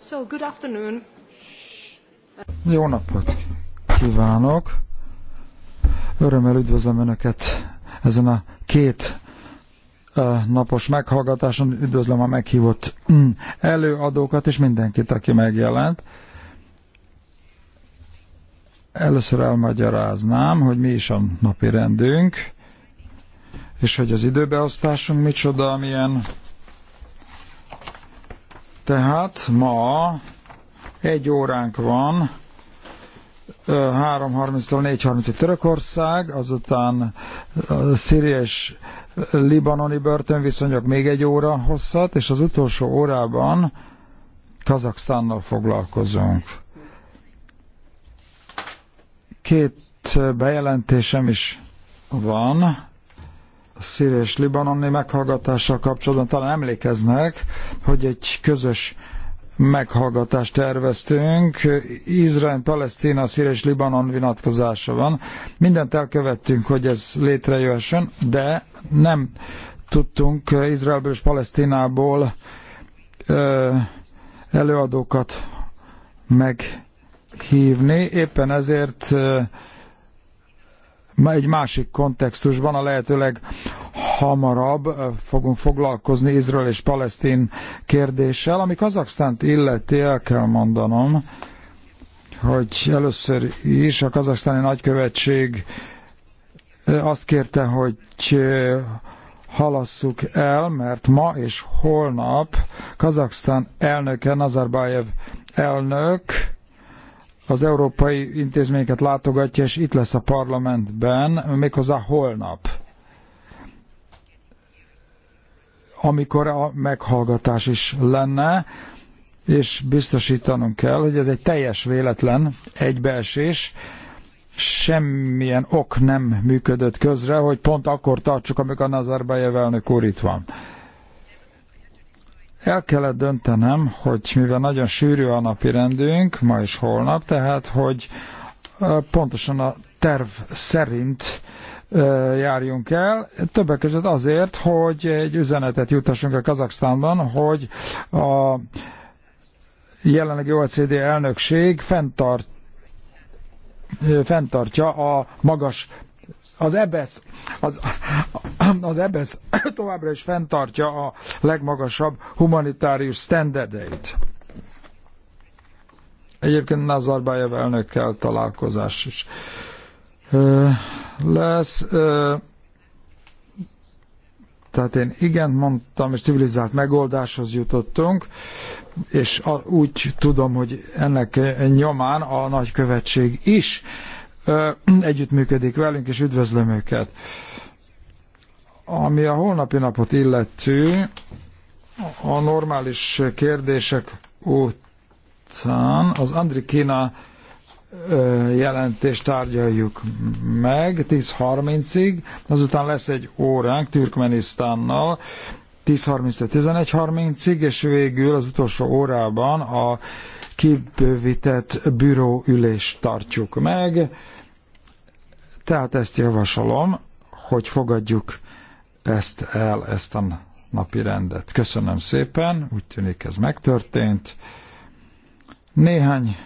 So, good afternoon. Jó napot kívánok! Örömmel üdvözlöm Önöket ezen a két napos meghallgatáson. Üdvözlöm a meghívott mm, előadókat és mindenkit, aki megjelent. Először elmagyaráznám, hogy mi is a napi rendünk és hogy az időbeosztásunk micsoda, milyen. Tehát ma egy óránk van, 3.30-tól 4.30-ig Törökország, azután Szíria és libanoni börtönviszonyok még egy óra hosszat, és az utolsó órában Kazaksztánnal foglalkozunk. Két bejelentésem is van a Szíria és Libanoni meghallgatással kapcsolatban talán emlékeznek, hogy egy közös meghallgatást terveztünk. Izrael, Palesztina, Szíria és Libanon vonatkozása van. Mindent elkövettünk, hogy ez létrejöhessen, de nem tudtunk Izraelből és Palesztinából ö, előadókat meghívni. Éppen ezért ö, egy másik kontextusban a lehetőleg hamarabb fogunk foglalkozni Izrael és Palesztin kérdéssel. Ami Kazaksztánt illeti, el kell mondanom, hogy először is a kazaksztáni nagykövetség azt kérte, hogy halasszuk el, mert ma és holnap Kazaksztán elnöke, Nazarbayev elnök az európai intézményeket látogatja, és itt lesz a parlamentben, méghozzá holnap, amikor a meghallgatás is lenne, és biztosítanunk kell, hogy ez egy teljes véletlen egybeesés, semmilyen ok nem működött közre, hogy pont akkor tartsuk, amikor Nazarbayev elnök úr itt van el kellett döntenem, hogy mivel nagyon sűrű a napi rendünk, ma és holnap, tehát, hogy pontosan a terv szerint járjunk el. Többek között azért, hogy egy üzenetet jutassunk a Kazaksztánban, hogy a jelenlegi OECD elnökség fenntart fenntartja a magas az EBESZ, az, az EBESZ továbbra is fenntartja a legmagasabb humanitárius standardeit. Egyébként Nazarbayev elnökkel találkozás is lesz. Tehát én igen mondtam, és civilizált megoldáshoz jutottunk, és úgy tudom, hogy ennek nyomán a nagykövetség is együttműködik velünk, és üdvözlöm őket. Ami a holnapi napot illeti, a normális kérdések után az Andrikina jelentést tárgyaljuk meg 10.30-ig, azután lesz egy óránk Türkmenisztánnal 10.30-től 11.30-ig, és végül az utolsó órában a kibővített bűróülést tartjuk meg. Tehát ezt javasolom, hogy fogadjuk ezt el, ezt a napi rendet. Köszönöm szépen, úgy tűnik ez megtörtént. Néhány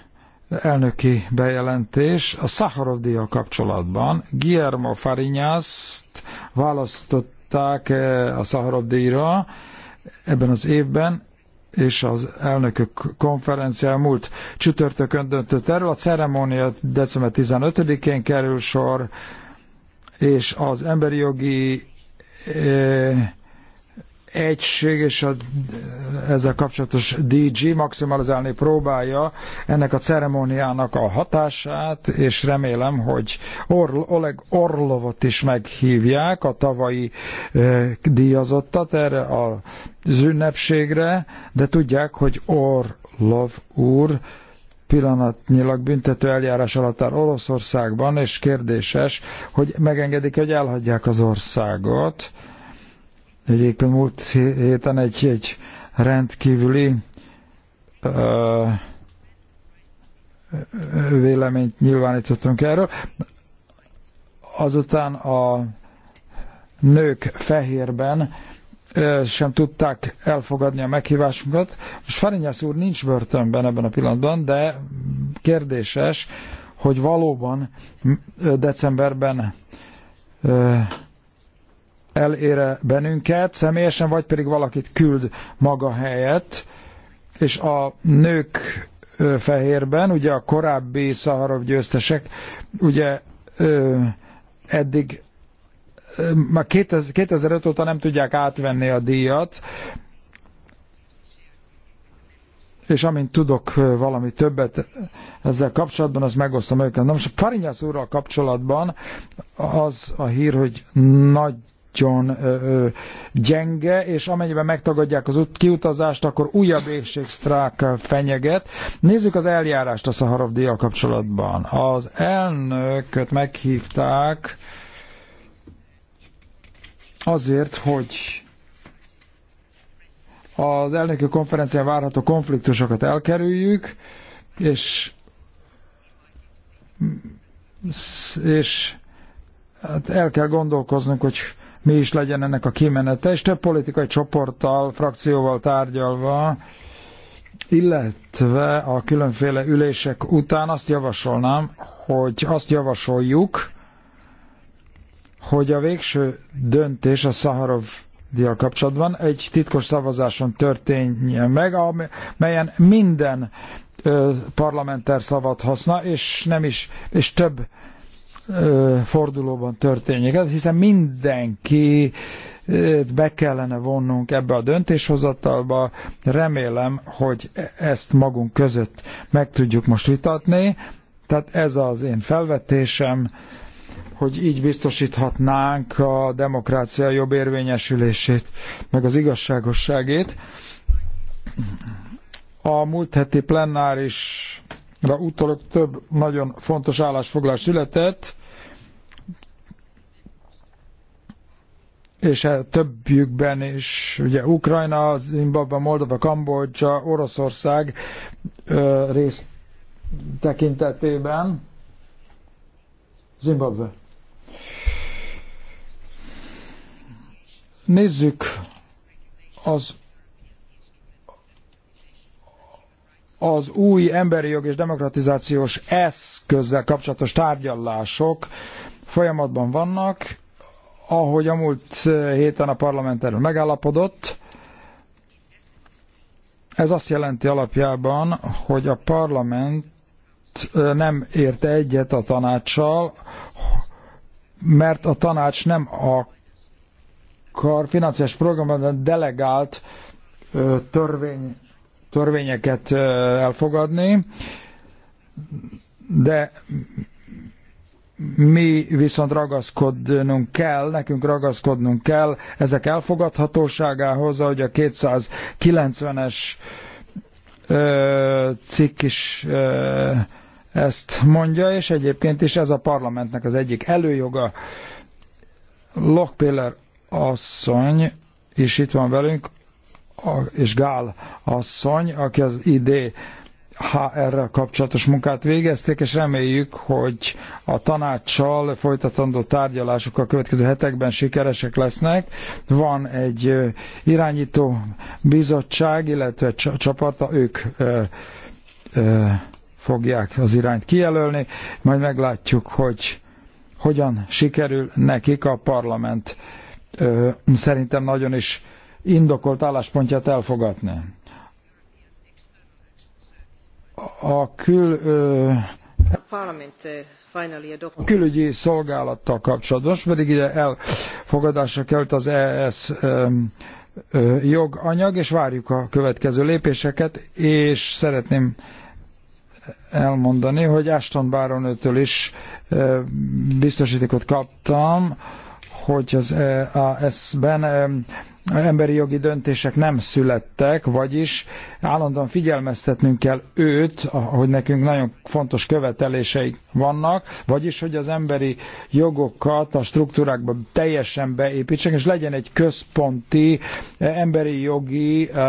elnöki bejelentés a Szaharov díjjal kapcsolatban. Guillermo Farinyászt választották eh, a Szaharov díjra ebben az évben, és az elnökök konferencia múlt csütörtökön döntött erről. A ceremónia december 15-én kerül sor, és az emberi jogi eh, egység és a, ezzel kapcsolatos DG maximalizálni próbálja ennek a ceremóniának a hatását, és remélem, hogy Orl, Oleg Orlovot is meghívják, a tavalyi e, díjazottat erre a ünnepségre, de tudják, hogy Orlov úr pillanatnyilag büntető eljárás alatt áll Oroszországban, és kérdéses, hogy megengedik, hogy elhagyják az országot Egyébként múlt héten egy, egy rendkívüli uh, véleményt nyilvánítottunk erről. Azután a nők fehérben sem tudták elfogadni a meghívásunkat. Most Farinyász úr nincs börtönben ebben a pillanatban, de kérdéses, hogy valóban decemberben elére bennünket személyesen, vagy pedig valakit küld maga helyett. És a nők fehérben, ugye a korábbi Szaharov győztesek, ugye eddig már 2000, 2005 óta nem tudják átvenni a díjat, és amint tudok valami többet ezzel kapcsolatban, az megosztom őket. Na most a Parinyász úrral kapcsolatban az a hír, hogy nagy nagyon gyenge, és amennyiben megtagadják az kiutazást, akkor újabb égségsztrák fenyeget. Nézzük az eljárást a Szaharov díjjal kapcsolatban. Az elnököt meghívták azért, hogy az elnöki konferencián várható konfliktusokat elkerüljük, és és hát el kell gondolkoznunk, hogy mi is legyen ennek a kimenete, és több politikai csoporttal, frakcióval tárgyalva, illetve a különféle ülések után azt javasolnám, hogy azt javasoljuk, hogy a végső döntés a Szaharov díjjal kapcsolatban egy titkos szavazáson történjen meg, melyen minden parlamenter szavat használ, és nem is, és több fordulóban történjék ez, hiszen mindenki be kellene vonnunk ebbe a döntéshozatalba. Remélem, hogy ezt magunk között meg tudjuk most vitatni. Tehát ez az én felvetésem, hogy így biztosíthatnánk a demokrácia jobb érvényesülését, meg az igazságosságét. A múlt heti plenáris utólag több nagyon fontos állásfoglás született, és hát többjükben is, ugye Ukrajna, Zimbabwe, Moldova, Kambodzsa, Oroszország ö, rész tekintetében. Zimbabwe. Nézzük az az új emberi jog és demokratizációs eszközzel kapcsolatos tárgyalások folyamatban vannak, ahogy a múlt héten a parlament erről megállapodott. Ez azt jelenti alapjában, hogy a parlament nem érte egyet a tanácssal, mert a tanács nem a akar finanszírozási programban delegált törvény törvényeket elfogadni, de mi viszont ragaszkodnunk kell, nekünk ragaszkodnunk kell ezek elfogadhatóságához, ahogy a 290-es cikk is ezt mondja, és egyébként is ez a parlamentnek az egyik előjoga. Lockpiller asszony is itt van velünk, és Gál asszony, aki az idé HR-rel kapcsolatos munkát végezték, és reméljük, hogy a tanácssal folytatandó tárgyalások a következő hetekben sikeresek lesznek. Van egy irányító bizottság, illetve csapata, ők ö, ö, fogják az irányt kijelölni, majd meglátjuk, hogy hogyan sikerül nekik a parlament. Ö, szerintem nagyon is indokolt álláspontját elfogadni. A kül... Ö, a külügyi szolgálattal kapcsolatos, pedig ide elfogadásra került az ES joganyag, és várjuk a következő lépéseket, és szeretném elmondani, hogy Ashton Baronőtől is biztosítékot kaptam, hogy az EAS-ben emberi jogi döntések nem születtek, vagyis állandóan figyelmeztetnünk kell őt, hogy nekünk nagyon fontos követeléseik vannak, vagyis hogy az emberi jogokat a struktúrákba teljesen beépítsenek, és legyen egy központi eh, emberi jogi uh,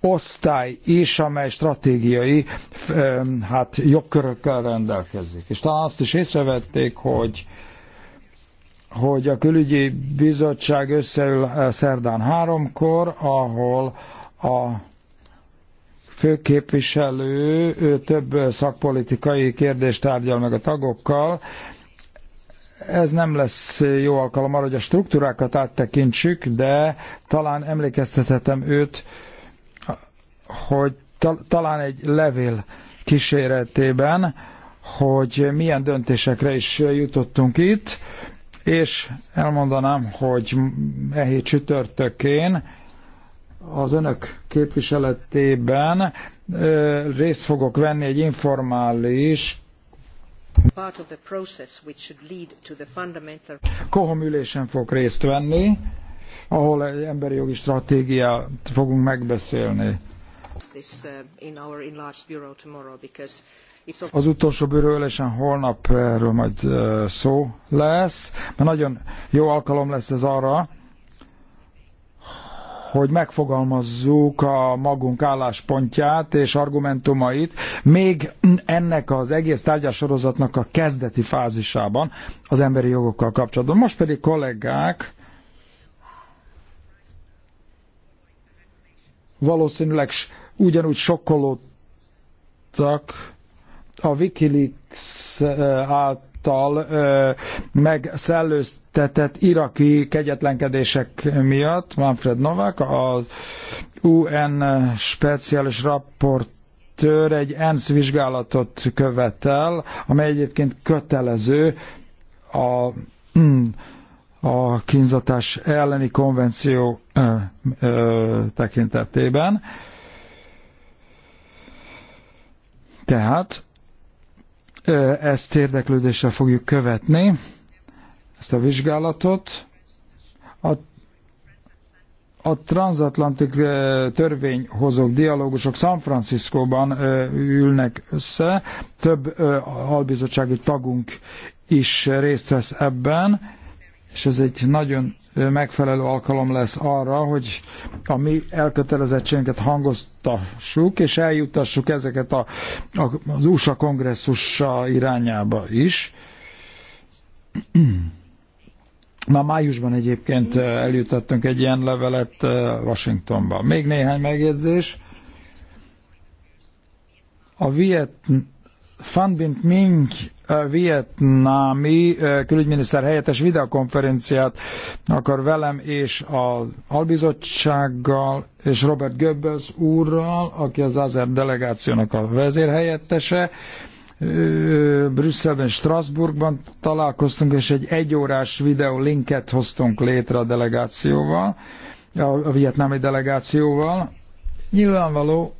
osztály is, amely stratégiai um, hát jogkörökkel rendelkezik. És talán azt is észrevették, hogy hogy a külügyi bizottság összeül eh, szerdán háromkor, ahol a főképviselő ő több szakpolitikai kérdést tárgyal meg a tagokkal. Ez nem lesz jó alkalom arra, hogy a struktúrákat áttekintsük, de talán emlékeztethetem őt, hogy tal- talán egy levél kíséretében, hogy milyen döntésekre is jutottunk itt, és elmondanám, hogy e hét csütörtökén az önök képviseletében ö, részt fogok venni egy informális Kohom ülésen fog részt venni, ahol egy emberi jogi stratégiát fogunk megbeszélni. This, uh, in our enlarged bureau tomorrow because az utolsó bőrőlesen holnap erről majd szó lesz, mert nagyon jó alkalom lesz ez arra, hogy megfogalmazzuk a magunk álláspontját és argumentumait még ennek az egész tárgyasorozatnak a kezdeti fázisában az emberi jogokkal kapcsolatban. Most pedig kollégák, valószínűleg ugyanúgy sokkolódtak, a Wikileaks eh, által eh, megszellőztetett iraki kegyetlenkedések miatt Manfred Novak, az UN speciális raport tör egy ENSZ vizsgálatot követel, amely egyébként kötelező a, mm, a kínzatás elleni konvenció ö, eh, ö, tekintetében. Tehát ezt érdeklődéssel fogjuk követni, ezt a vizsgálatot. A a transatlantik törvényhozók, dialógusok San Franciscóban ülnek össze, több albizottsági tagunk is részt vesz ebben, és ez egy nagyon megfelelő alkalom lesz arra, hogy a mi elkötelezettségünket hangoztassuk, és eljutassuk ezeket a, a, az USA kongresszusa irányába is. Már májusban egyébként eljutottunk egy ilyen levelet Washingtonba. Még néhány megjegyzés. A Vietnám van Bint Mink vietnámi külügyminiszter helyettes videokonferenciát akar velem és az albizottsággal és Robert Goebbels úrral, aki az Azer delegációnak a vezérhelyettese, Brüsszelben, Strasbourgban találkoztunk, és egy egyórás videolinket hoztunk létre a delegációval, a, a vietnámi delegációval. Nyilvánvaló,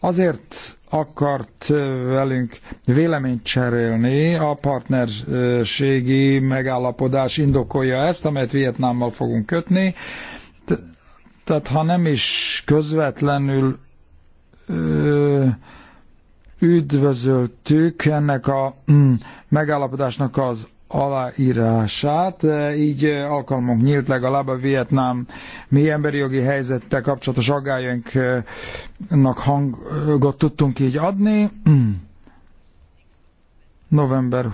azért akart velünk véleményt cserélni, a partnerségi megállapodás indokolja ezt, amelyet Vietnámmal fogunk kötni. Tehát ha nem is közvetlenül üdvözöltük ennek a mm, megállapodásnak az aláírását, így alkalmunk nyílt legalább a Vietnám mi emberi jogi helyzettel kapcsolatos aggájainknak hangot tudtunk így adni. November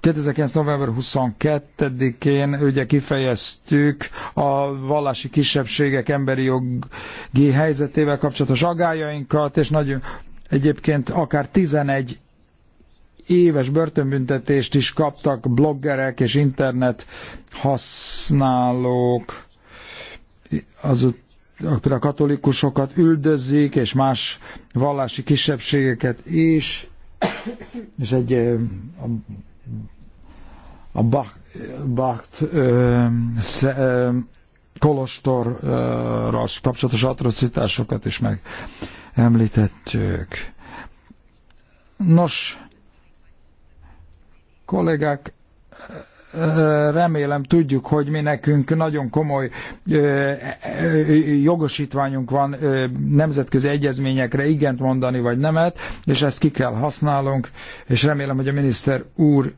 2009. november 22-én ugye kifejeztük a vallási kisebbségek emberi jogi helyzetével kapcsolatos aggájainkat, és nagyon egyébként akár 11 éves börtönbüntetést is kaptak bloggerek és internet használók, Az a katolikusokat üldözik, és más vallási kisebbségeket is, és egy a, a Bach, Bacht ö, sze, ö, kolostorral kapcsolatos atrocitásokat is meg említettük. Nos, Kollégák, remélem tudjuk, hogy mi nekünk nagyon komoly jogosítványunk van nemzetközi egyezményekre igent mondani, vagy nemet, és ezt ki kell használnunk, és remélem, hogy a miniszter úr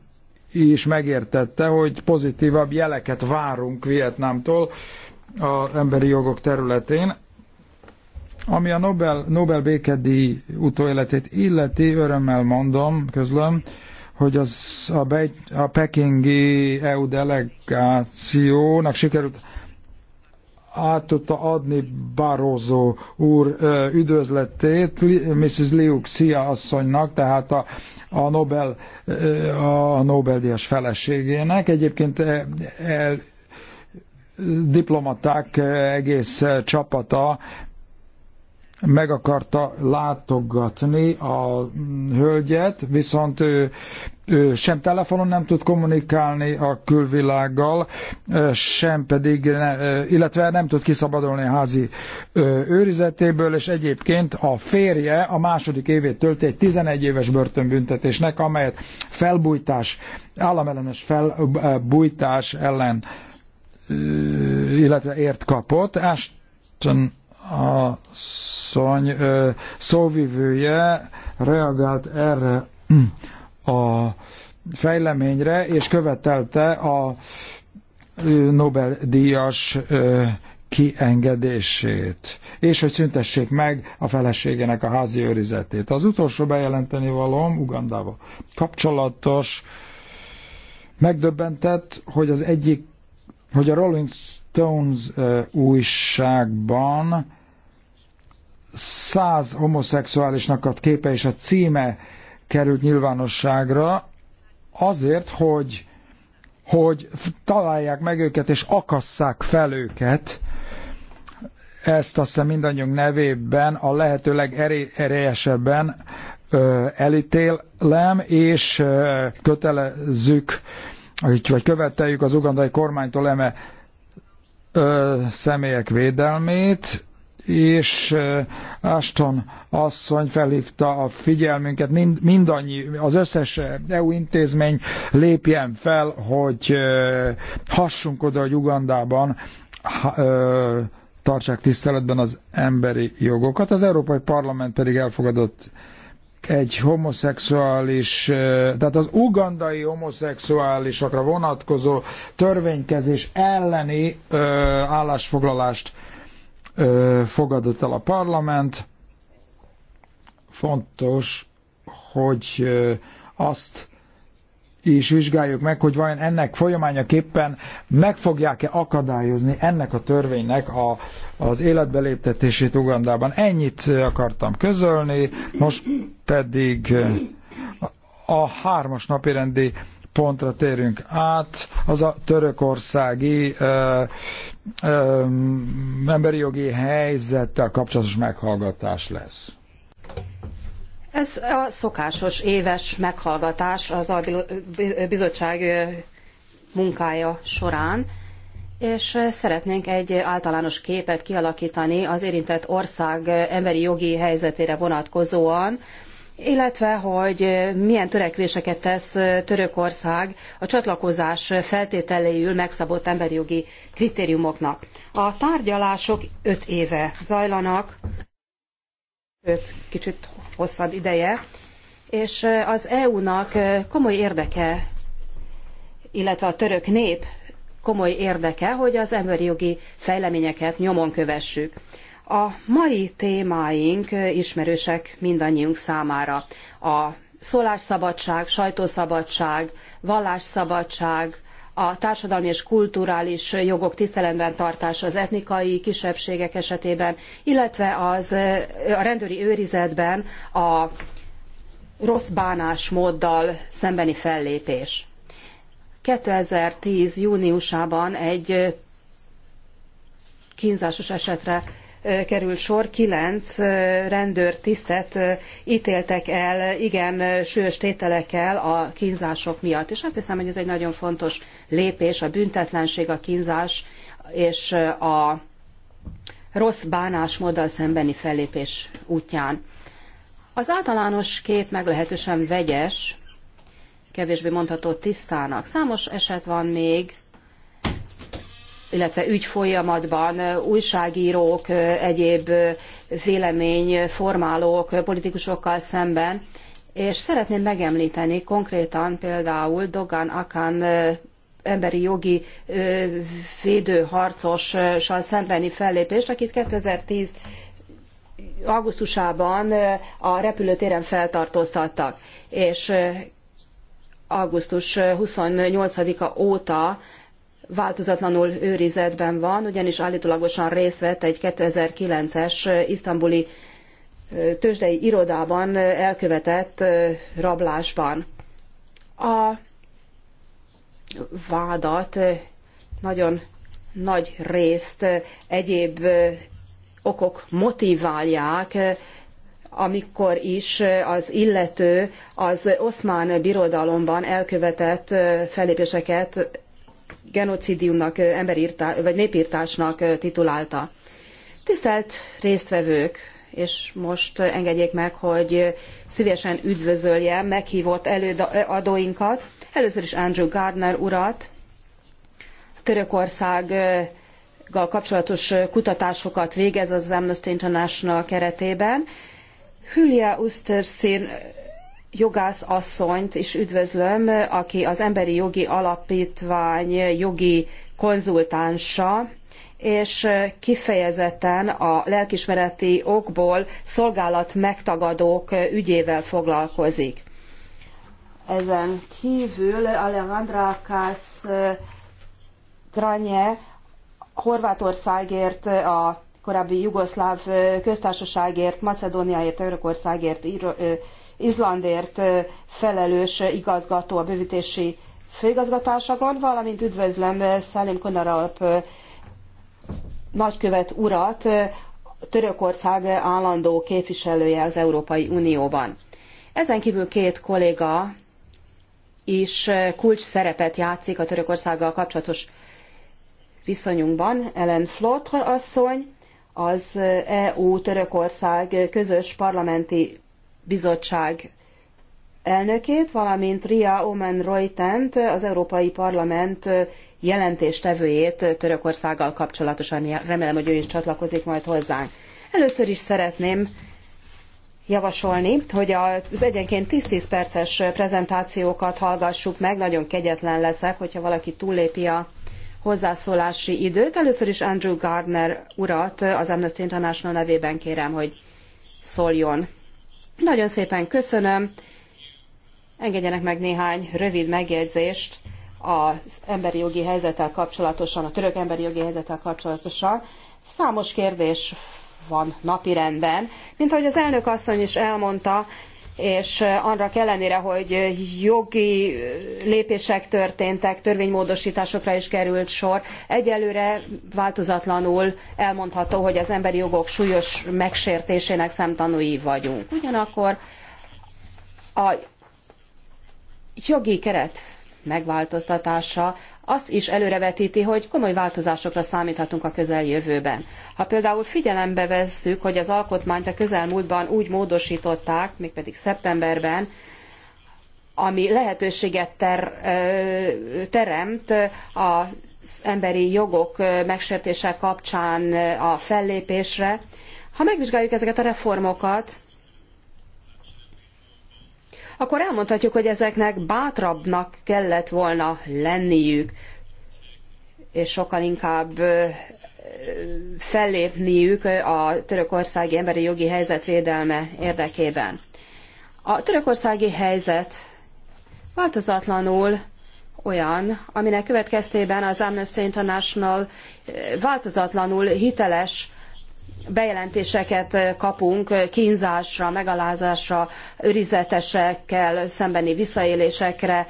is megértette, hogy pozitívabb jeleket várunk Vietnámtól az emberi jogok területén. Ami a Nobel, Nobel békedi utóéletét illeti, örömmel mondom, közlöm, hogy az, a, be, a pekingi EU delegációnak sikerült át tudta adni Barroso úr üdvözletét Mrs. Liu Xia asszonynak, tehát a, a Nobel a Nobel-díjas feleségének. Egyébként el, el diplomaták egész csapata meg akarta látogatni a hölgyet, viszont ő, ő sem telefonon nem tud kommunikálni a külvilággal, sem pedig, illetve nem tud kiszabadulni a házi őrizetéből, és egyébként a férje a második évét tölti egy 11 éves börtönbüntetésnek, amelyet felbújtás, államellenes felbújtás ellen illetve ért kapott. Ashton asszony szóvivője reagált erre a fejleményre, és követelte a Nobel-díjas kiengedését, és hogy szüntessék meg a feleségének a házi őrizetét. Az utolsó bejelenteni valóm Ugandával kapcsolatos megdöbbentett, hogy az egyik hogy a Rolling Stones újságban száz homoszexuálisnak a képe és a címe került nyilvánosságra azért, hogy, hogy találják meg őket és akasszák fel őket. Ezt azt hiszem mindannyiunk nevében a lehető legerélyesebben elítélem és kötelezzük vagy követeljük az ugandai kormánytól eme ö, személyek védelmét, és Aston asszony felhívta a figyelmünket, mind, mindannyi, az összes EU intézmény lépjen fel, hogy hassunk oda, hogy Ugandában tartsák tiszteletben az emberi jogokat. Az Európai Parlament pedig elfogadott egy homoszexuális, tehát az ugandai homoszexuálisokra vonatkozó törvénykezés elleni állásfoglalást fogadott el a parlament. Fontos, hogy azt is vizsgáljuk meg, hogy vajon ennek folyamányaképpen meg fogják-e akadályozni ennek a törvénynek a, az életbeléptetését Ugandában. Ennyit akartam közölni, most pedig a hármas napirendi pontra térünk át, az a törökországi ö, ö, emberi jogi helyzettel kapcsolatos meghallgatás lesz. Ez a szokásos éves meghallgatás az a bizottság munkája során, és szeretnénk egy általános képet kialakítani az érintett ország emberi jogi helyzetére vonatkozóan, illetve hogy milyen törekvéseket tesz Törökország a csatlakozás feltételéül megszabott emberi jogi kritériumoknak. A tárgyalások öt éve zajlanak, öt, kicsit hosszabb ideje, és az EU-nak komoly érdeke, illetve a török nép komoly érdeke, hogy az emberi jogi fejleményeket nyomon kövessük. A mai témáink ismerősek mindannyiunk számára. A szólásszabadság, sajtószabadság, vallásszabadság, a társadalmi és kulturális jogok tiszteletben tartása az etnikai kisebbségek esetében, illetve az, a rendőri őrizetben a rossz bánásmóddal szembeni fellépés. 2010. júniusában egy kínzásos esetre került sor, kilenc rendőrtisztet tisztet ítéltek el igen sűrűs tételekkel a kínzások miatt. És azt hiszem, hogy ez egy nagyon fontos lépés, a büntetlenség, a kínzás és a rossz bánásmóddal szembeni fellépés útján. Az általános kép meglehetősen vegyes, kevésbé mondható tisztának. Számos eset van még, illetve ügyfolyamatban újságírók, egyéb véleményformálók, politikusokkal szemben. És szeretném megemlíteni konkrétan például Dogan Akan emberi jogi védőharcossal szembeni fellépést, akit 2010 augusztusában a repülőtéren feltartóztattak, és augusztus 28-a óta változatlanul őrizetben van, ugyanis állítólagosan részt vett egy 2009-es isztambuli tőzsdei irodában elkövetett rablásban. A vádat nagyon nagy részt egyéb okok motiválják, amikor is az illető az oszmán birodalomban elkövetett fellépéseket genocidiumnak, emberírtá, vagy népírtásnak titulálta. Tisztelt résztvevők, és most engedjék meg, hogy szívesen üdvözöljem meghívott előadóinkat. Először is Andrew Gardner urat, Törökországgal kapcsolatos kutatásokat végez az Amnesty International keretében. Hülya Usterszín jogász asszonyt is üdvözlöm, aki az Emberi Jogi Alapítvány jogi konzultánsa, és kifejezetten a lelkismereti okból szolgálat megtagadók ügyével foglalkozik. Ezen kívül Alejandra Kász Granye Horvátországért, a korábbi Jugoszláv köztársaságért, Macedóniáért, Törökországért, Izlandért felelős igazgató a bővítési főigazgatáságon, valamint üdvözlöm Szelim Konaralp nagykövet urat, Törökország állandó képviselője az Európai Unióban. Ezen kívül két kolléga is kulcs szerepet játszik a Törökországgal kapcsolatos viszonyunkban. Ellen Flott asszony, az EU-Törökország közös parlamenti bizottság elnökét, valamint Ria Omen Reutent, az Európai Parlament jelentéstevőjét Törökországgal kapcsolatosan. Remélem, hogy ő is csatlakozik majd hozzánk. Először is szeretném javasolni, hogy az egyenként 10-10 perces prezentációkat hallgassuk meg. Nagyon kegyetlen leszek, hogyha valaki túllépi a hozzászólási időt. Először is Andrew Gardner urat az Amnesty International nevében kérem, hogy szóljon. Nagyon szépen köszönöm. Engedjenek meg néhány rövid megjegyzést az emberi jogi helyzettel kapcsolatosan, a török emberi jogi helyzettel kapcsolatosan. Számos kérdés van napirenden. Mint ahogy az elnök asszony is elmondta, és annak ellenére, hogy jogi lépések történtek, törvénymódosításokra is került sor, egyelőre változatlanul elmondható, hogy az emberi jogok súlyos megsértésének szemtanúi vagyunk. Ugyanakkor a jogi keret megváltoztatása azt is előrevetíti, hogy komoly változásokra számíthatunk a közeljövőben. Ha például figyelembe vesszük, hogy az alkotmányt a közelmúltban úgy módosították, mégpedig szeptemberben, ami lehetőséget ter, teremt az emberi jogok megsértése kapcsán a fellépésre. Ha megvizsgáljuk ezeket a reformokat, akkor elmondhatjuk, hogy ezeknek bátrabbnak kellett volna lenniük, és sokkal inkább fellépniük a törökországi emberi jogi helyzet védelme érdekében. A törökországi helyzet változatlanul olyan, aminek következtében az Amnesty International változatlanul hiteles bejelentéseket kapunk kínzásra, megalázásra, őrizetesekkel szembeni visszaélésekre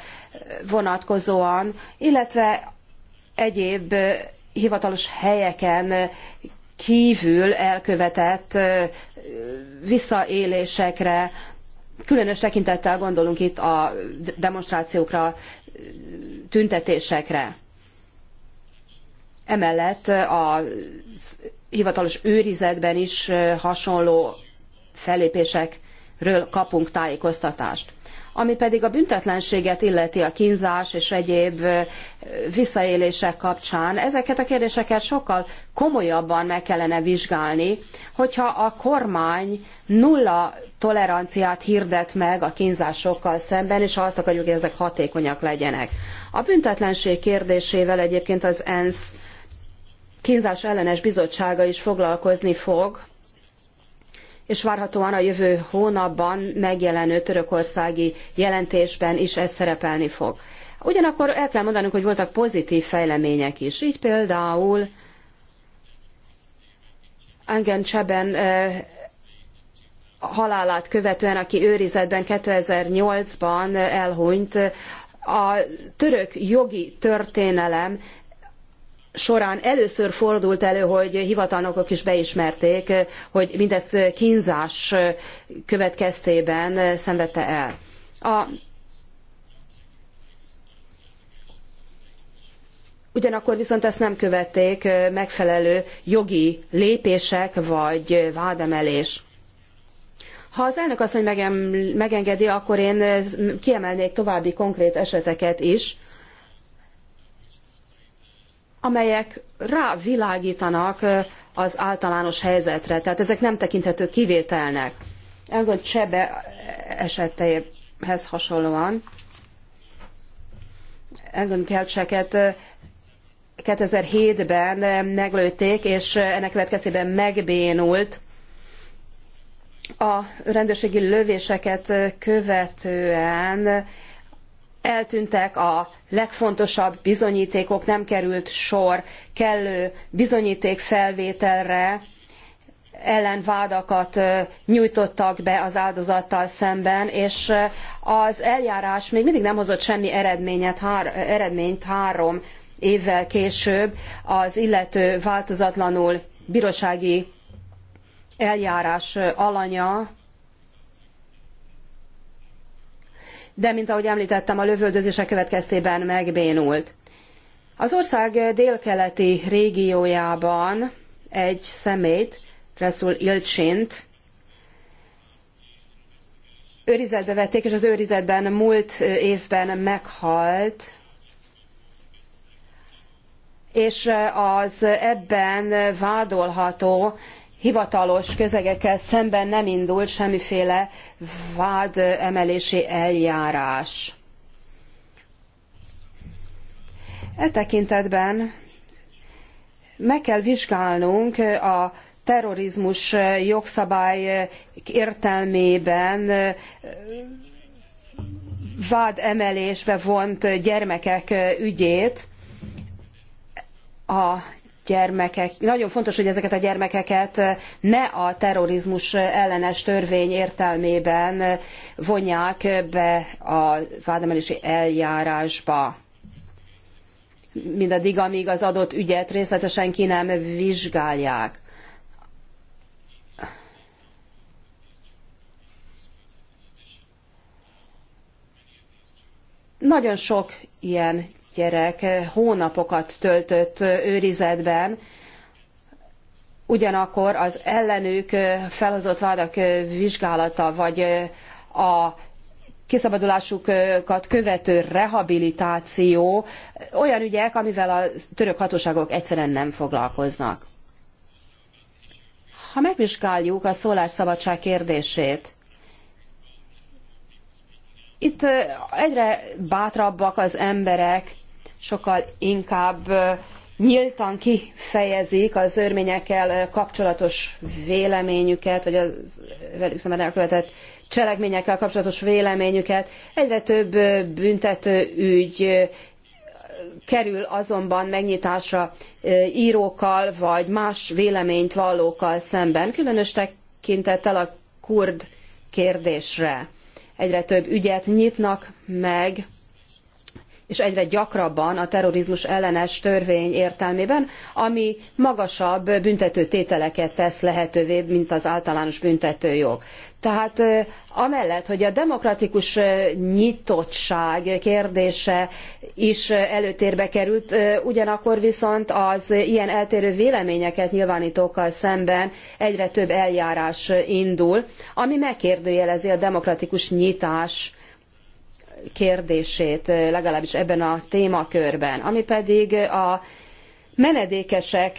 vonatkozóan, illetve egyéb hivatalos helyeken kívül elkövetett visszaélésekre, különös tekintettel gondolunk itt a demonstrációkra, tüntetésekre. Emellett az hivatalos őrizetben is hasonló fellépésekről kapunk tájékoztatást. Ami pedig a büntetlenséget illeti a kínzás és egyéb visszaélések kapcsán, ezeket a kérdéseket sokkal komolyabban meg kellene vizsgálni, hogyha a kormány nulla toleranciát hirdet meg a kínzásokkal szemben, és azt akarjuk, hogy ezek hatékonyak legyenek. A büntetlenség kérdésével egyébként az ENSZ kínzás ellenes bizottsága is foglalkozni fog, és várhatóan a jövő hónapban megjelenő törökországi jelentésben is ez szerepelni fog. Ugyanakkor el kell mondanunk, hogy voltak pozitív fejlemények is. Így például Angen Cseben eh, halálát követően, aki őrizetben 2008-ban elhunyt, a török jogi történelem során először fordult elő, hogy hivatalnokok is beismerték, hogy mindezt kínzás következtében szenvedte el. A Ugyanakkor viszont ezt nem követték megfelelő jogi lépések vagy vádemelés. Ha az elnök asszony megengedi, akkor én kiemelnék további konkrét eseteket is, amelyek rávilágítanak az általános helyzetre. Tehát ezek nem tekinthető kivételnek. Elgond Csebe esetéhez hasonlóan Elgond Kelcseket 2007-ben meglőtték, és ennek következtében megbénult. A rendőrségi lövéseket követően eltűntek a legfontosabb bizonyítékok, nem került sor kellő bizonyítékfelvételre, ellenvádakat nyújtottak be az áldozattal szemben, és az eljárás még mindig nem hozott semmi eredményt három évvel később az illető változatlanul bírósági eljárás alanya de mint ahogy említettem, a lövöldözések következtében megbénult. Az ország délkeleti régiójában egy szemét, Resul Ilcsint, őrizetbe vették, és az őrizetben múlt évben meghalt, és az ebben vádolható hivatalos közegekkel szemben nem indult semmiféle vád emelési eljárás. E tekintetben meg kell vizsgálnunk a terrorizmus jogszabály értelmében vádemelésbe vont gyermekek ügyét. A gyermekek, nagyon fontos, hogy ezeket a gyermekeket eh, ne a terrorizmus ellenes törvény értelmében eh, vonják be a vádemelési eljárásba. Mindaddig, amíg az adott ügyet részletesen ki nem vizsgálják. Nagyon sok ilyen gyerek hónapokat töltött őrizetben, ugyanakkor az ellenük felhozott vádak vizsgálata, vagy a kiszabadulásukat követő rehabilitáció olyan ügyek, amivel a török hatóságok egyszerűen nem foglalkoznak. Ha megvizsgáljuk a szólásszabadság kérdését, itt egyre bátrabbak az emberek, sokkal inkább nyíltan kifejezik az örményekkel kapcsolatos véleményüket, vagy az velük szemben elkövetett cselekményekkel kapcsolatos véleményüket. Egyre több büntető ügy kerül azonban megnyitásra írókkal, vagy más véleményt vallókkal szemben, különös tekintettel a kurd kérdésre. Egyre több ügyet nyitnak meg, és egyre gyakrabban a terrorizmus ellenes törvény értelmében, ami magasabb büntető tételeket tesz lehetővé, mint az általános büntetőjog. Tehát amellett, hogy a demokratikus nyitottság kérdése is előtérbe került, ugyanakkor viszont az ilyen eltérő véleményeket nyilvánítókkal szemben egyre több eljárás indul, ami megkérdőjelezi a demokratikus nyitás kérdését, eh, legalábbis ebben a témakörben, ami pedig a menedékesek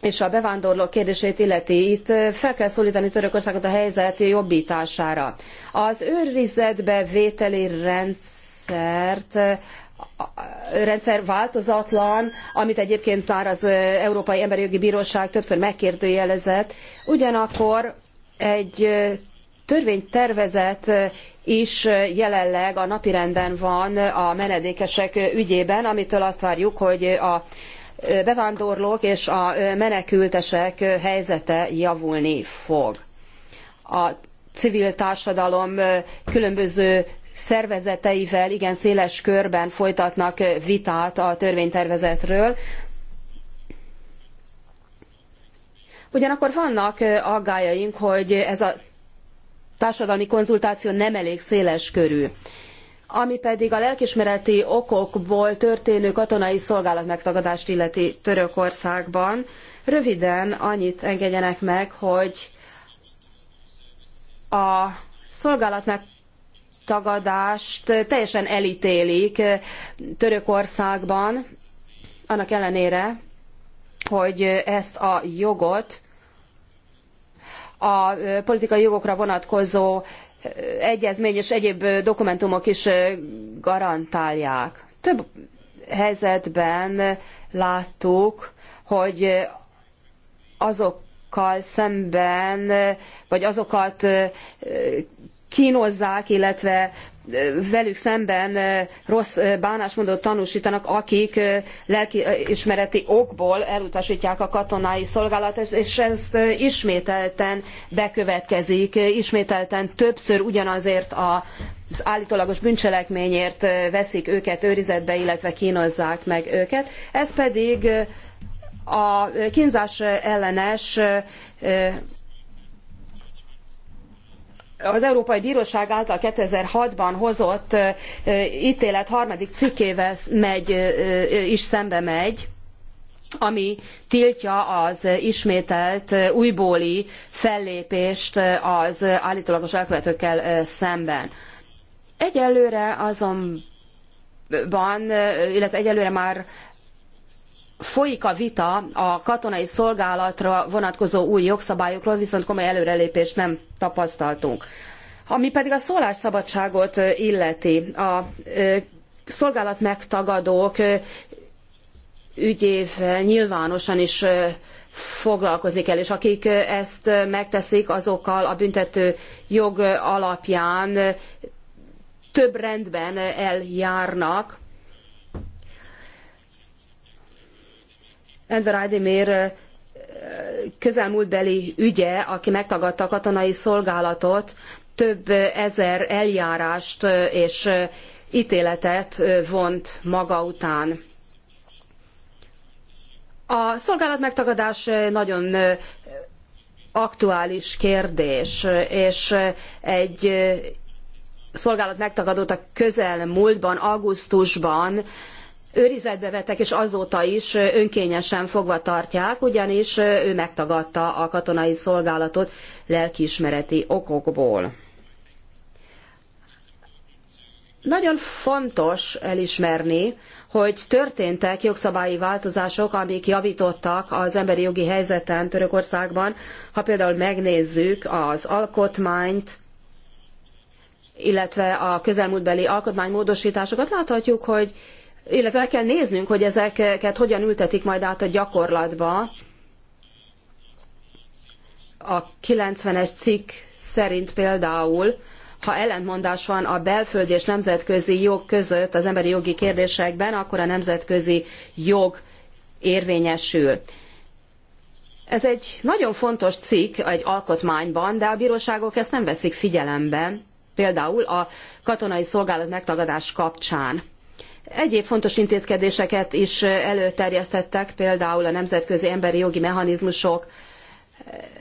és a bevándorlók kérdését illeti, itt eh, fel kell szólítani Törökországot a helyzet jobbítására. Az őrizetbe vételi rendszert eh, rendszer változatlan, amit egyébként már az Európai Emberi Jogi Bíróság többször megkérdőjelezett. Ugyanakkor egy törvénytervezet is jelenleg a napirenden van a menedékesek ügyében, amitől azt várjuk, hogy a bevándorlók és a menekültesek helyzete javulni fog. A civil társadalom különböző szervezeteivel igen széles körben folytatnak vitát a törvénytervezetről. Ugyanakkor vannak aggályaink, hogy ez a társadalmi konzultáció nem elég széles körű. Ami pedig a lelkismereti okokból történő katonai szolgálat megtagadást illeti Törökországban, röviden annyit engedjenek meg, hogy a szolgálat megtagadást teljesen elítélik Törökországban, annak ellenére, hogy ezt a jogot a politikai jogokra vonatkozó egyezmény és egyéb dokumentumok is garantálják. Több helyzetben láttuk, hogy azokkal szemben, vagy azokat kínozzák, illetve velük szemben rossz bánásmódot tanúsítanak, akik lelkiismereti okból elutasítják a katonai szolgálatot, és ez ismételten bekövetkezik, ismételten többször ugyanazért az állítólagos bűncselekményért veszik őket őrizetbe, illetve kínozzák meg őket. Ez pedig a kínzás ellenes az Európai Bíróság által 2006-ban hozott ítélet harmadik cikkével megy, is szembe megy, ami tiltja az ismételt újbóli fellépést az állítólagos elkövetőkkel szemben. Egyelőre azonban, illetve egyelőre már folyik a vita a katonai szolgálatra vonatkozó új jogszabályokról, viszont komoly előrelépést nem tapasztaltunk. Ami pedig a szólásszabadságot illeti, a szolgálat megtagadók ügyével nyilvánosan is foglalkozni kell, és akik ezt megteszik, azokkal a büntető jog alapján több rendben eljárnak, Enver Ademir közelmúltbeli ügye, aki megtagadta a katonai szolgálatot, több ezer eljárást és ítéletet vont maga után. A szolgálat megtagadás nagyon aktuális kérdés, és egy szolgálat megtagadott a közelmúltban, augusztusban őrizetbe vettek, és azóta is önkényesen fogva tartják, ugyanis ő megtagadta a katonai szolgálatot lelkiismereti okokból. Nagyon fontos elismerni, hogy történtek jogszabályi változások, amik javítottak az emberi jogi helyzeten Törökországban. Ha például megnézzük az alkotmányt, illetve a közelmúltbeli alkotmánymódosításokat, láthatjuk, hogy illetve meg kell néznünk, hogy ezeket hogyan ültetik majd át a gyakorlatba. A 90-es cikk szerint például, ha ellentmondás van a belföldi és nemzetközi jog között az emberi jogi kérdésekben, akkor a nemzetközi jog érvényesül. Ez egy nagyon fontos cikk egy alkotmányban, de a bíróságok ezt nem veszik figyelembe, például a katonai szolgálat megtagadás kapcsán. Egyéb fontos intézkedéseket is előterjesztettek, például a nemzetközi emberi jogi mechanizmusok,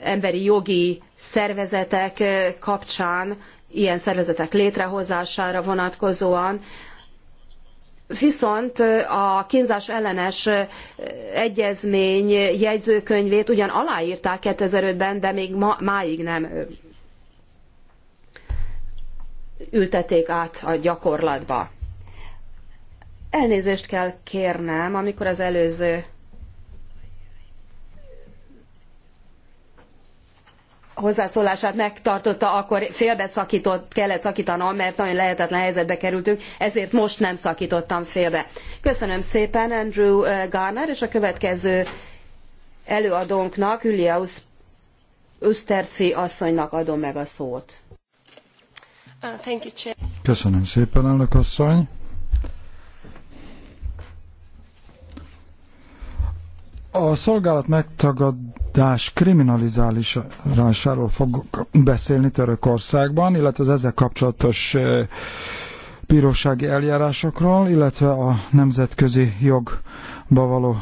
emberi jogi szervezetek kapcsán, ilyen szervezetek létrehozására vonatkozóan. Viszont a kínzás ellenes egyezmény jegyzőkönyvét ugyan aláírták 2005-ben, de még ma, máig nem ültették át a gyakorlatba elnézést kell kérnem, amikor az előző hozzászólását megtartotta, akkor félbeszakított, kellett szakítanom, mert nagyon lehetetlen helyzetbe kerültünk, ezért most nem szakítottam félbe. Köszönöm szépen Andrew eh, Garner, és a következő előadónknak, Julia Usterci asszonynak adom meg a szót. Uh, Köszönöm szépen, elnök asszony. A szolgálat megtagadás kriminalizálásáról fogok beszélni Törökországban, illetve az ezzel kapcsolatos bírósági eljárásokról, illetve a nemzetközi jogba való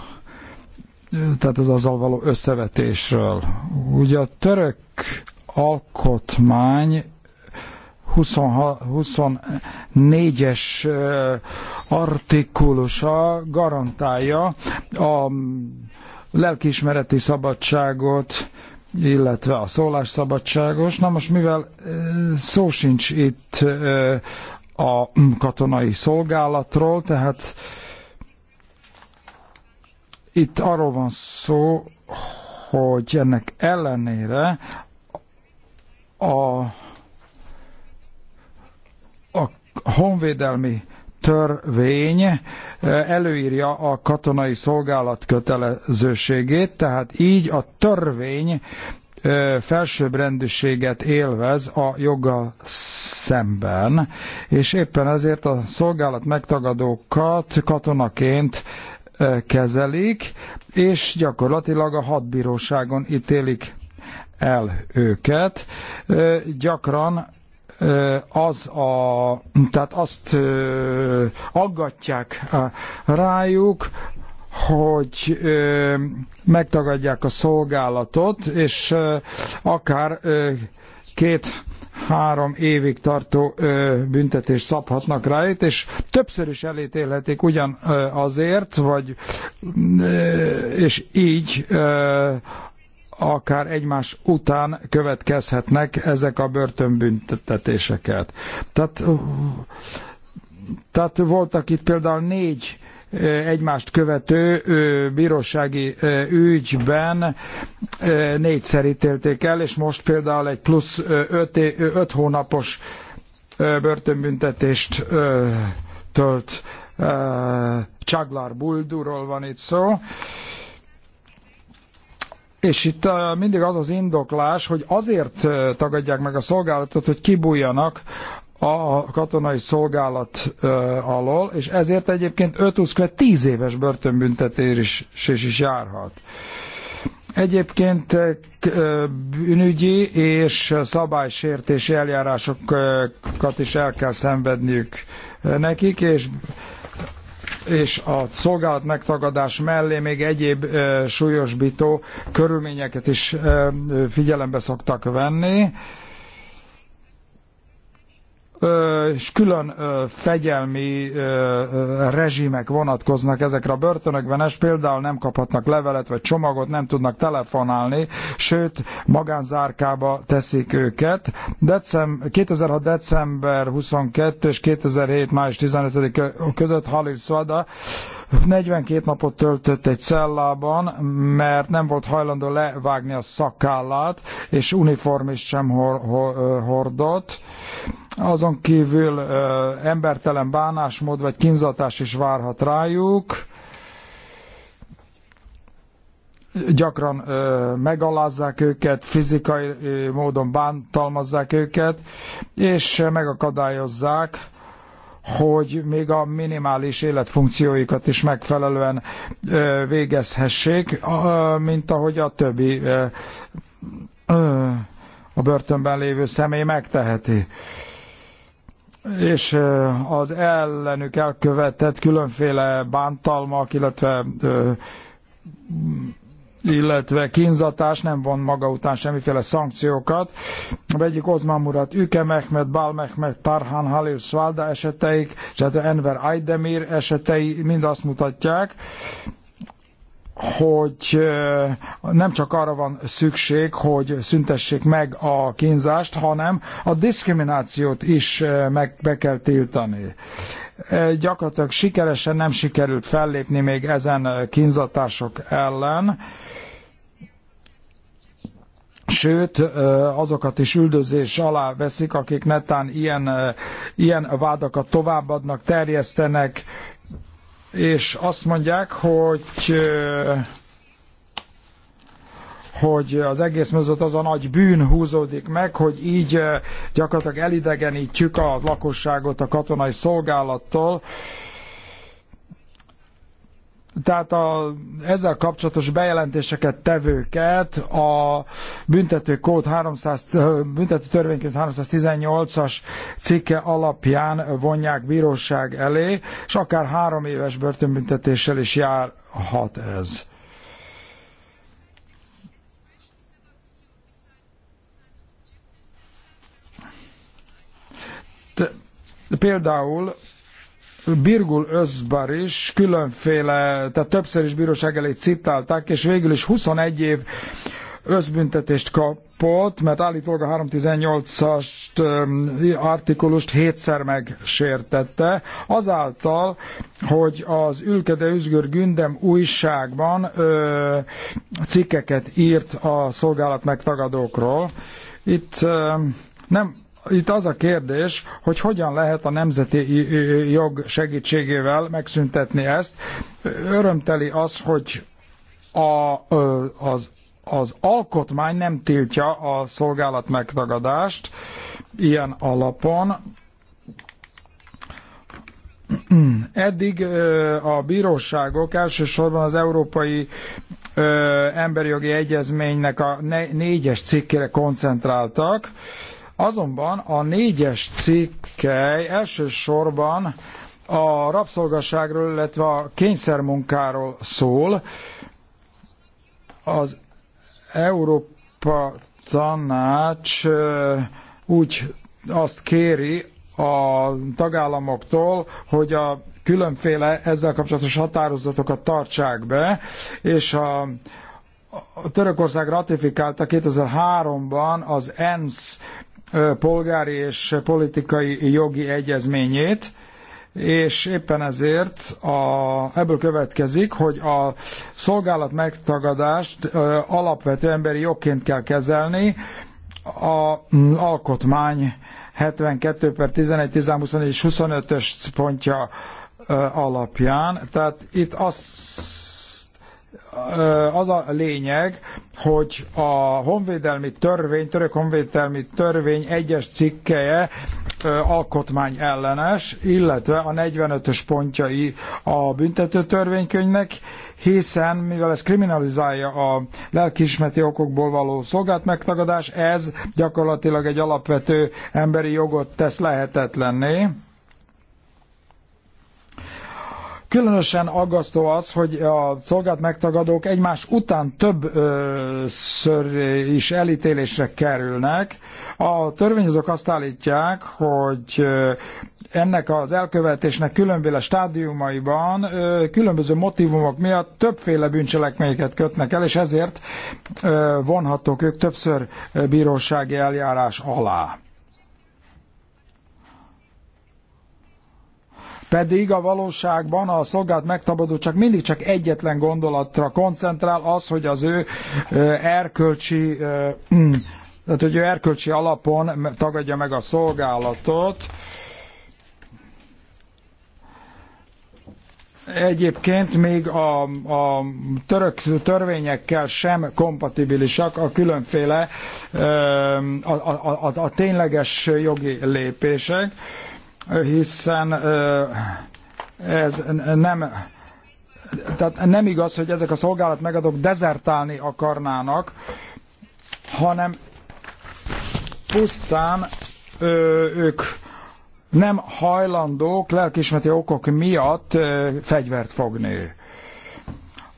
tehát az azzal való összevetésről. Ugye a török alkotmány 24-es artikulusa garantálja a lelkiismereti szabadságot, illetve a szólásszabadságos. Na most mivel szó sincs itt a katonai szolgálatról, tehát itt arról van szó, hogy ennek ellenére a honvédelmi törvény eh, előírja a katonai szolgálat kötelezőségét, tehát így a törvény eh, felsőbbrendűséget élvez a joggal szemben, és éppen ezért a szolgálat megtagadókat katonaként eh, kezelik, és gyakorlatilag a hadbíróságon ítélik el őket. Gyakran az a, tehát azt aggatják rájuk, hogy ö, megtagadják a szolgálatot, és ö, akár két három évig tartó ö, büntetést szabhatnak rájuk, és többször is elítélhetik ugyan azért, vagy ö, és így ö, akár egymás után következhetnek ezek a börtönbüntetéseket. Tehát, tehát voltak itt például négy egymást követő bírósági ügyben négyszer ítélték el, és most például egy plusz öt, öt hónapos börtönbüntetést tölt Csaglár Bulduról van itt szó, és itt mindig az az indoklás, hogy azért tagadják meg a szolgálatot, hogy kibújjanak a katonai szolgálat alól, és ezért egyébként 5-10 éves börtönbüntetés is, is járhat. Egyébként bűnügyi és szabálysértési eljárásokat is el kell szenvedniük nekik, és és a szolgálat megtagadás mellé még egyéb súlyosbító körülményeket is figyelembe szoktak venni és külön fegyelmi rezsimek vonatkoznak ezekre a börtönökben, és például nem kaphatnak levelet vagy csomagot, nem tudnak telefonálni, sőt, magánzárkába teszik őket. Decem, 2006. december 22 és 2007. május 15 között Halil Swada 42 napot töltött egy cellában, mert nem volt hajlandó levágni a szakállát, és uniformist sem hordott azon kívül embertelen bánásmód vagy kínzatás is várhat rájuk. Gyakran megalázzák őket, fizikai módon bántalmazzák őket, és megakadályozzák, hogy még a minimális életfunkcióikat is megfelelően végezhessék, mint ahogy a többi a börtönben lévő személy megteheti és az ellenük elkövetett különféle bántalmak, illetve illetve kínzatás, nem von maga után semmiféle szankciókat. Vegyük Ozman Murat Üke Mehmet, Bál Mehmet, Tarhan Halil Svalda eseteik, és hát Enver Aydemir esetei mind azt mutatják, hogy nem csak arra van szükség, hogy szüntessék meg a kínzást, hanem a diszkriminációt is meg be kell tiltani. Gyakorlatilag sikeresen nem sikerült fellépni még ezen kínzatások ellen sőt azokat is üldözés alá veszik, akik netán ilyen, ilyen vádakat továbbadnak, terjesztenek, és azt mondják, hogy hogy az egész mögött az a nagy bűn húzódik meg, hogy így gyakorlatilag elidegenítjük a lakosságot a katonai szolgálattól, tehát a, ezzel kapcsolatos bejelentéseket tevőket a büntető kód 300, büntető törvénykönyv 318-as cikke alapján vonják bíróság elé, és akár három éves börtönbüntetéssel is járhat ez. de például Birgul Özbar is különféle, tehát többször is bíróság elé citálták, és végül is 21 év özbüntetést kapott, mert állítólag a 318-as artikulust hétszer megsértette, azáltal, hogy az Ülkede Üzgör Gündem újságban ö, cikkeket írt a szolgálat megtagadókról. Itt ö, nem itt az a kérdés, hogy hogyan lehet a nemzeti jog segítségével megszüntetni ezt. Örömteli az, hogy a, az, az alkotmány nem tiltja a szolgálat megtagadást ilyen alapon. Eddig a bíróságok elsősorban az Európai Emberi Jogi Egyezménynek a négyes cikkére koncentráltak, Azonban a négyes cikkely elsősorban a rabszolgaságról, illetve a kényszermunkáról szól. Az Európa Tanács úgy azt kéri a tagállamoktól, hogy a különféle ezzel kapcsolatos határozatokat tartsák be, és a, a Törökország ratifikálta 2003-ban az ENSZ polgári és politikai jogi egyezményét, és éppen ezért a, ebből következik, hogy a szolgálat megtagadást alapvető emberi jogként kell kezelni, a alkotmány 72 per 11, 13, 24 és 25-ös pontja alapján. Tehát itt azt az a lényeg, hogy a honvédelmi törvény, török honvédelmi törvény egyes cikkeje alkotmány ellenes, illetve a 45-ös pontjai a büntető törvénykönyvnek, hiszen mivel ez kriminalizálja a lelkiismeti okokból való szolgált megtagadás, ez gyakorlatilag egy alapvető emberi jogot tesz lehetetlenné Különösen aggasztó az, hogy a szolgált megtagadók egymás után többször is elítélésre kerülnek. A törvényhozók azt állítják, hogy ennek az elkövetésnek különféle stádiumaiban különböző motivumok miatt többféle bűncselekményeket kötnek el, és ezért vonhatók ők többször bírósági eljárás alá. Pedig a valóságban a szolgált megtabadó csak mindig csak egyetlen gondolatra koncentrál, az, hogy az ő erkölcsi, mm, tehát hogy ő erkölcsi alapon tagadja meg a szolgálatot. egyébként még a, a török törvényekkel sem kompatibilisak a különféle a, a, a, a tényleges jogi lépések hiszen ez nem tehát nem igaz, hogy ezek a szolgálat megadók dezertálni akarnának, hanem pusztán ők nem hajlandók lelkismeti okok miatt fegyvert fogni.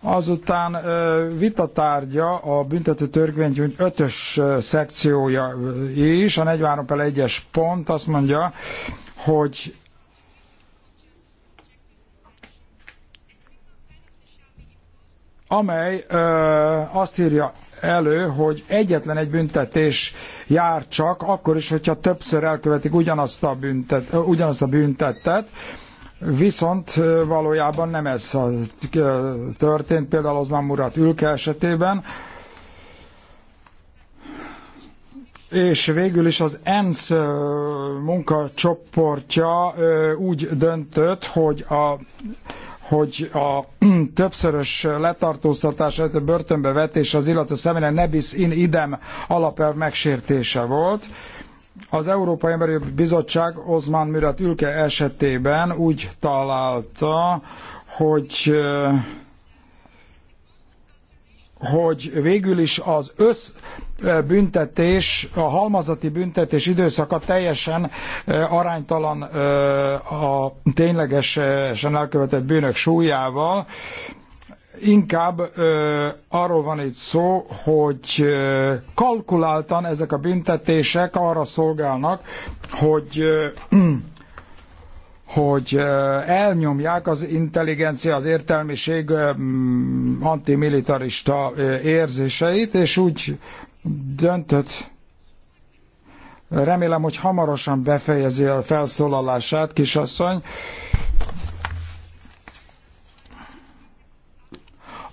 Azután vitatárgya a büntető törvény 5-ös szekciója is, a 43 per 1-es pont azt mondja, hogy amely ö, azt írja elő, hogy egyetlen egy büntetés jár csak, akkor is, hogyha többször elkövetik ugyanazt a, büntet, ugyanazt a büntetet, viszont valójában nem ez a történt, például az Murat Ülke esetében, és végül is az ENSZ munkacsoportja úgy döntött, hogy a hogy a többszörös letartóztatás, illetve börtönbe vetés az illető személyre nebis in idem alapelv megsértése volt. Az Európai Emberi Bizottság Ozman Mürat Ülke esetében úgy találta, hogy hogy végül is az összbüntetés, a halmazati büntetés időszaka teljesen aránytalan a ténylegesen elkövetett bűnök súlyával. Inkább arról van itt szó, hogy kalkuláltan ezek a büntetések arra szolgálnak, hogy hogy elnyomják az intelligencia, az értelmiség mm, antimilitarista érzéseit, és úgy döntött, remélem, hogy hamarosan befejezi a felszólalását, kisasszony,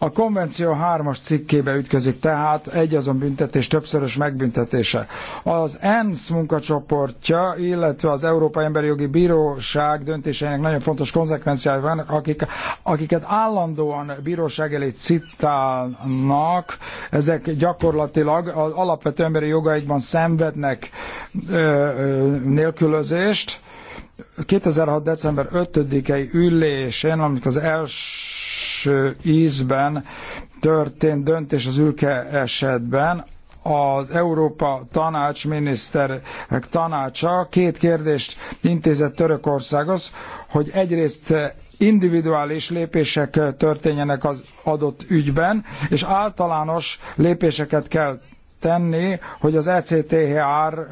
A konvenció hármas cikkébe ütközik tehát egyazon büntetés többszörös megbüntetése. Az ENSZ munkacsoportja, illetve az Európai Emberi Jogi Bíróság döntéseinek nagyon fontos konzekvenciái vannak, akik, akiket állandóan bíróság elé citálnak, ezek gyakorlatilag az alapvető emberi jogaikban szenvednek ö, ö, nélkülözést, 2006. december 5-i ülésén, amikor az első ízben történt döntés az ülke esetben, az Európa Tanács miniszterek tanácsa két kérdést intézett Törökországhoz, hogy egyrészt individuális lépések történjenek az adott ügyben, és általános lépéseket kell tenni, hogy az ECTHR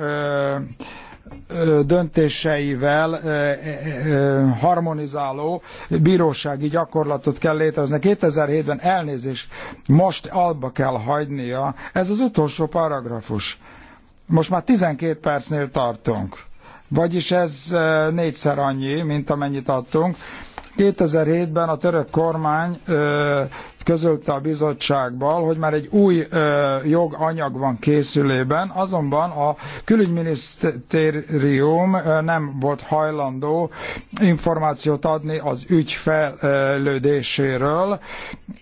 döntéseivel harmonizáló bírósági gyakorlatot kell létrehozni. 2007-ben elnézést most alba kell hagynia. Ez az utolsó paragrafus. Most már 12 percnél tartunk. Vagyis ez négyszer annyi, mint amennyit adtunk. 2007-ben a török kormány közölte a bizottságban, hogy már egy új ö, joganyag van készülében, azonban a külügyminisztérium ö, nem volt hajlandó információt adni az ügy fejlődéséről,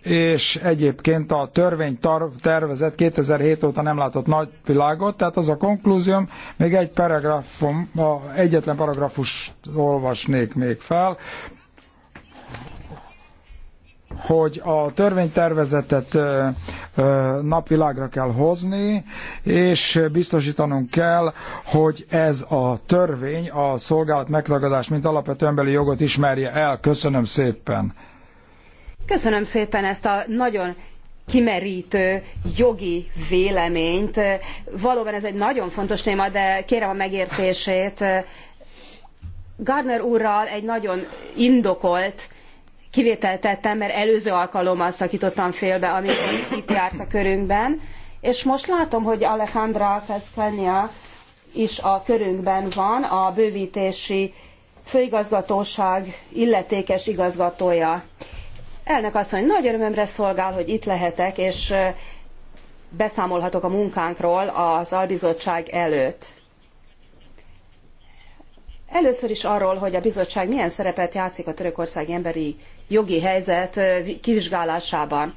és egyébként a törvénytervezet 2007 óta nem látott nagyvilágot, tehát az a konklúzióm, még egy paragrafum, a egyetlen paragrafust olvasnék még fel, hogy a törvénytervezetet napvilágra kell hozni, és biztosítanunk kell, hogy ez a törvény a szolgálat megtagadás, mint alapvető emberi jogot ismerje el. Köszönöm szépen! Köszönöm szépen ezt a nagyon kimerítő jogi véleményt. Valóban ez egy nagyon fontos téma, de kérem a megértését. Gardner úrral egy nagyon indokolt kivételt tettem, mert előző alkalommal szakítottam félbe, amikor itt járt a körünkben, és most látom, hogy Alejandra Pescania is a körünkben van, a bővítési főigazgatóság illetékes igazgatója. Elnök asszony, nagy örömömre szolgál, hogy itt lehetek, és beszámolhatok a munkánkról az albizottság előtt. Először is arról, hogy a bizottság milyen szerepet játszik a törökországi emberi jogi helyzet kivizsgálásában.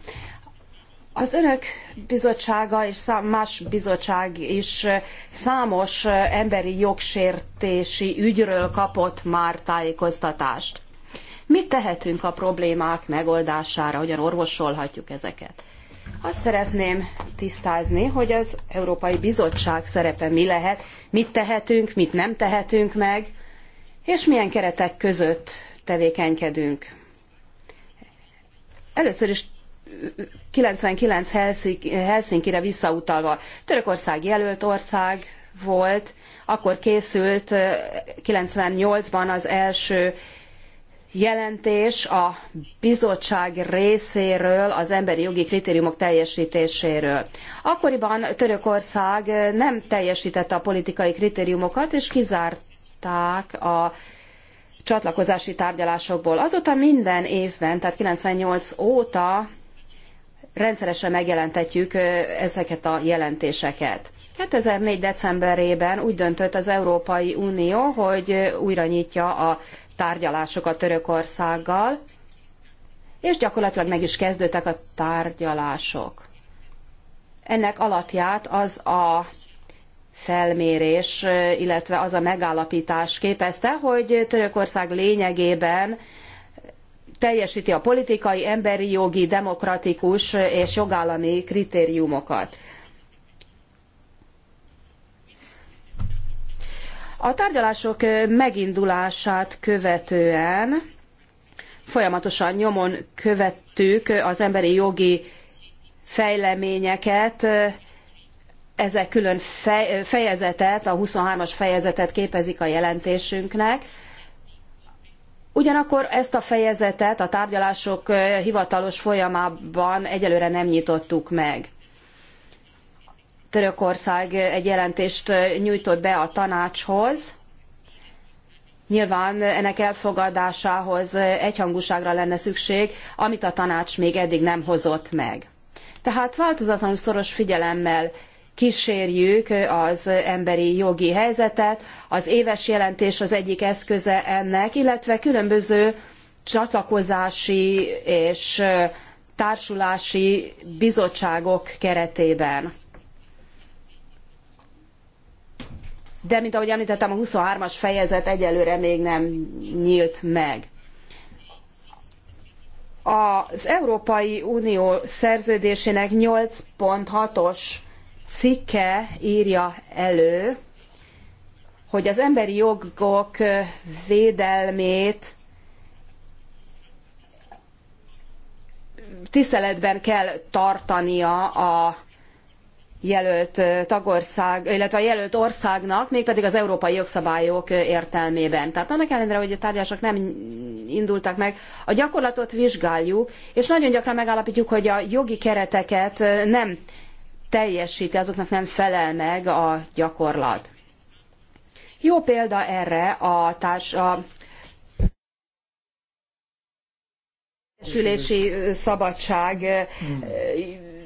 Az önök bizottsága és más bizottság is számos emberi jogsértési ügyről kapott már tájékoztatást. Mit tehetünk a problémák megoldására, hogyan orvosolhatjuk ezeket? Azt szeretném tisztázni, hogy az Európai Bizottság szerepe mi lehet, mit tehetünk, mit nem tehetünk meg, és milyen keretek között tevékenykedünk. Először is 99 Helsinki-re visszautalva. Törökország jelölt ország volt, akkor készült 98-ban az első jelentés a bizottság részéről az emberi jogi kritériumok teljesítéséről. Akkoriban Törökország nem teljesítette a politikai kritériumokat, és kizárt kizárták a csatlakozási tárgyalásokból. Azóta minden évben, tehát 98 óta rendszeresen megjelentetjük ezeket a jelentéseket. 2004. decemberében úgy döntött az Európai Unió, hogy újra nyitja a tárgyalásokat Törökországgal, és gyakorlatilag meg is kezdődtek a tárgyalások. Ennek alapját az a felmérés, illetve az a megállapítás képezte, hogy Törökország lényegében teljesíti a politikai, emberi jogi, demokratikus és jogállami kritériumokat. A tárgyalások megindulását követően folyamatosan nyomon követtük az emberi jogi fejleményeket, ezek külön fejezetet, a 23-as fejezetet képezik a jelentésünknek. Ugyanakkor ezt a fejezetet a tárgyalások hivatalos folyamában egyelőre nem nyitottuk meg. Törökország egy jelentést nyújtott be a tanácshoz. Nyilván ennek elfogadásához egyhangúságra lenne szükség, amit a tanács még eddig nem hozott meg. Tehát változatlanul szoros figyelemmel kísérjük az emberi jogi helyzetet. Az éves jelentés az egyik eszköze ennek, illetve különböző csatlakozási és társulási bizottságok keretében. De, mint ahogy említettem, a 23-as fejezet egyelőre még nem nyílt meg. Az Európai Unió szerződésének 8.6-os cikke írja elő, hogy az emberi jogok védelmét tiszteletben kell tartania a jelölt tagország, illetve a jelölt országnak, mégpedig az európai jogszabályok értelmében. Tehát annak ellenére, hogy a tárgyalások nem indultak meg, a gyakorlatot vizsgáljuk, és nagyon gyakran megállapítjuk, hogy a jogi kereteket nem teljesíti, azoknak nem felel meg a gyakorlat. Jó példa erre a társ, a szabadság eh,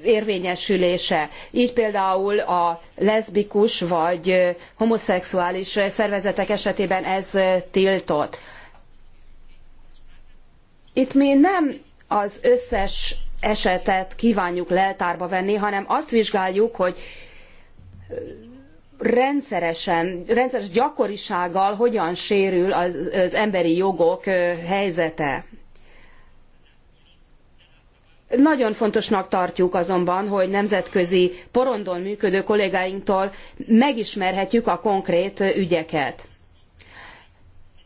érvényesülése. Így például a leszbikus vagy homoszexuális szervezetek esetében ez tiltott. Itt mi nem az összes esetet kívánjuk leltárba venni, hanem azt vizsgáljuk, hogy rendszeresen, rendszeres gyakorisággal hogyan sérül az, az emberi jogok helyzete. Nagyon fontosnak tartjuk azonban, hogy nemzetközi porondon működő kollégáinktól megismerhetjük a konkrét ügyeket.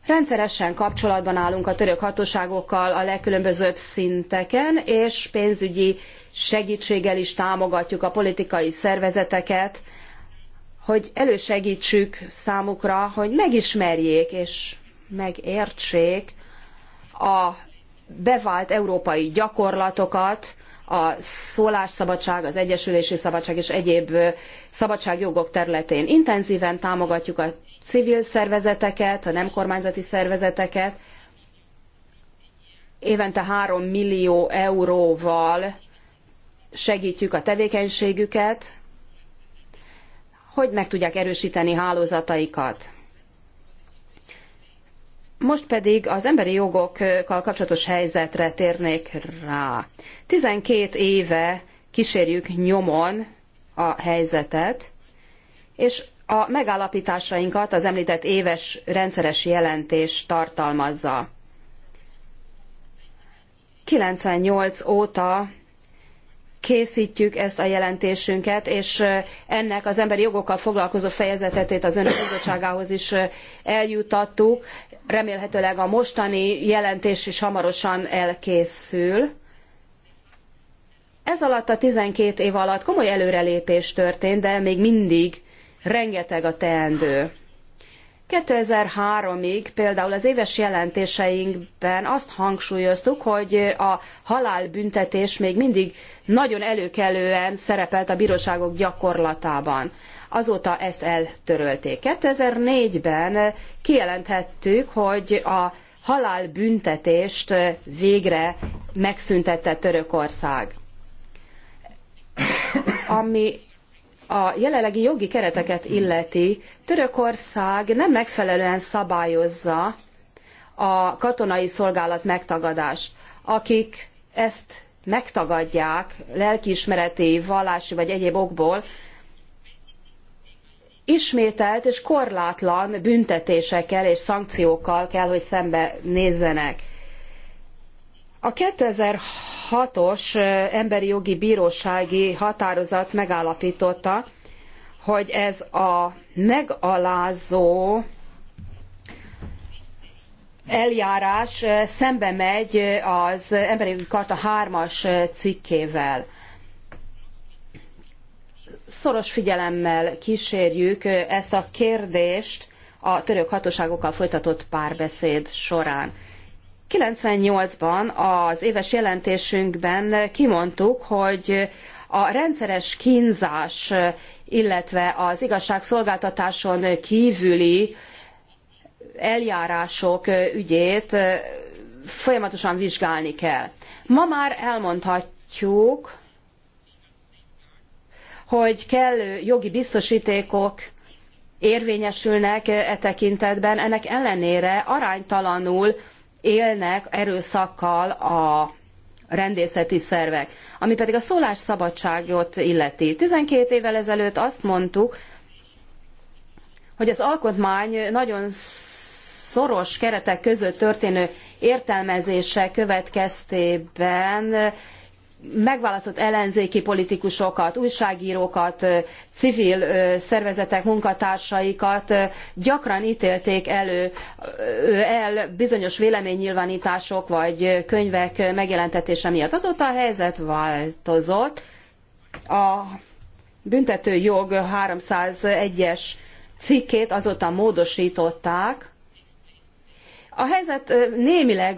Rendszeresen kapcsolatban állunk a török hatóságokkal a legkülönbözőbb szinteken, és pénzügyi segítséggel is támogatjuk a politikai szervezeteket, hogy elősegítsük számukra, hogy megismerjék és megértsék a bevált európai gyakorlatokat, a szólásszabadság, az egyesülési szabadság és egyéb szabadságjogok területén. Intenzíven támogatjuk a civil szervezeteket, a nem kormányzati szervezeteket, évente 3 millió euróval segítjük a tevékenységüket, hogy meg tudják erősíteni hálózataikat. Most pedig az emberi jogokkal kapcsolatos helyzetre térnék rá. 12 éve kísérjük nyomon a helyzetet, és a megállapításainkat az említett éves rendszeres jelentés tartalmazza. 98 óta készítjük ezt a jelentésünket, és ennek az emberi jogokkal foglalkozó fejezetetét az önök bizottságához is eljutattuk. Remélhetőleg a mostani jelentés is hamarosan elkészül. Ez alatt a 12 év alatt komoly előrelépés történt, de még mindig rengeteg a teendő. 2003-ig például az éves jelentéseinkben azt hangsúlyoztuk, hogy a halálbüntetés még mindig nagyon előkelően szerepelt a bíróságok gyakorlatában. Azóta ezt eltörölték. 2004-ben kijelenthettük, hogy a halálbüntetést végre megszüntette Törökország. Ami a jelenlegi jogi kereteket illeti, Törökország nem megfelelően szabályozza a katonai szolgálat megtagadást. Akik ezt megtagadják lelkiismereti, vallási vagy egyéb okból, ismételt és korlátlan büntetésekkel és szankciókkal kell, hogy szembe nézzenek. A 2006-os emberi jogi bírósági határozat megállapította, hogy ez a megalázó eljárás szembe megy az emberi jogi karta 3-as cikkével. Szoros figyelemmel kísérjük ezt a kérdést a török hatóságokkal folytatott párbeszéd során. 98-ban az éves jelentésünkben kimondtuk, hogy a rendszeres kínzás, illetve az igazságszolgáltatáson kívüli eljárások ügyét folyamatosan vizsgálni kell. Ma már elmondhatjuk, hogy kellő jogi biztosítékok érvényesülnek e tekintetben, ennek ellenére aránytalanul élnek erőszakkal a rendészeti szervek. Ami pedig a szólásszabadságot illeti. 12 évvel ezelőtt azt mondtuk, hogy az alkotmány nagyon szoros keretek között történő értelmezése következtében megválasztott ellenzéki politikusokat, újságírókat, civil szervezetek munkatársaikat gyakran ítélték elő, el bizonyos véleménynyilvánítások vagy könyvek megjelentetése miatt. Azóta a helyzet változott. A büntető jog 301-es cikkét azóta módosították, a helyzet némileg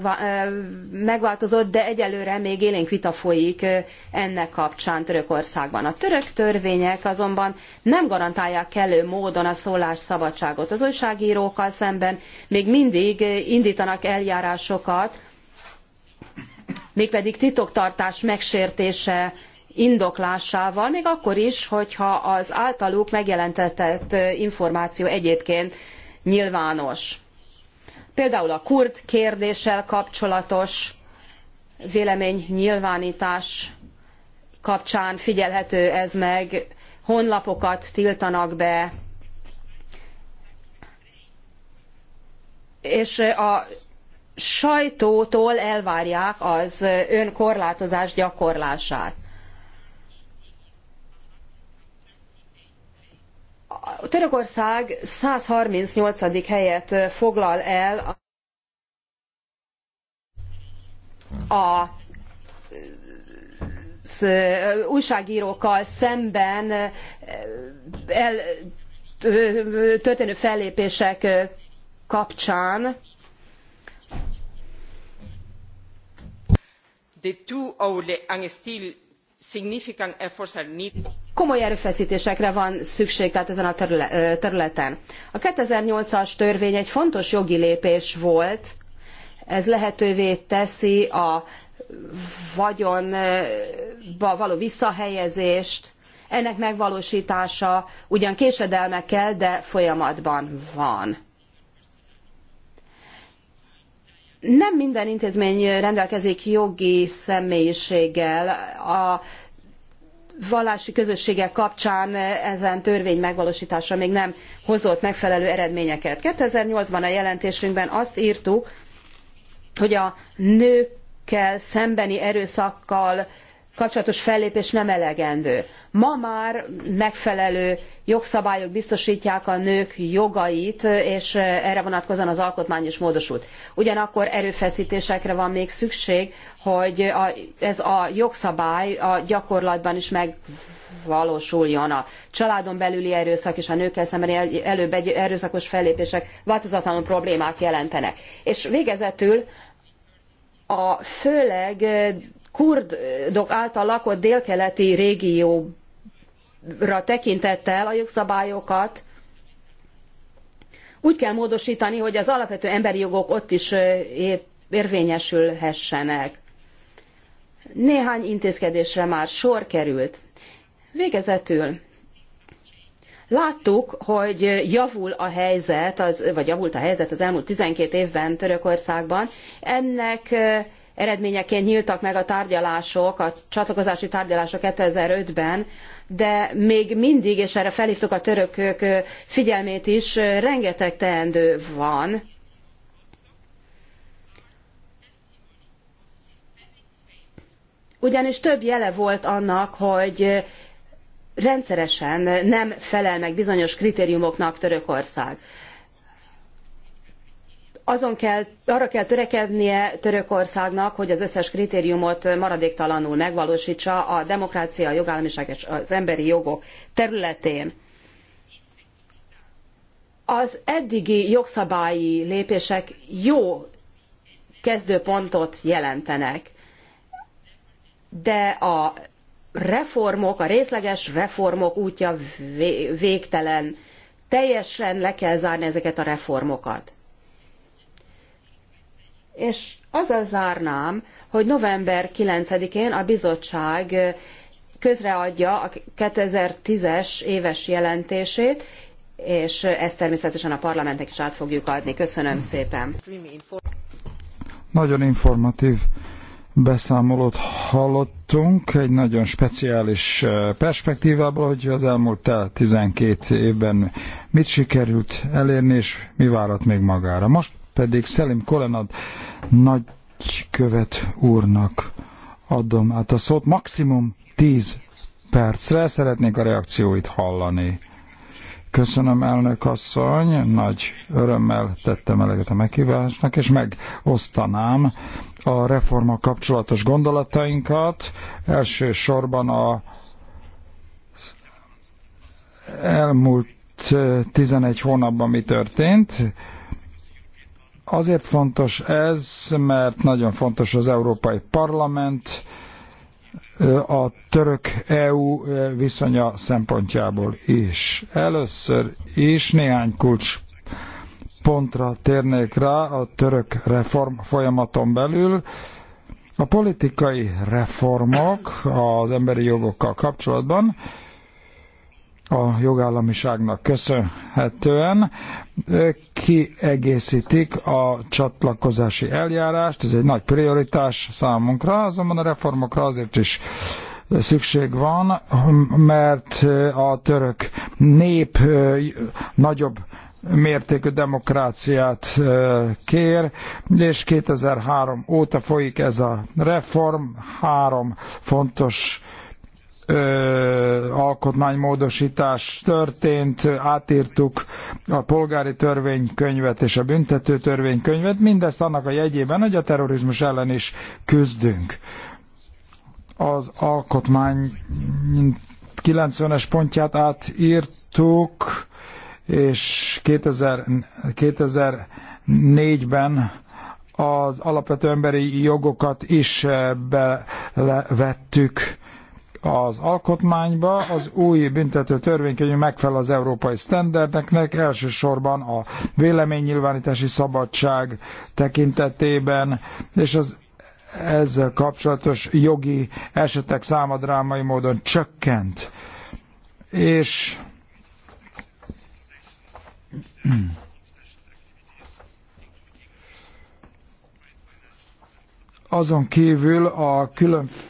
megváltozott, de egyelőre még élénk vita folyik ennek kapcsán Törökországban. A török törvények azonban nem garantálják kellő módon a szólásszabadságot. Az újságírókkal szemben még mindig indítanak eljárásokat, mégpedig titoktartás megsértése indoklásával, még akkor is, hogyha az általuk megjelentetett információ egyébként nyilvános. Például a kurd kérdéssel kapcsolatos véleménynyilvánítás kapcsán figyelhető ez meg, honlapokat tiltanak be, és a sajtótól elvárják az önkorlátozás gyakorlását. Törökország 138. helyet foglal el a újságírókkal szemben el, történő fellépések kapcsán. De tu au angstil Komoly erőfeszítésekre van szükség tehát ezen a területen. A 2008-as törvény egy fontos jogi lépés volt, ez lehetővé teszi a vagyonba való visszahelyezést, ennek megvalósítása ugyan késedelmekkel, de folyamatban van. Nem minden intézmény rendelkezik jogi személyiséggel. A vallási közösségek kapcsán ezen törvény megvalósítása még nem hozott megfelelő eredményeket. 2008-ban a jelentésünkben azt írtuk, hogy a nőkkel szembeni erőszakkal kapcsolatos fellépés nem elegendő. Ma már megfelelő jogszabályok biztosítják a nők jogait, és erre vonatkozóan az alkotmány is módosult. Ugyanakkor erőfeszítésekre van még szükség, hogy a, ez a jogszabály a gyakorlatban is megvalósuljon. A családon belüli erőszak és a nőkkel szembeni előbb erőszakos fellépések változatlanul problémák jelentenek. És végezetül a főleg kurdok által lakott délkeleti régióra tekintettel a jogszabályokat úgy kell módosítani, hogy az alapvető emberi jogok ott is érvényesülhessenek. Néhány intézkedésre már sor került. Végezetül Láttuk, hogy javul a helyzet, az, vagy javult a helyzet az elmúlt 12 évben Törökországban. Ennek eredményeként nyíltak meg a tárgyalások, a csatlakozási tárgyalások 2005-ben, de még mindig, és erre felhívtuk a törökök figyelmét is, rengeteg teendő van. Ugyanis több jele volt annak, hogy rendszeresen nem felel meg bizonyos kritériumoknak Törökország azon kell, arra kell törekednie Törökországnak, hogy az összes kritériumot maradéktalanul megvalósítsa a demokrácia, a jogállamiság és az emberi jogok területén. Az eddigi jogszabályi lépések jó kezdőpontot jelentenek, de a reformok, a részleges reformok útja végtelen. Teljesen le kell zárni ezeket a reformokat. És azzal zárnám, hogy november 9-én a bizottság közreadja a 2010-es éves jelentését, és ezt természetesen a parlamentnek is át fogjuk adni. Köszönöm szépen. Nagyon informatív beszámolót hallottunk, egy nagyon speciális perspektívából, hogy az elmúlt 12 évben mit sikerült elérni, és mi várat még magára. Most pedig Szelim Kolenad nagykövet úrnak adom át a szót. Maximum 10 percre szeretnék a reakcióit hallani. Köszönöm, elnök asszony, nagy örömmel tettem eleget a meghívásnak, és megosztanám a reforma kapcsolatos gondolatainkat, elsősorban a elmúlt 11 hónapban mi történt, Azért fontos ez, mert nagyon fontos az Európai Parlament, a török-EU viszonya szempontjából is. Először is néhány kulcs pontra térnék rá a török reform folyamaton belül. A politikai reformok az emberi jogokkal kapcsolatban a jogállamiságnak köszönhetően kiegészítik a csatlakozási eljárást, ez egy nagy prioritás számunkra, azonban a reformokra azért is szükség van, mert a török nép nagyobb mértékű demokráciát kér, és 2003 óta folyik ez a reform, három fontos alkotmánymódosítás történt, átírtuk a polgári törvénykönyvet és a büntető törvénykönyvet, mindezt annak a jegyében, hogy a terrorizmus ellen is küzdünk. Az alkotmány 90-es pontját átírtuk, és 2000, 2004-ben az alapvető emberi jogokat is belevettük az alkotmányba, az új büntető törvénykönyv megfelel az európai sztenderdeknek, elsősorban a véleménynyilvánítási szabadság tekintetében, és az ezzel kapcsolatos jogi esetek száma drámai módon csökkent. És azon kívül a különféle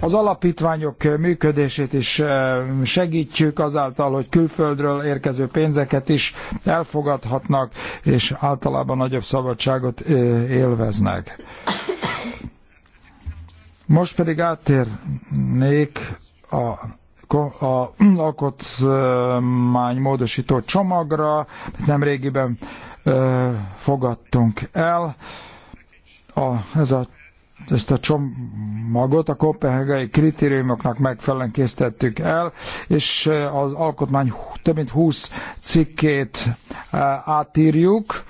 az alapítványok működését is eh, segítjük azáltal, hogy külföldről érkező pénzeket is elfogadhatnak, és általában nagyobb szabadságot eh, élveznek. Most pedig áttérnék a a alkotmány módosító csomagra, nem nemrégiben eh, fogadtunk el. A, ez a ezt a csomagot a kopenhágai kritériumoknak megfelelően készítettük el, és eh, az alkotmány több mint 20 cikkét eh, átírjuk.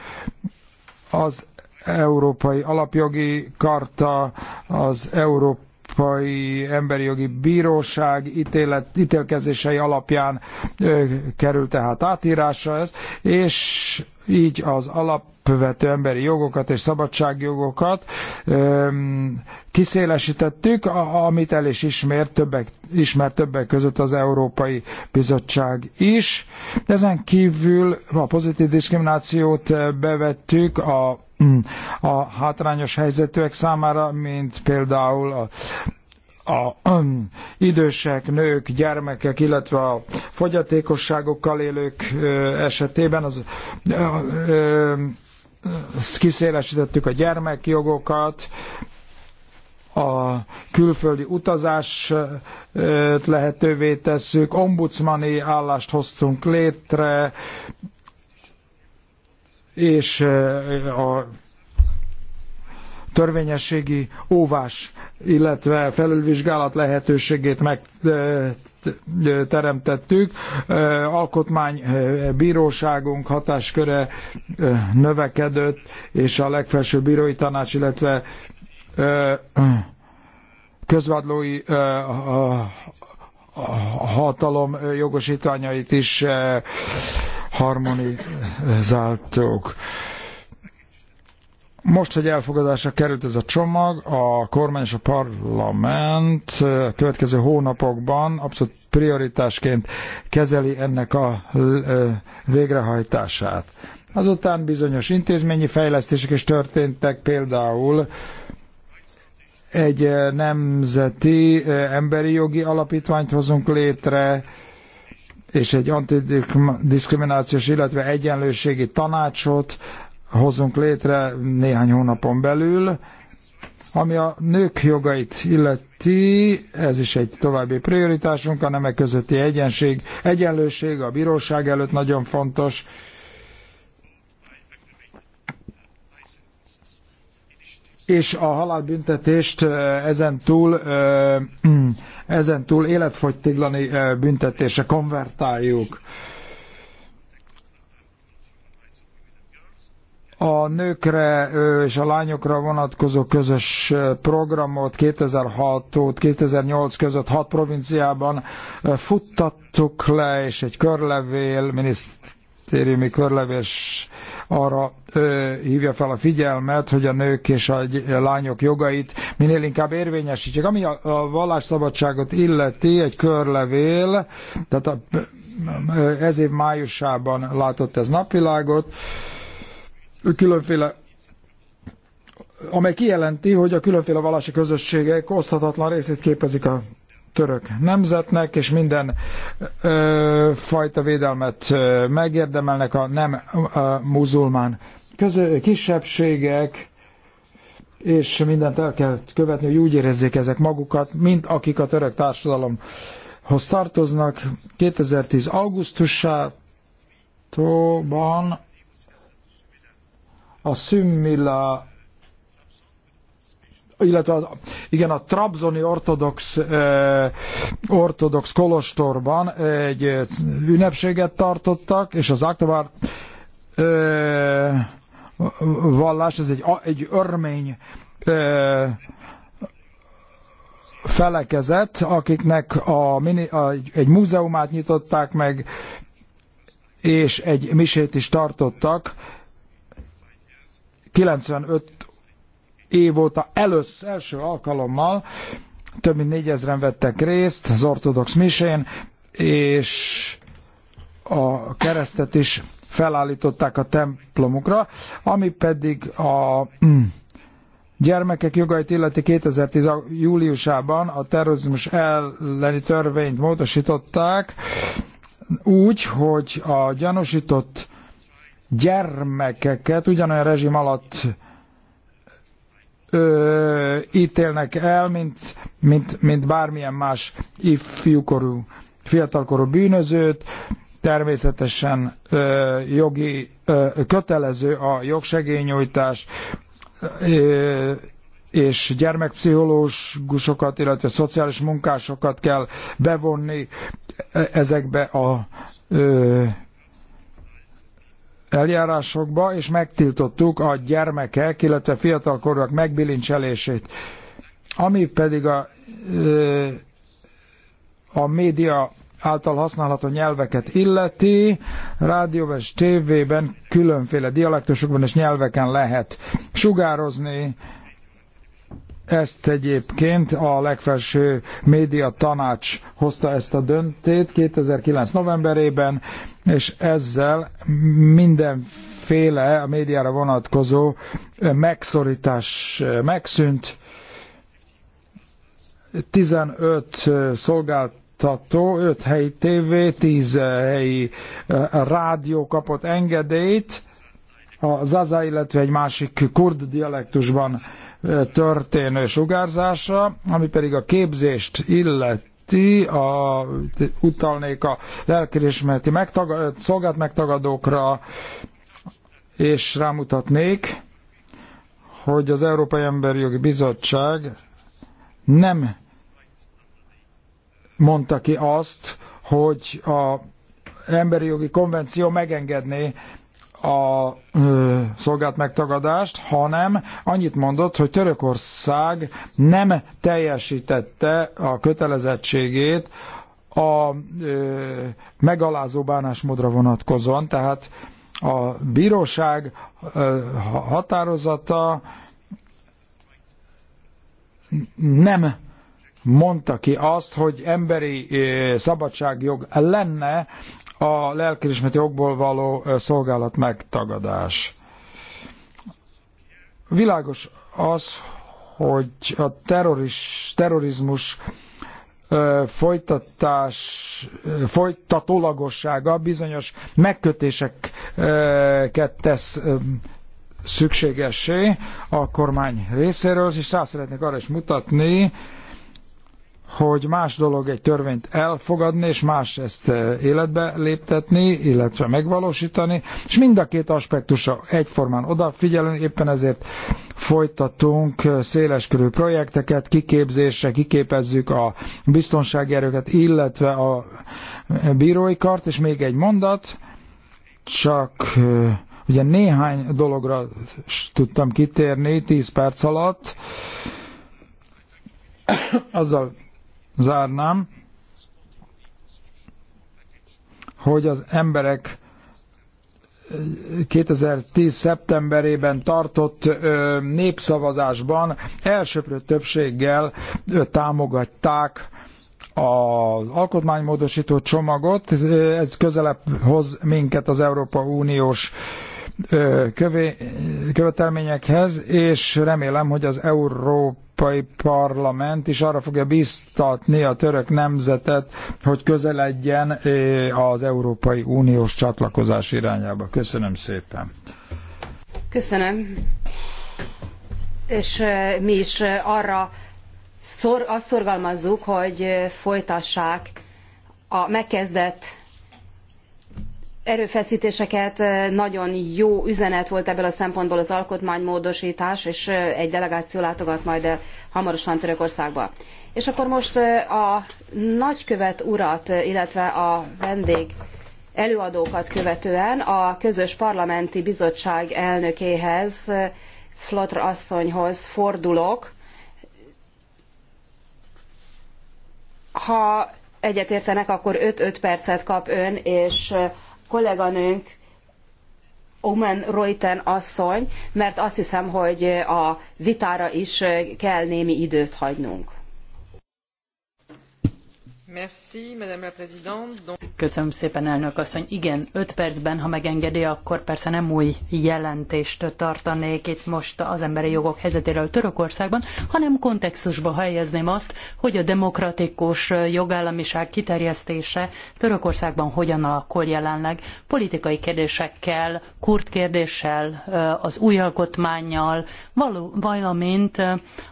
Az Európai Alapjogi Karta, az Európai Emberi Jogi Bíróság ítélet, ítélkezései alapján ö, eh, kerül tehát átírásra ez, és így az alap követő emberi jogokat és szabadságjogokat kiszélesítettük, amit el is ismert többek, ismert többek között az Európai Bizottság is. Ezen kívül a pozitív diszkriminációt bevettük a hm, a hátrányos helyzetűek számára, mint például a, a um, idősek, nők, gyermekek, illetve a fogyatékosságokkal élők ö, esetében az ö, ö, kiszélesítettük a gyermekjogokat, a külföldi utazást lehetővé tesszük, ombudsmani állást hoztunk létre, és eh, a törvényességi óvás illetve felülvizsgálat lehetőségét megteremtettük. Alkotmánybíróságunk hatásköre növekedett, és a legfelsőbb bírói tanács, illetve közvadlói hatalom jogosítványait is harmonizáltuk. Most, hogy elfogadásra került ez a csomag, a kormány és a parlament a következő hónapokban abszolút prioritásként kezeli ennek a végrehajtását. Azután bizonyos intézményi fejlesztések is történtek, például egy nemzeti emberi jogi alapítványt hozunk létre, és egy antidiskriminációs, illetve egyenlőségi tanácsot, hozzunk létre néhány hónapon belül. Ami a nők jogait illeti, ez is egy további prioritásunk, a nemek közötti egyenség, egyenlőség a bíróság előtt nagyon fontos. És a halálbüntetést ezen túl, ezen túl életfogytiglani büntetése konvertáljuk. a nőkre és a lányokra vonatkozó közös programot 2006 2008 között hat provinciában futtattuk le, és egy körlevél, minisztériumi körlevél arra hívja fel a figyelmet, hogy a nők és a lányok jogait minél inkább érvényesítsék. Ami a, a vallásszabadságot illeti, egy körlevél, tehát a, ez év májusában látott ez napvilágot, különféle amely kijelenti, hogy a különféle vallási közösségek oszthatatlan részét képezik a török nemzetnek, és minden ö, fajta védelmet ö, megérdemelnek a nem ö, muzulmán közö, kisebbségek, és mindent el kell követni, hogy úgy érezzék ezek magukat, mint akik a török társadalomhoz tartoznak. 2010. augusztusában a Szümmilla illetve a, igen, a Trabzoni ortodox, eh, ortodox kolostorban egy eh, ünnepséget tartottak, és az Aktabár eh, vallás, ez egy, egy örmény eh, felekezet, akiknek a, mini, a, egy múzeumát nyitották meg, és egy misét is tartottak, 95 év óta elősz, első alkalommal több mint négyezren vettek részt az ortodox misén, és a keresztet is felállították a templomukra, ami pedig a mm, gyermekek jogait illeti 2010. júliusában a terrorizmus elleni törvényt módosították úgy, hogy a gyanúsított gyermekeket ugyanolyan rezsim alatt ö, ítélnek el, mint, mint, mint bármilyen más ifjúkorú, fiatalkorú bűnözőt. Természetesen ö, jogi ö, kötelező a jogsegélynyújtás, ö, és gyermekpszichológusokat, illetve szociális munkásokat kell bevonni ezekbe a ö, eljárásokba, és megtiltottuk a gyermekek, illetve fiatalkorúak megbilincselését. Ami pedig a, a média által használható nyelveket illeti, rádió és tévében különféle dialektusokban és nyelveken lehet sugározni, ezt egyébként a legfelső média tanács hozta ezt a döntét 2009. novemberében, és ezzel mindenféle a médiára vonatkozó megszorítás megszűnt. 15 szolgáltató, 5 helyi TV, 10 helyi rádió kapott engedélyt, a Zaza, illetve egy másik kurd dialektusban történő sugárzása, ami pedig a képzést illeti a, utalnék a lelkiismereti megtagad, szolgált megtagadókra, és rámutatnék, hogy az Európai Emberi Jogi Bizottság nem mondta ki azt, hogy a emberi jogi konvenció megengedné a ö, szolgált megtagadást, hanem annyit mondott, hogy Törökország nem teljesítette a kötelezettségét a ö, megalázó bánásmódra vonatkozóan, tehát a bíróság ö, határozata nem mondta ki azt, hogy emberi szabadságjog lenne a lelkérismeti okból való szolgálat megtagadás. Világos az, hogy a terroris, terrorizmus folytatás, folytatólagossága bizonyos megkötéseket tesz szükségessé a kormány részéről, és rá szeretnék arra is mutatni, hogy más dolog egy törvényt elfogadni, és más ezt eh, életbe léptetni, illetve megvalósítani, és mind a két aspektusa egyformán odafigyelünk, éppen ezért folytatunk eh, széleskörű projekteket, kiképzésre, kiképezzük a biztonsági erőket, illetve a eh, bírói kart, és még egy mondat, csak ugye néhány dologra tudtam kitérni 10 perc alatt, azzal zárnám, hogy az emberek 2010. Eh, szeptemberében tartott népszavazásban elsőprő többséggel támogatták az alkotmánymódosító csomagot, eh, ez közelebb hoz minket az Európa Uniós kövé, követelményekhez, és remélem, hogy az Európa Európai Parlament is arra fogja biztatni a török nemzetet, hogy közeledjen eh, az Európai Uniós csatlakozás irányába. Köszönöm szépen. Köszönöm. És eh, mi is eh, arra szor, azt szorgalmazzuk, hogy folytassák a megkezdett erőfeszítéseket. Nagyon jó üzenet volt ebből a szempontból az alkotmánymódosítás, és egy delegáció látogat majd el hamarosan Törökországba. És akkor most a nagykövet urat, illetve a vendég előadókat követően a közös parlamenti bizottság elnökéhez, Flotr asszonyhoz fordulok. Ha egyetértenek, akkor 5-5 percet kap ön, és kolléganőnk Omen Reuten asszony, mert azt hiszem, hogy a vitára is kell némi időt hagynunk. Merci, Madame la Présidente. Donc... Köszönöm szépen, elnök asszony. Igen, öt percben, ha megengedi, akkor persze nem új jelentést tartanék itt most az emberi jogok helyzetéről Törökországban, hanem kontextusba helyezném azt, hogy a demokratikus jogállamiság kiterjesztése Törökországban hogyan alakul jelenleg politikai kérdésekkel, kurd kérdéssel, az új alkotmányjal, valamint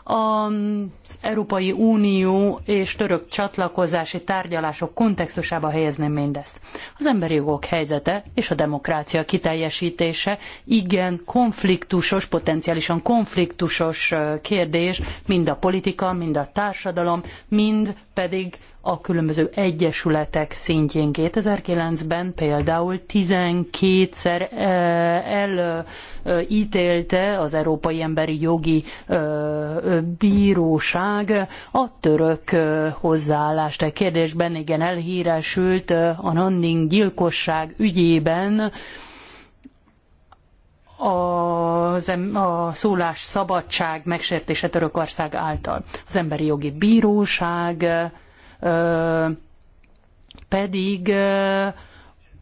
az Európai Unió és török csatlakozás megoldási tárgyalások kontextusába helyezném mindezt. Az emberi jogok helyzete és a demokrácia kiteljesítése igen konfliktusos, potenciálisan konfliktusos kérdés, mind a politika, mind a társadalom, mind pedig a különböző egyesületek szintjén 2009-ben például 12-szer elítélte az Európai Emberi Jogi Bíróság a török hozzáállást a kérdésben, igen, elhíresült a Nanning gyilkosság ügyében, az, a szólás szabadság megsértése Törökország által. Az Emberi Jogi Bíróság pedig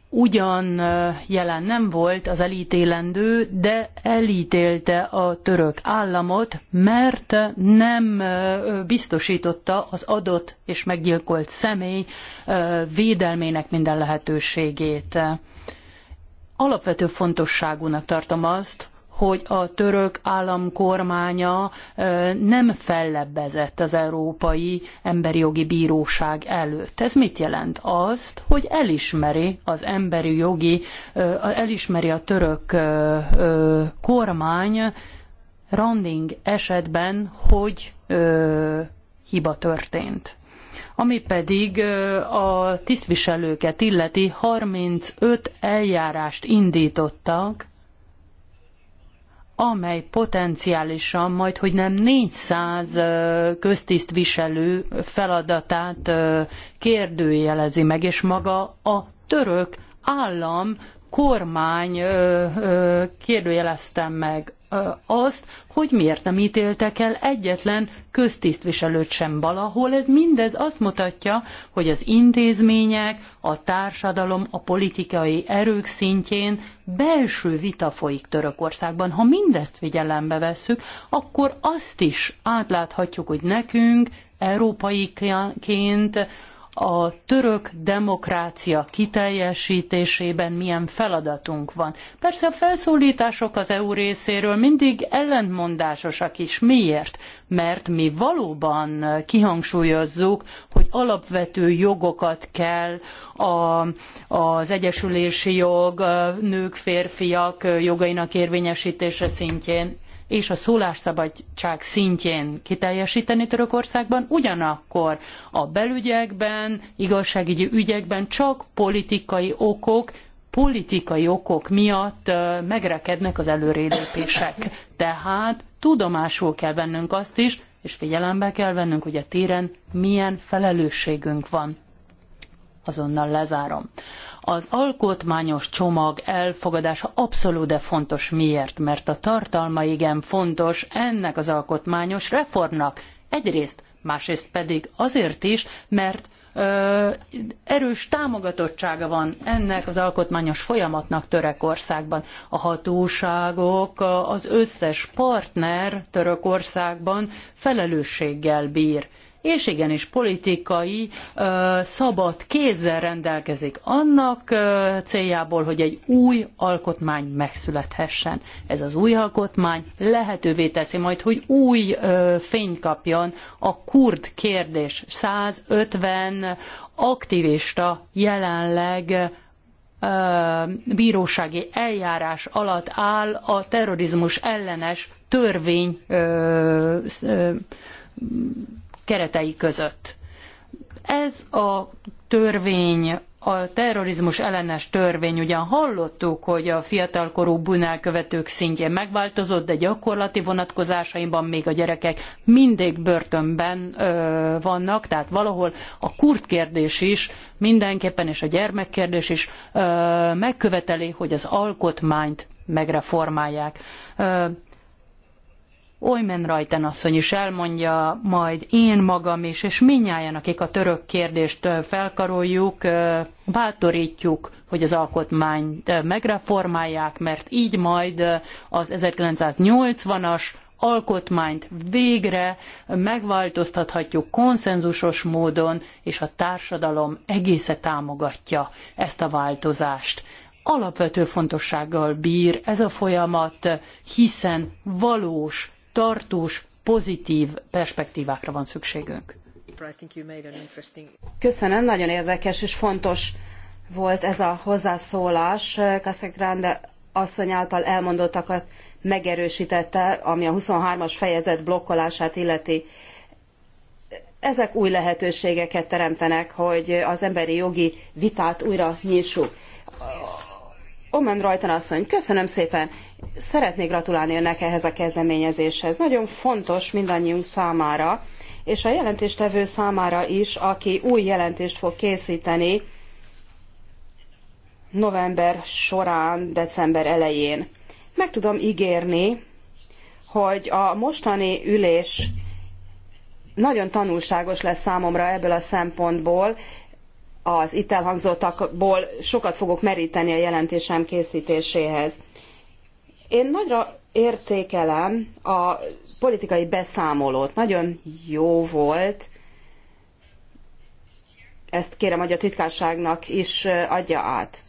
ugyan jelen nem volt az elítélendő, de elítélte a török államot, mert nem biztosította az adott és meggyilkolt személy védelmének minden lehetőségét. Alapvető fontosságúnak tartom azt, hogy a török államkormánya nem fellebbezett az Európai Emberi Jogi Bíróság előtt. Ez mit jelent? Azt, hogy elismeri az emberi jogi, elismeri a török kormány Randing esetben, hogy hiba történt ami pedig a tisztviselőket illeti 35 eljárást indítottak amely potenciálisan majd, hogy nem 400 köztisztviselő feladatát kérdőjelezi meg, és maga a török állam kormány kérdőjelezte meg azt, hogy miért nem ítéltek el egyetlen köztisztviselőt sem valahol. Ez mindez azt mutatja, hogy az intézmények, a társadalom, a politikai erők szintjén belső vita folyik Törökországban. Ha mindezt figyelembe vesszük, akkor azt is átláthatjuk, hogy nekünk, európaiként, a török demokrácia kiteljesítésében milyen feladatunk van. Persze a felszólítások az EU részéről mindig ellentmondásosak is. Miért? Mert mi valóban kihangsúlyozzuk, hogy alapvető jogokat kell a, az egyesülési jog, nők, férfiak jogainak érvényesítése szintjén és a szólásszabadság szintjén kiteljesíteni Törökországban, ugyanakkor a belügyekben, igazságügyi ügyekben csak politikai okok, politikai okok miatt megrekednek az előrelépések. Tehát tudomásul kell vennünk azt is, és figyelembe kell vennünk, hogy a téren milyen felelősségünk van azonnal lezárom. Az alkotmányos csomag elfogadása abszolút de fontos. Miért? Mert a tartalma igen fontos ennek az alkotmányos reformnak. Egyrészt, másrészt pedig azért is, mert ö, erős támogatottsága van ennek az alkotmányos folyamatnak Törökországban. A hatóságok, az összes partner Törökországban felelősséggel bír és igenis politikai ö, szabad kézzel rendelkezik annak ö, céljából, hogy egy új alkotmány megszülethessen. Ez az új alkotmány lehetővé teszi majd, hogy új ö, fényt kapjon a kurd kérdés. 150 aktivista jelenleg bírósági eljárás alatt áll a terrorizmus ellenes törvény keretei között. Ez a törvény, a terrorizmus ellenes törvény, ugyan hallottuk, hogy a fiatalkorú bűnelkövetők szintjén megváltozott, de gyakorlati vonatkozásaiban még a gyerekek mindig börtönben ö, vannak, tehát valahol a kurt kérdés is mindenképpen, és a gyermekkérdés is ö, megköveteli, hogy az alkotmányt megreformálják. Ö, Olymen Rajten asszony is elmondja, majd én magam is, és minnyáján, akik a török kérdést felkaroljuk, bátorítjuk, hogy az alkotmányt megreformálják, mert így majd az 1980-as alkotmányt végre megváltoztathatjuk konszenzusos módon, és a társadalom egésze támogatja ezt a változást. Alapvető fontossággal bír ez a folyamat, hiszen valós tartós, pozitív perspektívákra van szükségünk. Köszönöm, nagyon érdekes és fontos volt ez a hozzászólás. Casagrande asszony által elmondottakat megerősítette, ami a 23-as fejezet blokkolását illeti. Ezek új lehetőségeket teremtenek, hogy az emberi jogi vitát újra nyissuk. Omen Rajtan köszönöm szépen! Szeretnék gratulálni önnek ehhez a kezdeményezéshez. Nagyon fontos mindannyiunk számára, és a jelentéstevő számára is, aki új jelentést fog készíteni november során, december elején. Meg tudom ígérni, hogy a mostani ülés nagyon tanulságos lesz számomra ebből a szempontból, az itt elhangzottakból sokat fogok meríteni a jelentésem készítéséhez. Én nagyra értékelem a politikai beszámolót. Nagyon jó volt. Ezt kérem, hogy a titkárságnak is adja át.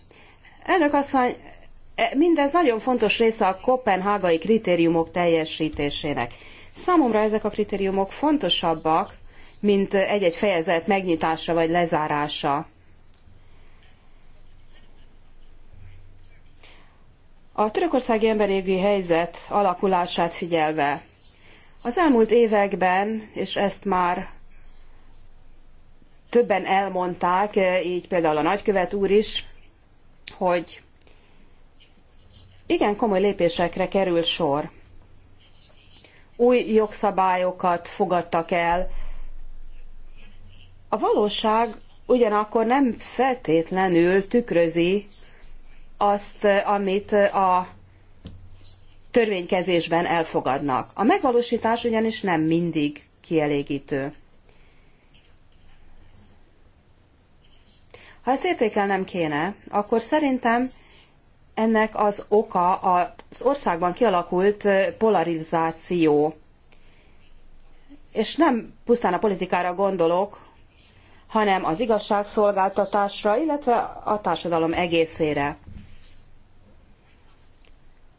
Elnök asszony, e, mindez nagyon fontos része a kopenhágai kritériumok teljesítésének. Számomra ezek a kritériumok fontosabbak, mint egy-egy fejezet megnyitása vagy lezárása. A törökországi emberi helyzet alakulását figyelve, az elmúlt években, és ezt már többen elmondták, így például a nagykövet úr is, hogy igen komoly lépésekre kerül sor. Új jogszabályokat fogadtak el, a valóság ugyanakkor nem feltétlenül tükrözi azt, amit a törvénykezésben elfogadnak. A megvalósítás ugyanis nem mindig kielégítő. Ha ezt értékelnem kéne, akkor szerintem ennek az oka az országban kialakult polarizáció. És nem pusztán a politikára gondolok, hanem az igazságszolgáltatásra, illetve a társadalom egészére.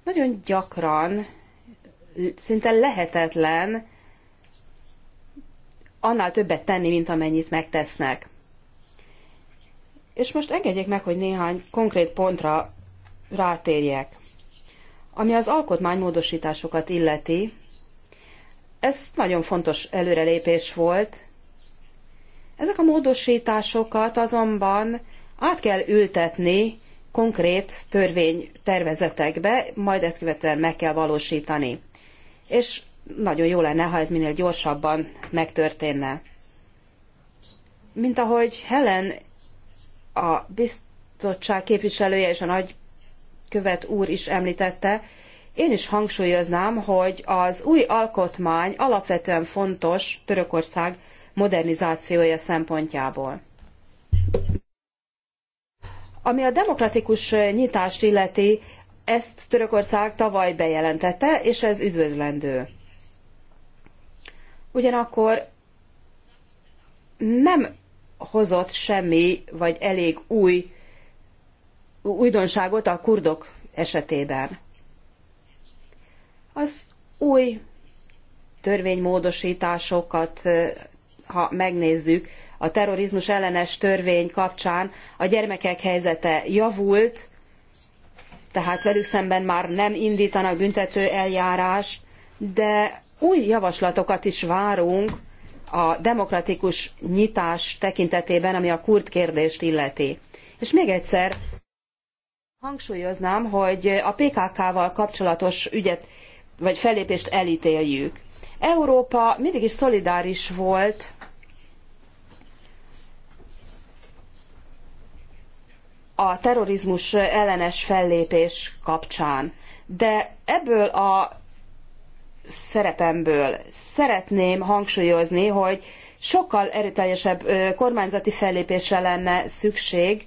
Nagyon gyakran, szinte lehetetlen annál többet tenni, mint amennyit megtesznek. És most engedjék meg, hogy néhány konkrét pontra rátérjek. Ami az alkotmánymódosításokat illeti, ez nagyon fontos előrelépés volt, ezek a módosításokat azonban át kell ültetni konkrét törvénytervezetekbe, majd ezt követően meg kell valósítani. És nagyon jó lenne, ha ez minél gyorsabban megtörténne. Mint ahogy Helen a biztonság képviselője és a nagykövet úr is említette, én is hangsúlyoznám, hogy az új alkotmány alapvetően fontos Törökország modernizációja szempontjából. Ami a demokratikus nyitást illeti, ezt Törökország tavaly bejelentette, és ez üdvözlendő. Ugyanakkor nem hozott semmi, vagy elég új újdonságot a kurdok esetében. Az új törvénymódosításokat ha megnézzük, a terrorizmus ellenes törvény kapcsán a gyermekek helyzete javult, tehát velük szemben már nem indítanak büntető eljárást, de új javaslatokat is várunk a demokratikus nyitás tekintetében, ami a kurd kérdést illeti. És még egyszer hangsúlyoznám, hogy a PKK-val kapcsolatos ügyet vagy fellépést elítéljük. Európa mindig is szolidáris volt a terrorizmus ellenes fellépés kapcsán. De ebből a szerepemből szeretném hangsúlyozni, hogy sokkal erőteljesebb kormányzati fellépésre lenne szükség,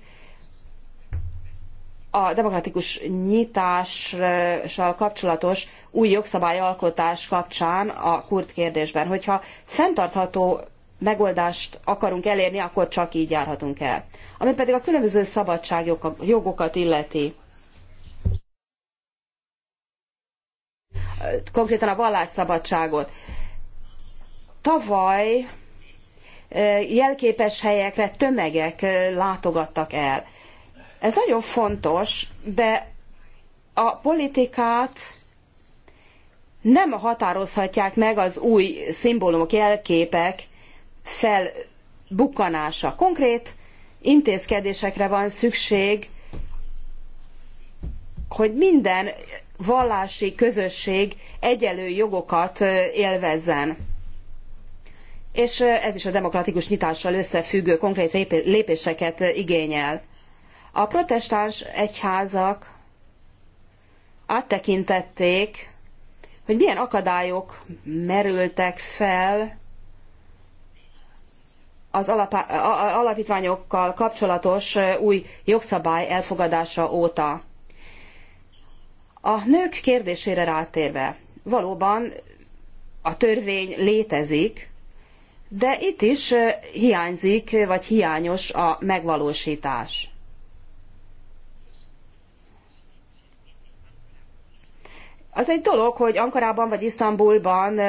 a demokratikus nyitással kapcsolatos új jogszabályalkotás kapcsán a kurd kérdésben. Hogyha fenntartható megoldást akarunk elérni, akkor csak így járhatunk el. Ami pedig a különböző szabadságjogokat illeti. Konkrétan a vallásszabadságot. Tavaly eh, jelképes helyekre tömegek eh, látogattak el ez nagyon fontos, de a politikát nem határozhatják meg az új szimbólumok, jelképek felbukkanása. Konkrét intézkedésekre van szükség, hogy minden vallási közösség egyelő jogokat élvezzen. És ez is a demokratikus nyitással összefüggő konkrét lépéseket igényel. A protestáns egyházak áttekintették, hogy milyen akadályok merültek fel az alapítványokkal kapcsolatos új jogszabály elfogadása óta. A nők kérdésére rátérve, valóban a törvény létezik, de itt is hiányzik, vagy hiányos a megvalósítás. Az egy dolog, hogy Ankarában vagy Isztambulban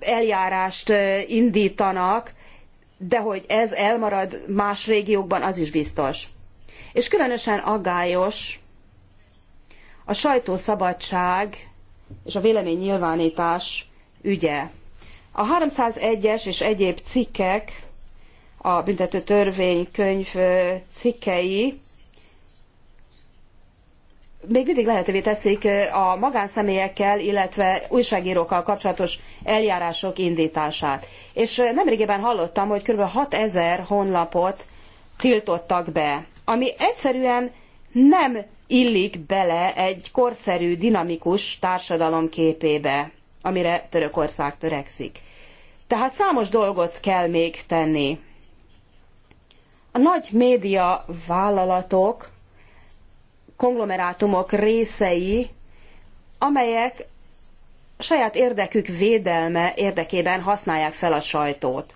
eljárást indítanak, de hogy ez elmarad más régiókban, az is biztos. És különösen aggályos a sajtószabadság és a véleménynyilvánítás ügye. A 301-es és egyéb cikkek, a büntető törvénykönyv cikkei még mindig lehetővé teszik a magánszemélyekkel, illetve újságírókkal kapcsolatos eljárások indítását. És nemrégiben hallottam, hogy kb. 6000 honlapot tiltottak be, ami egyszerűen nem illik bele egy korszerű, dinamikus társadalom képébe, amire Törökország törekszik. Tehát számos dolgot kell még tenni. A nagy média vállalatok konglomerátumok részei, amelyek saját érdekük védelme érdekében használják fel a sajtót.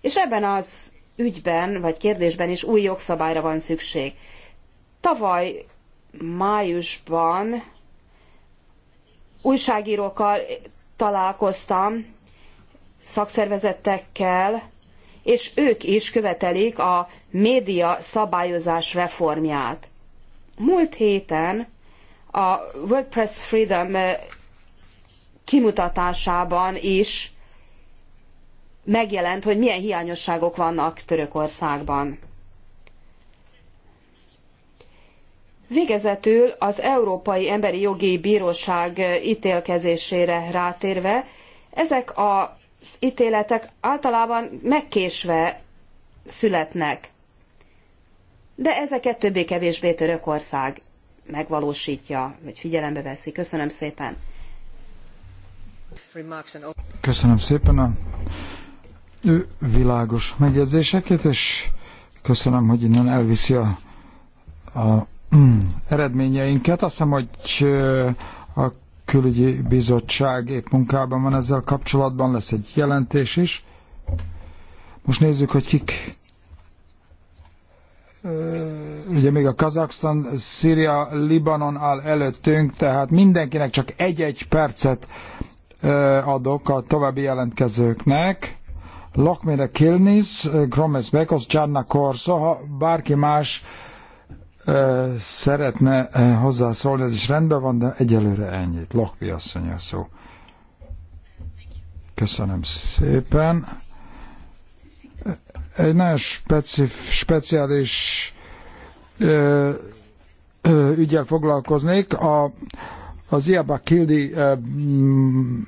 És ebben az ügyben vagy kérdésben is új jogszabályra van szükség. Tavaly májusban újságírókkal találkoztam, szakszervezetekkel, és ők is követelik a média szabályozás reformját. Múlt héten a WordPress Freedom eh, kimutatásában is megjelent, hogy milyen hiányosságok vannak Törökországban. Végezetül az Európai Emberi Jogi Bíróság eh, ítélkezésére rátérve, ezek az ítéletek általában megkésve születnek de ezeket többé-kevésbé Törökország megvalósítja, vagy figyelembe veszi. Köszönöm szépen. Köszönöm szépen a világos megjegyzéseket, és köszönöm, hogy innen elviszi a, a mm, eredményeinket. Azt hiszem, hogy a külügyi bizottság épp munkában van ezzel kapcsolatban, lesz egy jelentés is. Most nézzük, hogy kik ugye még a Kazaksztán, Szíria, Libanon áll előttünk, tehát mindenkinek csak egy-egy percet adok a további jelentkezőknek. Lokmire Kilnis, Gromes Bekos, Csárna Korszó, ha bárki más szeretne hozzászólni, ez is rendben van, de egyelőre ennyit. Lokmi asszony a szó. Köszönöm szépen. Egy nagyon specif, speciális ö, ö, ügyel foglalkoznék. A, az Iaba Kildi ö, mm,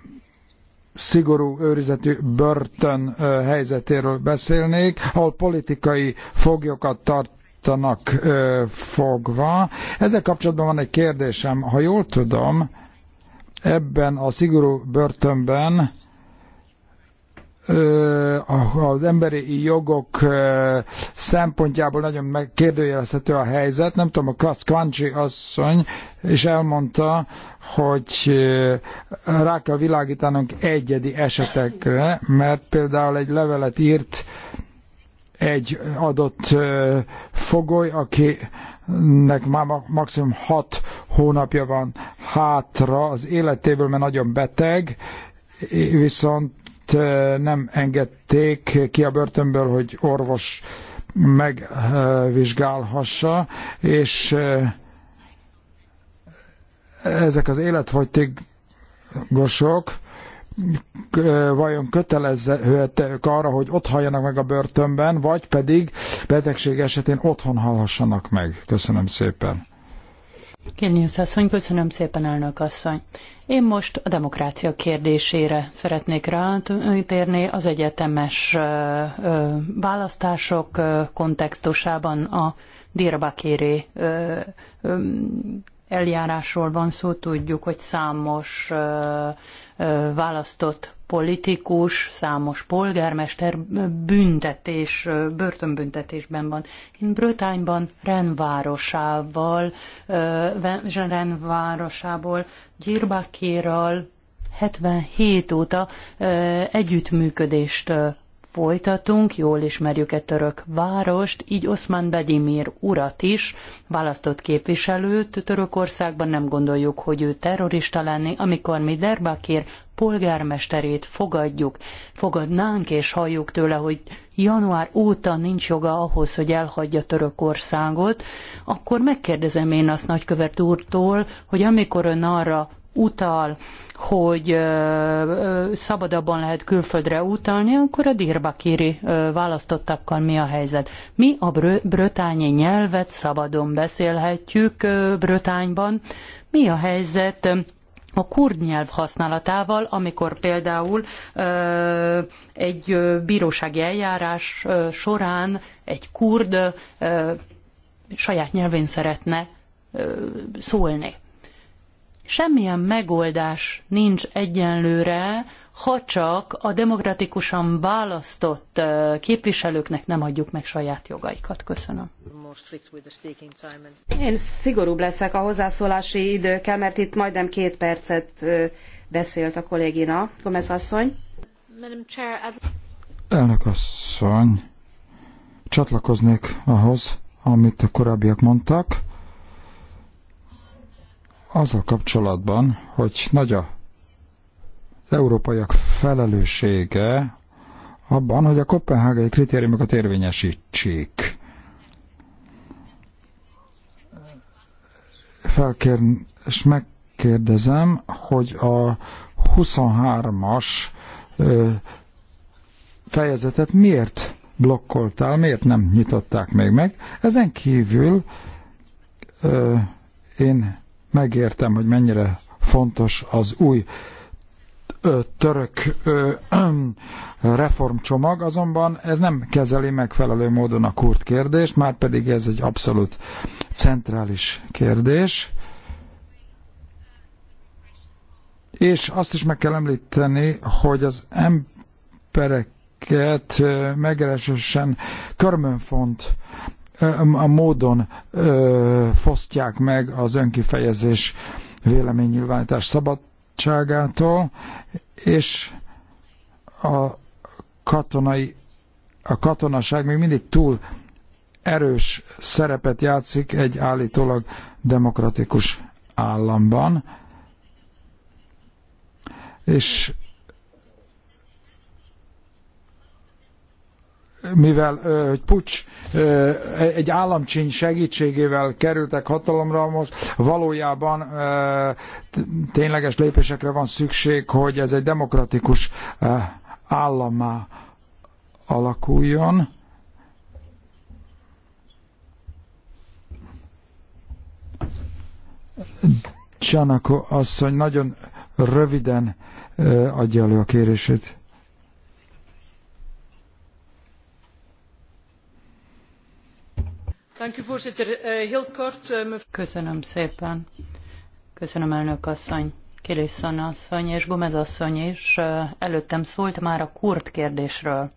szigorú őrizetű börtön ö, helyzetéről beszélnék, ahol politikai foglyokat tart tartanak fogva. Ezzel kapcsolatban van egy kérdésem. Ha jól tudom, ebben a szigorú börtönben az emberi jogok szempontjából nagyon megkérdőjelezhető a helyzet. Nem tudom, a Kaszkancsi asszony is elmondta, hogy rá kell világítanunk egyedi esetekre, mert például egy levelet írt egy adott fogoly, akinek már maximum hat hónapja van hátra az életéből, mert nagyon beteg, viszont nem engedték ki a börtönből, hogy orvos megvizsgálhassa, és ezek az életfogytigosok vajon kötelezhetőek arra, hogy ott halljanak meg a börtönben, vagy pedig betegség esetén otthon hallhassanak meg. Köszönöm szépen. Kényész asszony, köszönöm szépen, elnök asszony. Én most a demokrácia kérdésére szeretnék rátérni az egyetemes választások kontextusában a Dirbakiri eljárásról van szó, tudjuk, hogy számos választott politikus, számos polgármester büntetés, börtönbüntetésben van. Én Brötányban Renvárosával, Renvárosából, Gyirbakéral 77 óta együttműködést folytatunk, jól ismerjük egy török várost, így Oszmán Bedimir urat is, választott képviselőt Törökországban nem gondoljuk, hogy ő terrorista lenni, amikor mi Derbakir polgármesterét fogadjuk, fogadnánk és halljuk tőle, hogy január óta nincs joga ahhoz, hogy elhagyja Törökországot, akkor megkérdezem én azt nagykövet úrtól, hogy amikor ön arra utal, hogy szabadabban lehet külföldre utalni, akkor a dirbakiri választottakkal mi a helyzet? Mi a brötányi nyelvet szabadon beszélhetjük Brötányban. Mi a helyzet a kurd nyelv használatával, amikor például egy bírósági eljárás során egy kurd saját nyelvén szeretne szólni semmilyen megoldás nincs egyenlőre, ha csak a demokratikusan választott képviselőknek nem adjuk meg saját jogaikat. Köszönöm. Én szigorúbb leszek a hozzászólási időkkel, mert itt majdnem két percet beszélt a kollégina, Gomez asszony. Elnök asszony, csatlakoznék ahhoz, amit a korábbiak mondtak azzal kapcsolatban, hogy nagy a az európaiak felelőssége abban, hogy a kopenhágai kritériumokat érvényesítsék. Felkér, és megkérdezem, hogy a 23-as fejezetet miért blokkoltál, miért nem nyitották még meg. Ezen kívül ö, én megértem, hogy mennyire fontos az új török reformcsomag, azonban ez nem kezeli megfelelő módon a kurt kérdést, már pedig ez egy abszolút centrális kérdés. És azt is meg kell említeni, hogy az embereket megeresősen körmönfont a módon ö, fosztják meg az önkifejezés véleménynyilvánítás szabadságától, és a katonai a katonaság még mindig túl erős szerepet játszik egy állítólag demokratikus államban, és mivel hogy pucs egy államcsíny segítségével kerültek hatalomra, most valójában tényleges lépésekre van szükség, hogy ez egy demokratikus állammá alakuljon. Csanako asszony nagyon röviden adja elő a kérését. Eh, eh, Köszönöm szépen. Köszönöm, elnök asszony. Kiliszon asszony és Gomez asszony is eh, előttem szólt már a kurd kérdésről,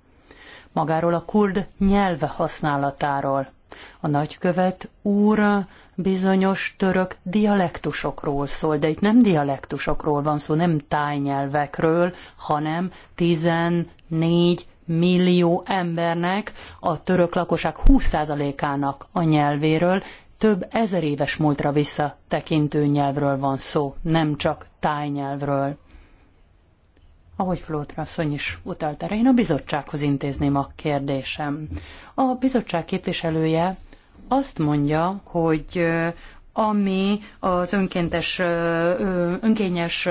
magáról a kurd nyelv használatáról. A nagykövet úr bizonyos török dialektusokról szól, de itt nem dialektusokról van szó, nem tájnyelvekről, hanem 14 millió embernek, a török lakosság 20%-ának a nyelvéről, több ezer éves múltra visszatekintő nyelvről van szó, nem csak tájnyelvről. Ahogy Flótra asszony is utalt erre, én a bizottsághoz intézném a kérdésem. A bizottság képviselője azt mondja, hogy ami az önkéntes, önkényes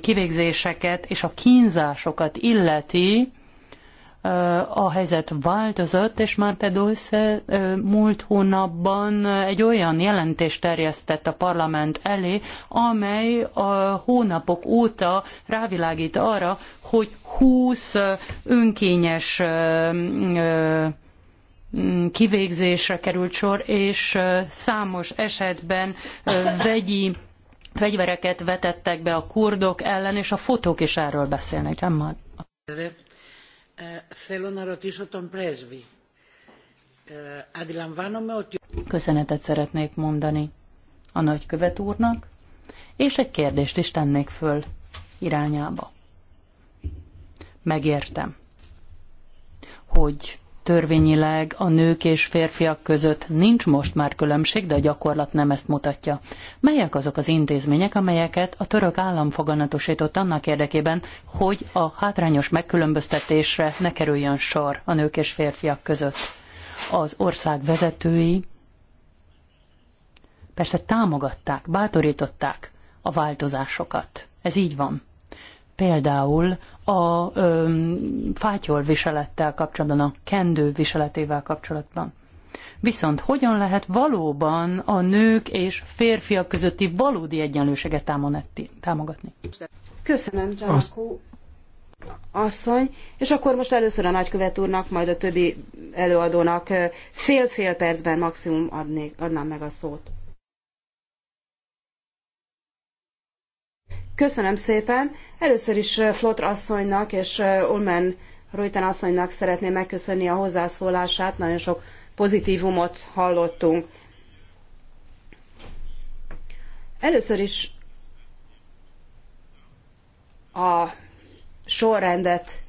kivégzéseket és a kínzásokat illeti, a helyzet változott, és már Pedulsz múlt hónapban egy olyan jelentést terjesztett a parlament elé, amely a hónapok óta rávilágít arra, hogy 20 önkényes kivégzésre került sor, és számos esetben vegyi fegyvereket vetettek be a kurdok ellen, és a fotók is erről beszélnek. Θέλω να ρωτήσω τον πρέσβη. Αντιλαμβάνομαι ότι... Köszönetet szeretnék mondani a nagykövet úrnak, és egy kérdést is tennék föl irányába. Megértem, hogy törvényileg a nők és férfiak között nincs most már különbség, de a gyakorlat nem ezt mutatja. Melyek azok az intézmények, amelyeket a török állam foganatosított annak érdekében, hogy a hátrányos megkülönböztetésre ne kerüljön sor a nők és férfiak között? Az ország vezetői persze támogatták, bátorították a változásokat. Ez így van például a ö, fátyol viselettel kapcsolatban, a kendő viseletével kapcsolatban. Viszont hogyan lehet valóban a nők és férfiak közötti valódi egyenlőséget támogatni? Köszönöm, Csanakó asszony, és akkor most először a nagykövet úrnak, majd a többi előadónak fél-fél percben maximum adnék, adnám meg a szót. Köszönöm szépen. Először is Flotr asszonynak és Ulmen Rújten asszonynak szeretném megköszönni a hozzászólását. Nagyon sok pozitívumot hallottunk. Először is a sorrendet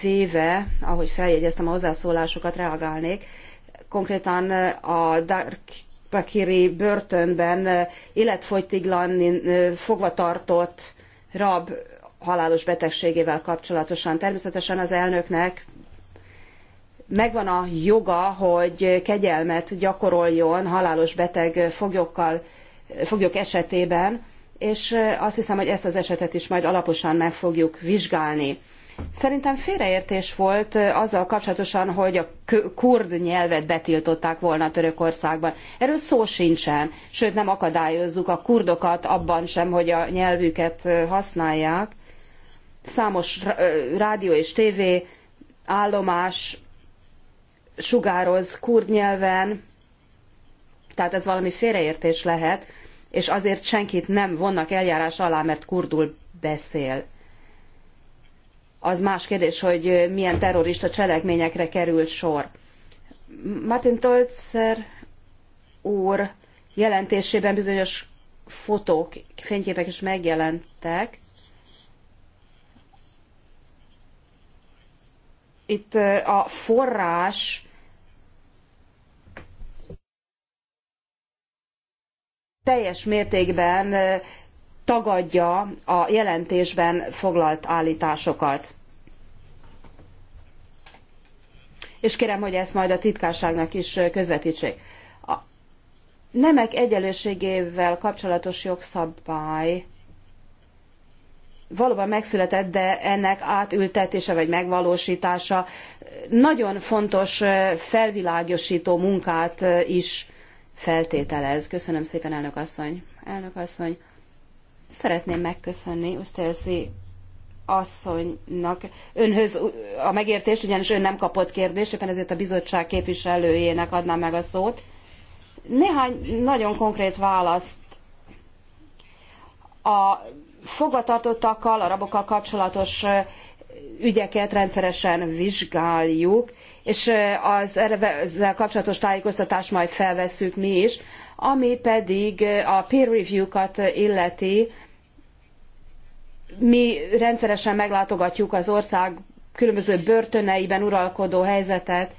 véve, ahogy feljegyeztem a hozzászólásokat, reagálnék. Konkrétan a Dark Bakiri börtönben életfogytiglan fogva tartott rab halálos betegségével kapcsolatosan. Természetesen az elnöknek megvan a joga, hogy kegyelmet gyakoroljon halálos beteg foglyokkal, foglyok esetében, és azt hiszem, hogy ezt az esetet is majd alaposan meg fogjuk vizsgálni. Szerintem félreértés volt azzal kapcsolatosan, hogy a kurd nyelvet betiltották volna Törökországban. Erről szó sincsen, sőt nem akadályozzuk a kurdokat abban sem, hogy a nyelvüket használják. Számos rádió és tévé állomás sugároz kurd nyelven, tehát ez valami félreértés lehet, és azért senkit nem vonnak eljárás alá, mert kurdul beszél. Az más kérdés, hogy milyen terrorista cselekményekre került sor. Martin Tolzer úr jelentésében bizonyos fotók, fényképek is megjelentek. Itt a forrás teljes mértékben tagadja a jelentésben foglalt állításokat. És kérem, hogy ezt majd a titkárságnak is közvetítsék. A nemek egyenlőségével kapcsolatos jogszabály valóban megszületett, de ennek átültetése vagy megvalósítása nagyon fontos felvilágosító munkát is feltételez. Köszönöm szépen, elnök asszony. Elnök asszony. Szeretném megköszönni Uszterzi asszonynak önhöz a megértést, ugyanis ön nem kapott kérdést, éppen ezért a bizottság képviselőjének adnám meg a szót. Néhány nagyon konkrét választ a fogvatartottakkal, a rabokkal kapcsolatos ügyeket rendszeresen vizsgáljuk, és az ezzel kapcsolatos tájékoztatást majd felvesszük mi is, ami pedig a peer review-kat illeti, mi rendszeresen meglátogatjuk az ország különböző börtöneiben uralkodó helyzetet,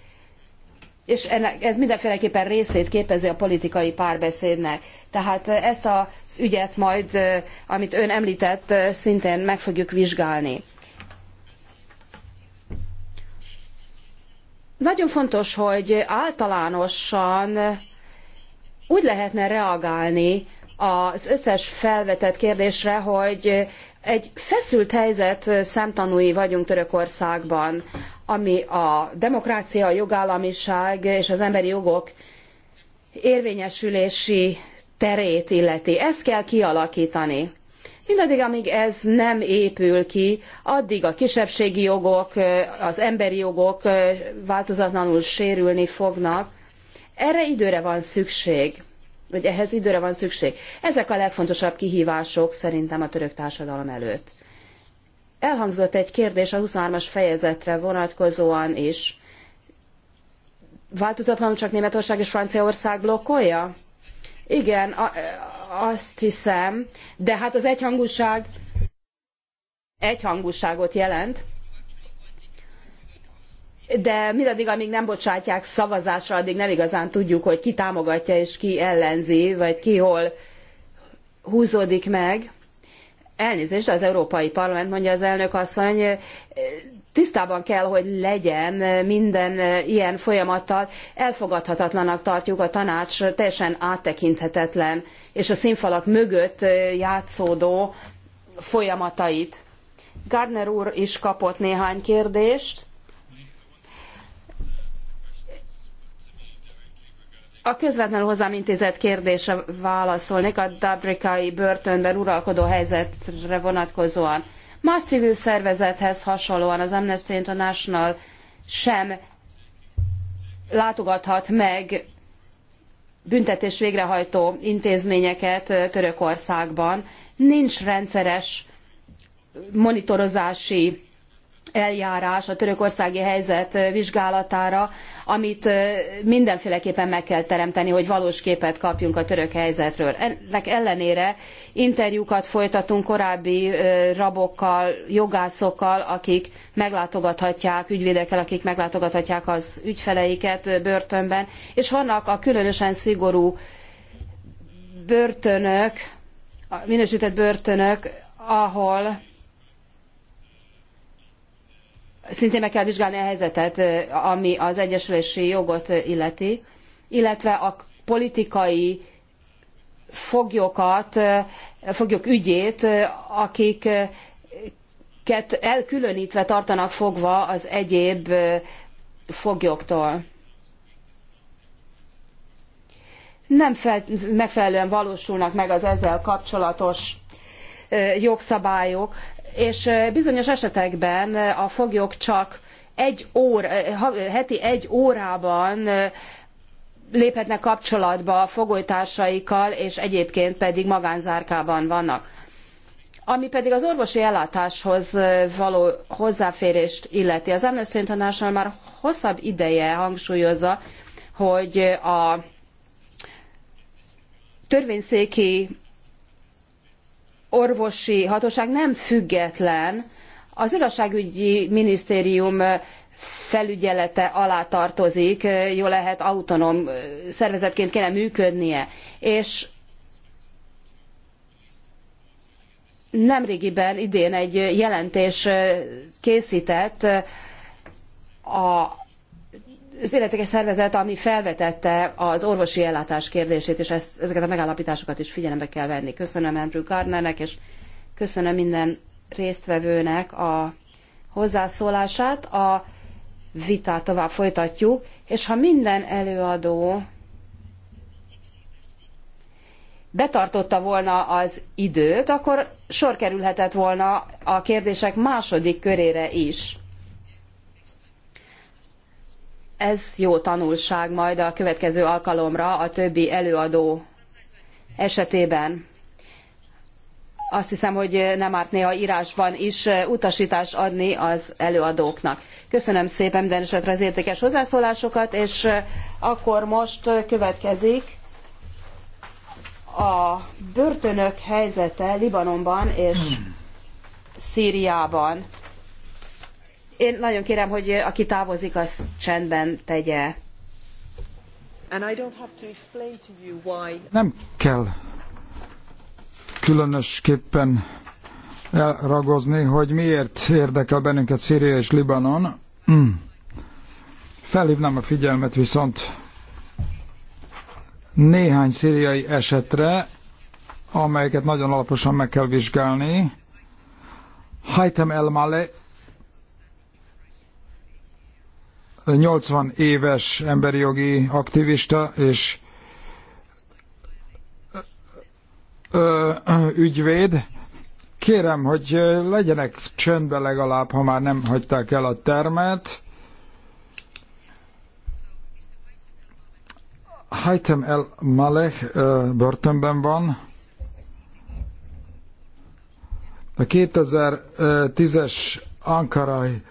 és ez mindenféleképpen részét képezi a politikai párbeszédnek. Tehát ezt az ügyet majd, amit ön említett, szintén meg fogjuk vizsgálni. Nagyon fontos, hogy általánosan úgy lehetne reagálni az összes felvetett kérdésre, hogy egy feszült helyzet szemtanúi vagyunk Törökországban, ami a demokrácia, a jogállamiság és az emberi jogok érvényesülési terét illeti. Ezt kell kialakítani. Mindaddig, amíg ez nem épül ki, addig a kisebbségi jogok, az emberi jogok változatlanul sérülni fognak. Erre időre van szükség vagy ehhez időre van szükség. Ezek a legfontosabb kihívások szerintem a török társadalom előtt. Elhangzott egy kérdés a 23-as fejezetre vonatkozóan is. Változatlanul csak Németország és Franciaország blokkolja? Igen, a, e, azt hiszem, de hát az egyhangúság egyhangúságot jelent de mindaddig, amíg nem bocsátják szavazásra, addig nem igazán tudjuk, hogy ki támogatja és ki ellenzi, vagy ki hol húzódik meg. Elnézést, az Európai Parlament, mondja az elnök asszony, tisztában kell, hogy legyen minden ilyen folyamattal. Elfogadhatatlanak tartjuk a tanács teljesen áttekinthetetlen és a színfalak mögött játszódó folyamatait. Gardner úr is kapott néhány kérdést. A közvetlenül hozzám intézett kérdésre válaszolnék a Dabrikai börtönben uralkodó helyzetre vonatkozóan. Más civil szervezethez hasonlóan az Amnesty International sem látogathat meg büntetés végrehajtó intézményeket Törökországban. Nincs rendszeres monitorozási eljárás a törökországi helyzet vizsgálatára, amit mindenféleképpen meg kell teremteni, hogy valós képet kapjunk a török helyzetről. Ennek ellenére interjúkat folytatunk korábbi rabokkal, jogászokkal, akik meglátogathatják, ügyvédekkel, akik meglátogathatják az ügyfeleiket börtönben, és vannak a különösen szigorú börtönök, minősített börtönök, ahol szintén meg kell vizsgálni a helyzetet, ami az egyesülési jogot illeti, illetve a politikai foglyokat, foglyok ügyét, akik akiket elkülönítve tartanak fogva az egyéb foglyoktól. Nem fel, megfelelően valósulnak meg az ezzel kapcsolatos jogszabályok és bizonyos esetekben a foglyok csak egy óra, heti egy órában léphetnek kapcsolatba a fogolytársaikkal, és egyébként pedig magánzárkában vannak. Ami pedig az orvosi ellátáshoz való hozzáférést illeti. Az Amnesty International már hosszabb ideje hangsúlyozza, hogy a törvényszéki orvosi hatóság nem független, az igazságügyi minisztérium felügyelete alá tartozik, jó lehet autonóm szervezetként kéne működnie. És nemrégiben idén egy jelentés készített a az illetékes szervezet, ami felvetette az orvosi ellátás kérdését, és ezt, ezeket a megállapításokat is figyelembe kell venni. Köszönöm Andrew Gardnernek, és köszönöm minden résztvevőnek a hozzászólását. A vitát tovább folytatjuk, és ha minden előadó betartotta volna az időt, akkor sor kerülhetett volna a kérdések második körére is ez jó tanulság majd a következő alkalomra a többi előadó esetében. Azt hiszem, hogy nem árt néha írásban is utasítás adni az előadóknak. Köszönöm szépen minden esetre az értékes hozzászólásokat, és akkor most következik a börtönök helyzete Libanonban és Szíriában. Én nagyon kérem, hogy aki távozik, az csendben tegye. Nem kell különösképpen elragozni, hogy miért érdekel bennünket Szíria és Libanon. Hmm. Felhívnám a figyelmet viszont néhány szíriai esetre, amelyeket nagyon alaposan meg kell vizsgálni. Haitem El Male 80 éves emberi jogi aktivista és ügyvéd. Kérem, hogy legyenek csöndben legalább, ha már nem hagyták el a termet. Haitem El Malek börtönben van. A 2010-es Ankarai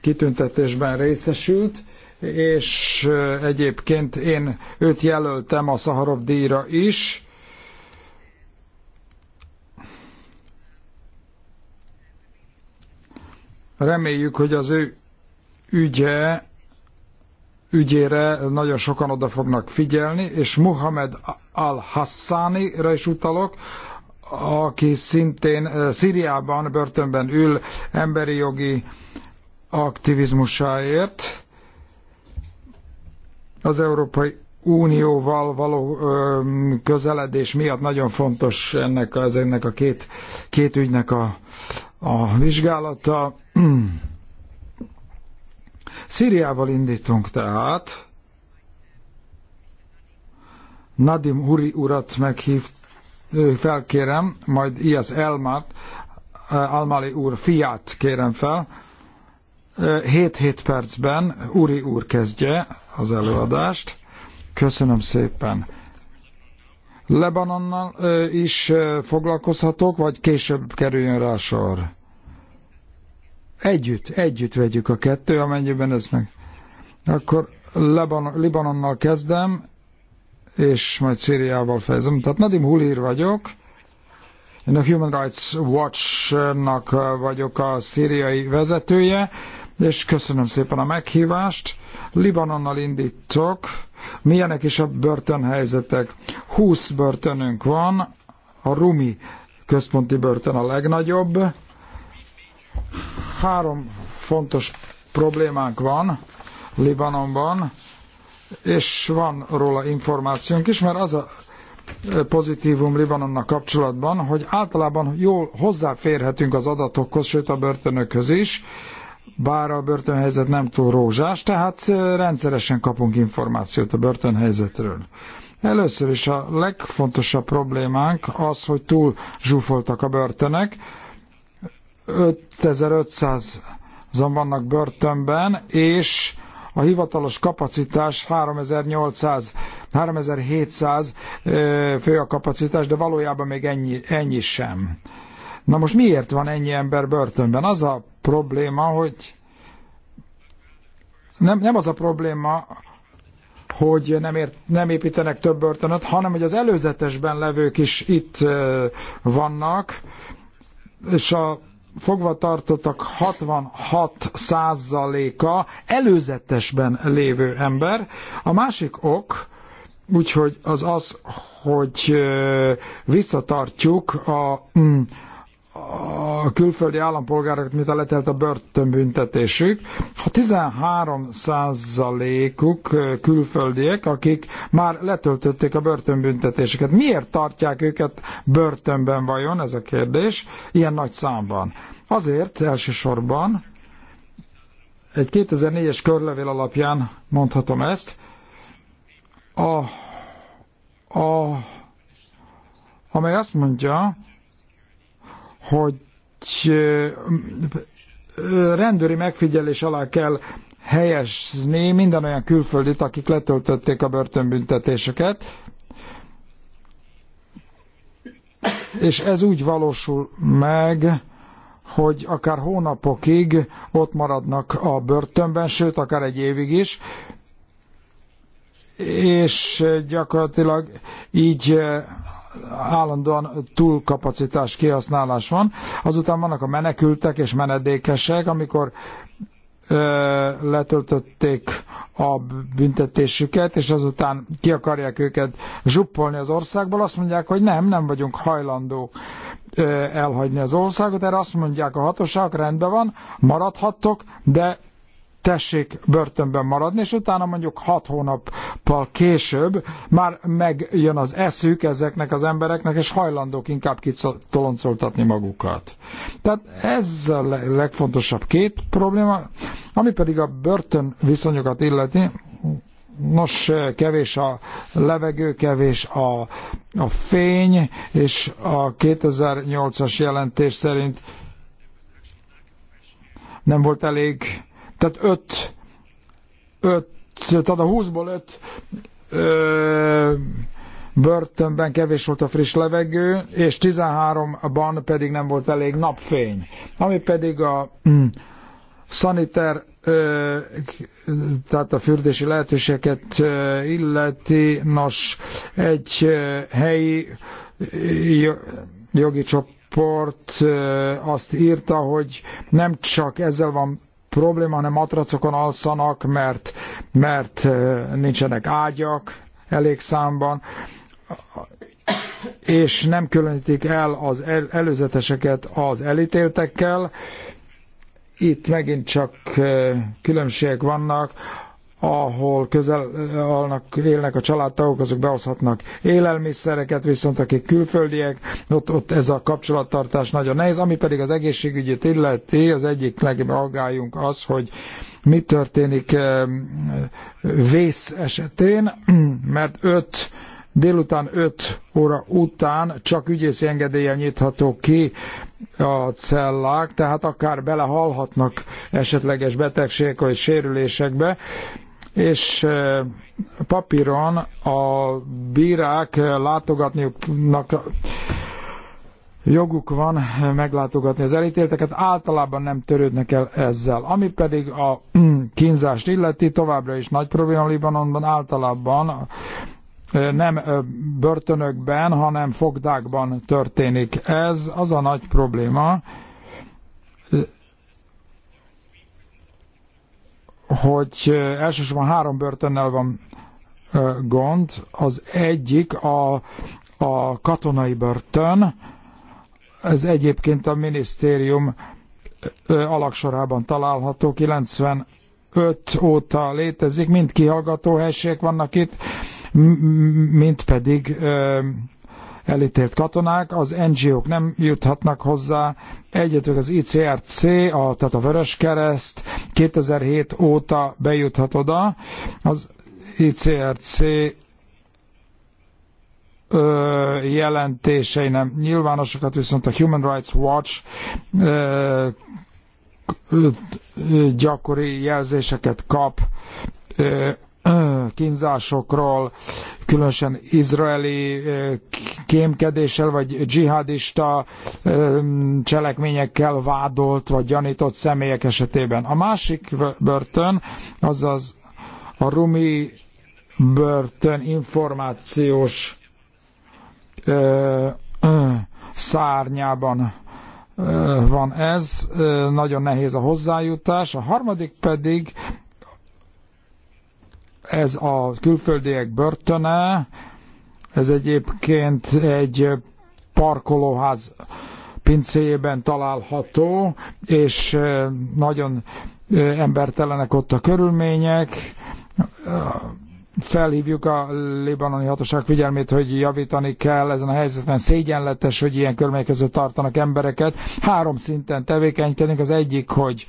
kitüntetésben részesült, és egyébként én őt jelöltem a Szaharov díjra is. Reméljük, hogy az ő ügye, ügyére nagyon sokan oda fognak figyelni, és Muhammad al-Hassani-ra is utalok, aki szintén Szíriában börtönben ül emberi jogi aktivizmusáért. Az Európai Unióval való ö, közeledés miatt nagyon fontos ennek, az, ennek a két, két ügynek a, a vizsgálata. Szíriával indítunk tehát. Nadim Huri urat meghívt felkérem, majd ilyes Elmát, Almali úr fiát kérem fel. 7-7 percben Uri úr kezdje az előadást. Köszönöm szépen. Lebanonnal is foglalkozhatok, vagy később kerüljön rá sor? Együtt, együtt vegyük a kettő, amennyiben ez meg. Akkor Libanonnal kezdem, és majd Szíriával fejezem. Tehát Nadim Hulir vagyok, én a Human Rights Watch-nak vagyok a szíriai vezetője, és köszönöm szépen a meghívást. Libanonnal indítok. Milyenek is a börtönhelyzetek? 20 börtönünk van, a Rumi központi börtön a legnagyobb. Három fontos problémánk van Libanonban és van róla információnk is, mert az a e, pozitívum Libanonnak kapcsolatban, hogy általában jól hozzáférhetünk az adatokhoz, sőt a börtönökhöz is, bár a börtönhelyzet nem túl rózsás, tehát e, rendszeresen kapunk információt a börtönhelyzetről. Először is a legfontosabb problémánk az, hogy túl zsúfoltak a börtönek. 5500 azon vannak börtönben, és a hivatalos kapacitás 3800, 3700 fő a kapacitás, de valójában még ennyi, ennyi sem. Na most miért van ennyi ember börtönben? Az a probléma, hogy nem, nem az a probléma, hogy nem, ért, nem építenek több börtönöt, hanem hogy az előzetesben levők is itt vannak, és a Fogva tartottak 66%-a előzetesben lévő ember. A másik ok, úgyhogy az az, hogy visszatartjuk a mm, a külföldi állampolgárokat, mint letelt a börtönbüntetésük. A 13 százalékuk külföldiek, akik már letöltötték a börtönbüntetéseket. Miért tartják őket börtönben vajon, ez a kérdés, ilyen nagy számban? Azért elsősorban, egy 2004-es körlevél alapján mondhatom ezt, a, a, amely azt mondja, hogy rendőri megfigyelés alá kell helyezni minden olyan külföldit, akik letöltötték a börtönbüntetéseket, és ez úgy valósul meg, hogy akár hónapokig ott maradnak a börtönben, sőt, akár egy évig is, és eh, gyakorlatilag így eh, állandóan túlkapacitás kihasználás van. Azután vannak a menekültek és menedékesek, amikor eh, letöltötték a büntetésüket, és azután ki akarják őket zsuppolni az országból, azt mondják, hogy nem, nem vagyunk hajlandó elhagyni az országot, erre azt mondják a hatóságok rendben van, maradhattok, de tessék börtönben maradni, és utána mondjuk hat hónappal később már megjön az eszük ezeknek az embereknek, és hajlandók inkább kitoloncoltatni magukat. Tehát ez a legfontosabb két probléma, ami pedig a börtön viszonyokat illeti, nos, kevés a levegő, kevés a, a fény, és a 2008-as jelentés szerint nem volt elég tehát 5, 5 tehát a 20-ból 5 ö, börtönben kevés volt a friss levegő, és 13-ban pedig nem volt elég napfény. Ami pedig a mm, szaniter, ö, tehát a fürdési lehetőséget ö, illeti, nos, egy ö, helyi jogi csoport azt írta, hogy nem csak ezzel van probléma, hanem matracokon alszanak, mert, mert nincsenek ágyak elég számban, és nem különítik el az előzeteseket az elítéltekkel. Itt megint csak különbségek vannak ahol közel eh, alnak, élnek a családtagok, azok behozhatnak élelmiszereket, viszont akik külföldiek, ott, ott ez a kapcsolattartás nagyon nehéz. Ami pedig az egészségügyet illeti, az egyik legjobb aggályunk az, hogy mi történik eh, vész esetén, mert öt délután 5 óra után csak ügyészi engedéllyel nyitható ki a cellák, tehát akár belehalhatnak esetleges betegségek vagy sérülésekbe, és papíron a bírák látogatniuknak joguk van meglátogatni az elítélteket, általában nem törődnek el ezzel. Ami pedig a mm, kínzást illeti, továbbra is nagy probléma Libanonban, általában nem börtönökben, hanem fogdákban történik. Ez az a nagy probléma, hogy elsősorban három börtönnel van gond. Az egyik a, a katonai börtön, ez egyébként a minisztérium alaksorában található, 95 óta létezik, mind kihallgató helység vannak itt, mint pedig elítélt katonák, az NGO-k nem juthatnak hozzá, Egyetlen az ICRC, a, tehát a Vörös Kereszt 2007 óta bejuthat oda, az ICRC ö, jelentései nem nyilvánosokat, viszont a Human Rights Watch ö, gyakori jelzéseket kap kínzásokról, különösen izraeli eh, kémkedéssel vagy dzsihadista eh, cselekményekkel vádolt vagy gyanított személyek esetében. A másik börtön, azaz a Rumi börtön információs eh, szárnyában van ez, nagyon nehéz a hozzájutás. A harmadik pedig ez a külföldiek börtöne, ez egyébként egy parkolóház pincéjében található, és nagyon embertelenek ott a körülmények. Felhívjuk a libanoni hatóság figyelmét, hogy javítani kell ezen a helyzeten. Szégyenletes, hogy ilyen körmények között tartanak embereket. Három szinten tevékenykedünk. Az egyik, hogy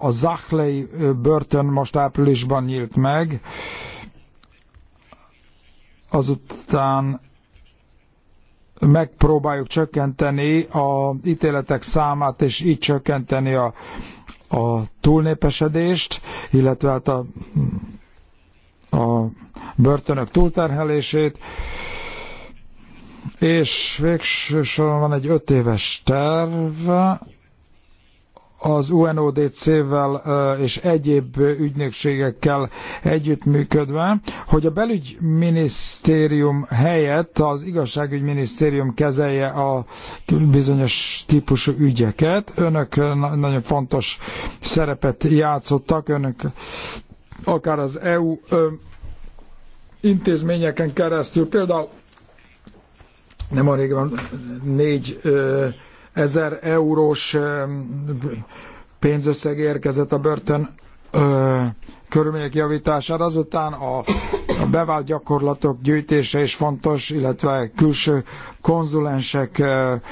a Zachley börtön most áprilisban nyílt meg, azután megpróbáljuk csökkenteni a ítéletek számát, és így csökkenteni a, a túlnépesedést, illetve hát a, a börtönök túlterhelését, és végsősorban van egy öt éves terv, az UNODC-vel és egyéb ügynökségekkel együttműködve, hogy a belügyminisztérium helyett az igazságügyminisztérium kezelje a bizonyos típusú ügyeket. Önök nagyon fontos szerepet játszottak, önök akár az EU intézményeken keresztül, például nem a régen négy ezer eurós pénzösszeg érkezett a börtön körülmények javítására. Azután a, bevált gyakorlatok gyűjtése is fontos, illetve külső konzulenseket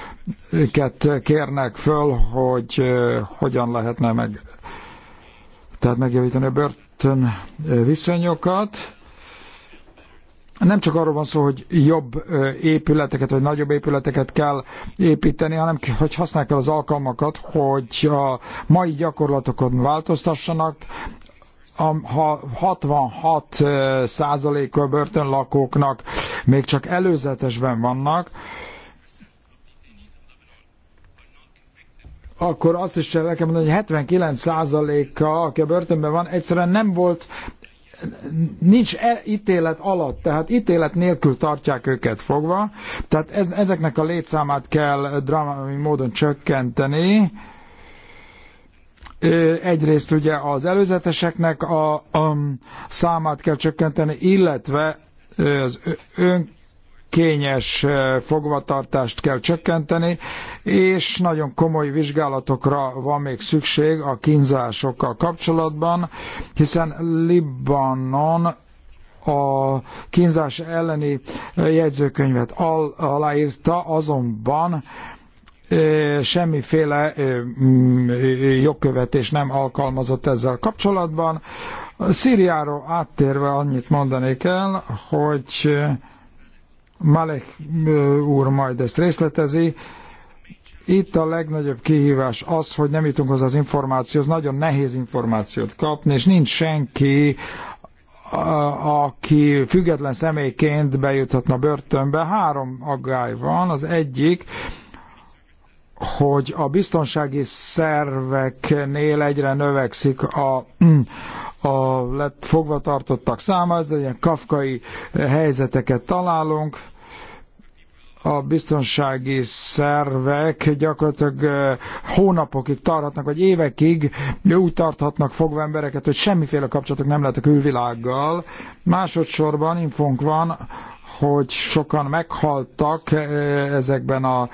kérnek föl, hogy hogyan lehetne meg tehát megjavítani a börtön viszonyokat nem csak arról van szó, hogy jobb épületeket vagy nagyobb épületeket kell építeni, hanem hogy használják el az alkalmakat, hogy a mai gyakorlatokon változtassanak, ha 66 százaléka börtönlakóknak még csak előzetesben vannak, akkor azt is kell mondani, hogy 79%-a, aki a börtönben van, egyszerűen nem volt nincs el, ítélet alatt, tehát ítélet nélkül tartják őket fogva, tehát ez, ezeknek a létszámát kell drámai módon csökkenteni, egyrészt ugye az előzeteseknek a, a számát kell csökkenteni, illetve az ön, kényes eh, fogvatartást kell csökkenteni, és nagyon komoly vizsgálatokra van még szükség a kínzásokkal kapcsolatban, hiszen Libanon a kínzás elleni eh, jegyzőkönyvet al- aláírta, azonban eh, semmiféle mm, jogkövetés nem alkalmazott ezzel kapcsolatban. Szíriáról áttérve annyit mondanék el, hogy Malek úr majd ezt részletezi. Itt a legnagyobb kihívás az, hogy nem jutunk hozzá az információhoz, nagyon nehéz információt kapni, és nincs senki, aki független személyként bejuthatna börtönbe. Három aggály van. Az egyik, hogy a biztonsági szerveknél egyre növekszik a, a lett fogvatartottak száma, ez ilyen kafkai helyzeteket találunk, a biztonsági szervek gyakorlatilag hónapokig tarthatnak, vagy évekig úgy tarthatnak fogva embereket, hogy semmiféle kapcsolatok nem lehet a külvilággal. Másodszorban infónk van, hogy sokan meghaltak ezekben a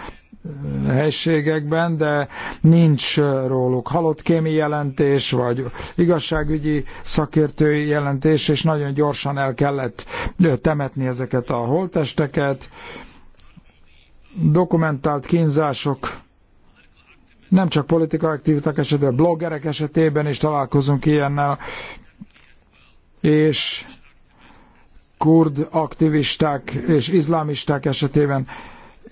helységekben, de nincs róluk halott kémi jelentés, vagy igazságügyi szakértői jelentés, és nagyon gyorsan el kellett temetni ezeket a holttesteket dokumentált kínzások nem csak politikai aktiviták esetében, bloggerek esetében is találkozunk ilyennel, és kurd aktivisták és izlámisták esetében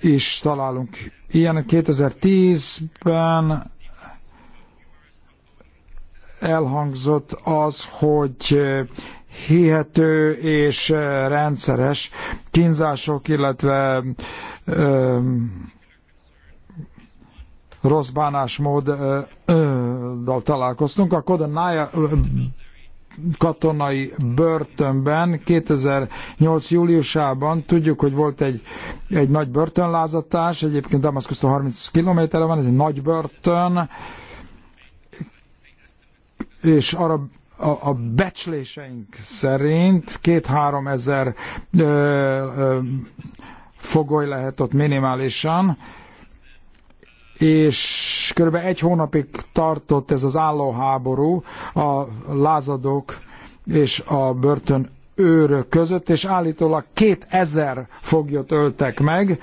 is találunk. Ilyen 2010-ben elhangzott az, hogy hihető és eh, rendszeres kínzások, illetve ö, eh, rossz bánásmóddal eh, találkoztunk. A Kodanája katonai börtönben 2008. júliusában tudjuk, hogy volt egy, egy nagy börtönlázatás, egyébként Damaszkusztól 30 kilométerre van, ez egy nagy börtön, és arra a, a becsléseink szerint két-három ezer ö, ö, fogoly lehet ott minimálisan, és kb. egy hónapig tartott ez az állóháború a lázadók és a börtön őrök között, és állítólag ezer foglyot öltek meg.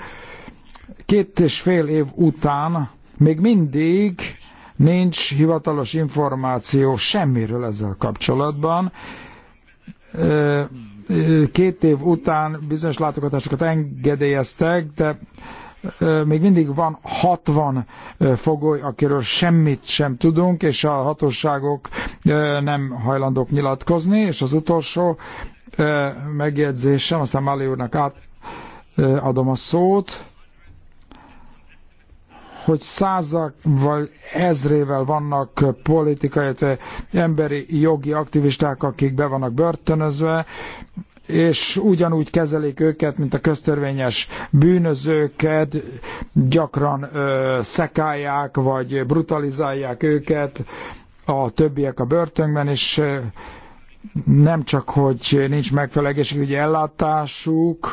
Két és fél év után még mindig Nincs hivatalos információ semmiről ezzel kapcsolatban. Két év után bizonyos látogatásokat engedélyeztek, de még mindig van 60 fogoly, akiről semmit sem tudunk, és a hatóságok nem hajlandók nyilatkozni, és az utolsó megjegyzésem, aztán Máli úrnak átadom a szót, hogy százak vagy ezrével vannak politikai, emberi jogi aktivisták, akik be vannak börtönözve, és ugyanúgy kezelik őket, mint a köztörvényes bűnözőket, gyakran ö, szekálják, vagy brutalizálják őket a többiek a börtönben, és ö, nem csak, hogy nincs megfelelő egészségügyi ellátásuk,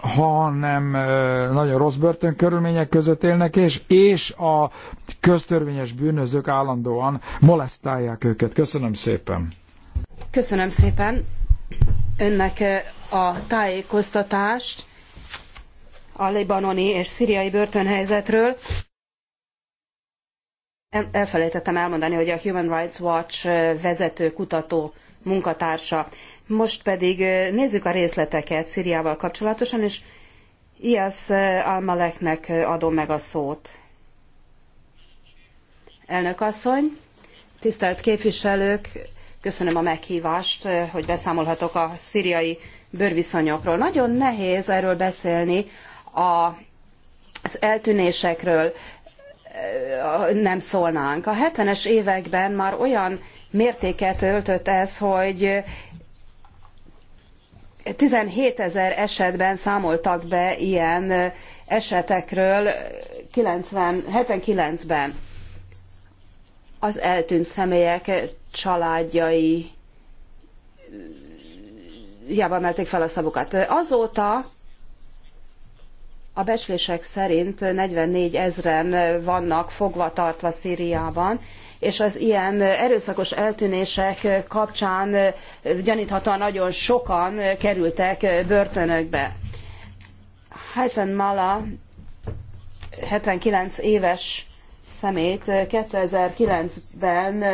hanem nagyon rossz börtönkörülmények között élnek, és, és a köztörvényes bűnözők állandóan molesztálják őket. Köszönöm szépen! Köszönöm szépen önnek a tájékoztatást a libanoni és szíriai börtönhelyzetről. Elfelejtettem elmondani, hogy a Human Rights Watch vezető kutató munkatársa. Most pedig nézzük a részleteket Szíriával kapcsolatosan, és Ias Almaleknek adom meg a szót. Elnök asszony, tisztelt képviselők, köszönöm a meghívást, hogy beszámolhatok a szíriai bőrviszonyokról. Nagyon nehéz erről beszélni, az eltűnésekről nem szólnánk. A 70-es években már olyan mértéket öltött ez, hogy 17 ezer esetben számoltak be ilyen esetekről 79-ben. Az eltűnt személyek családjai hiába melték fel a szavukat. Azóta a becslések szerint 44 ezren vannak fogva tartva Szíriában, és az ilyen erőszakos eltűnések kapcsán gyaníthatóan nagyon sokan kerültek börtönökbe. Hajfen Mala 79 éves szemét 2009-ben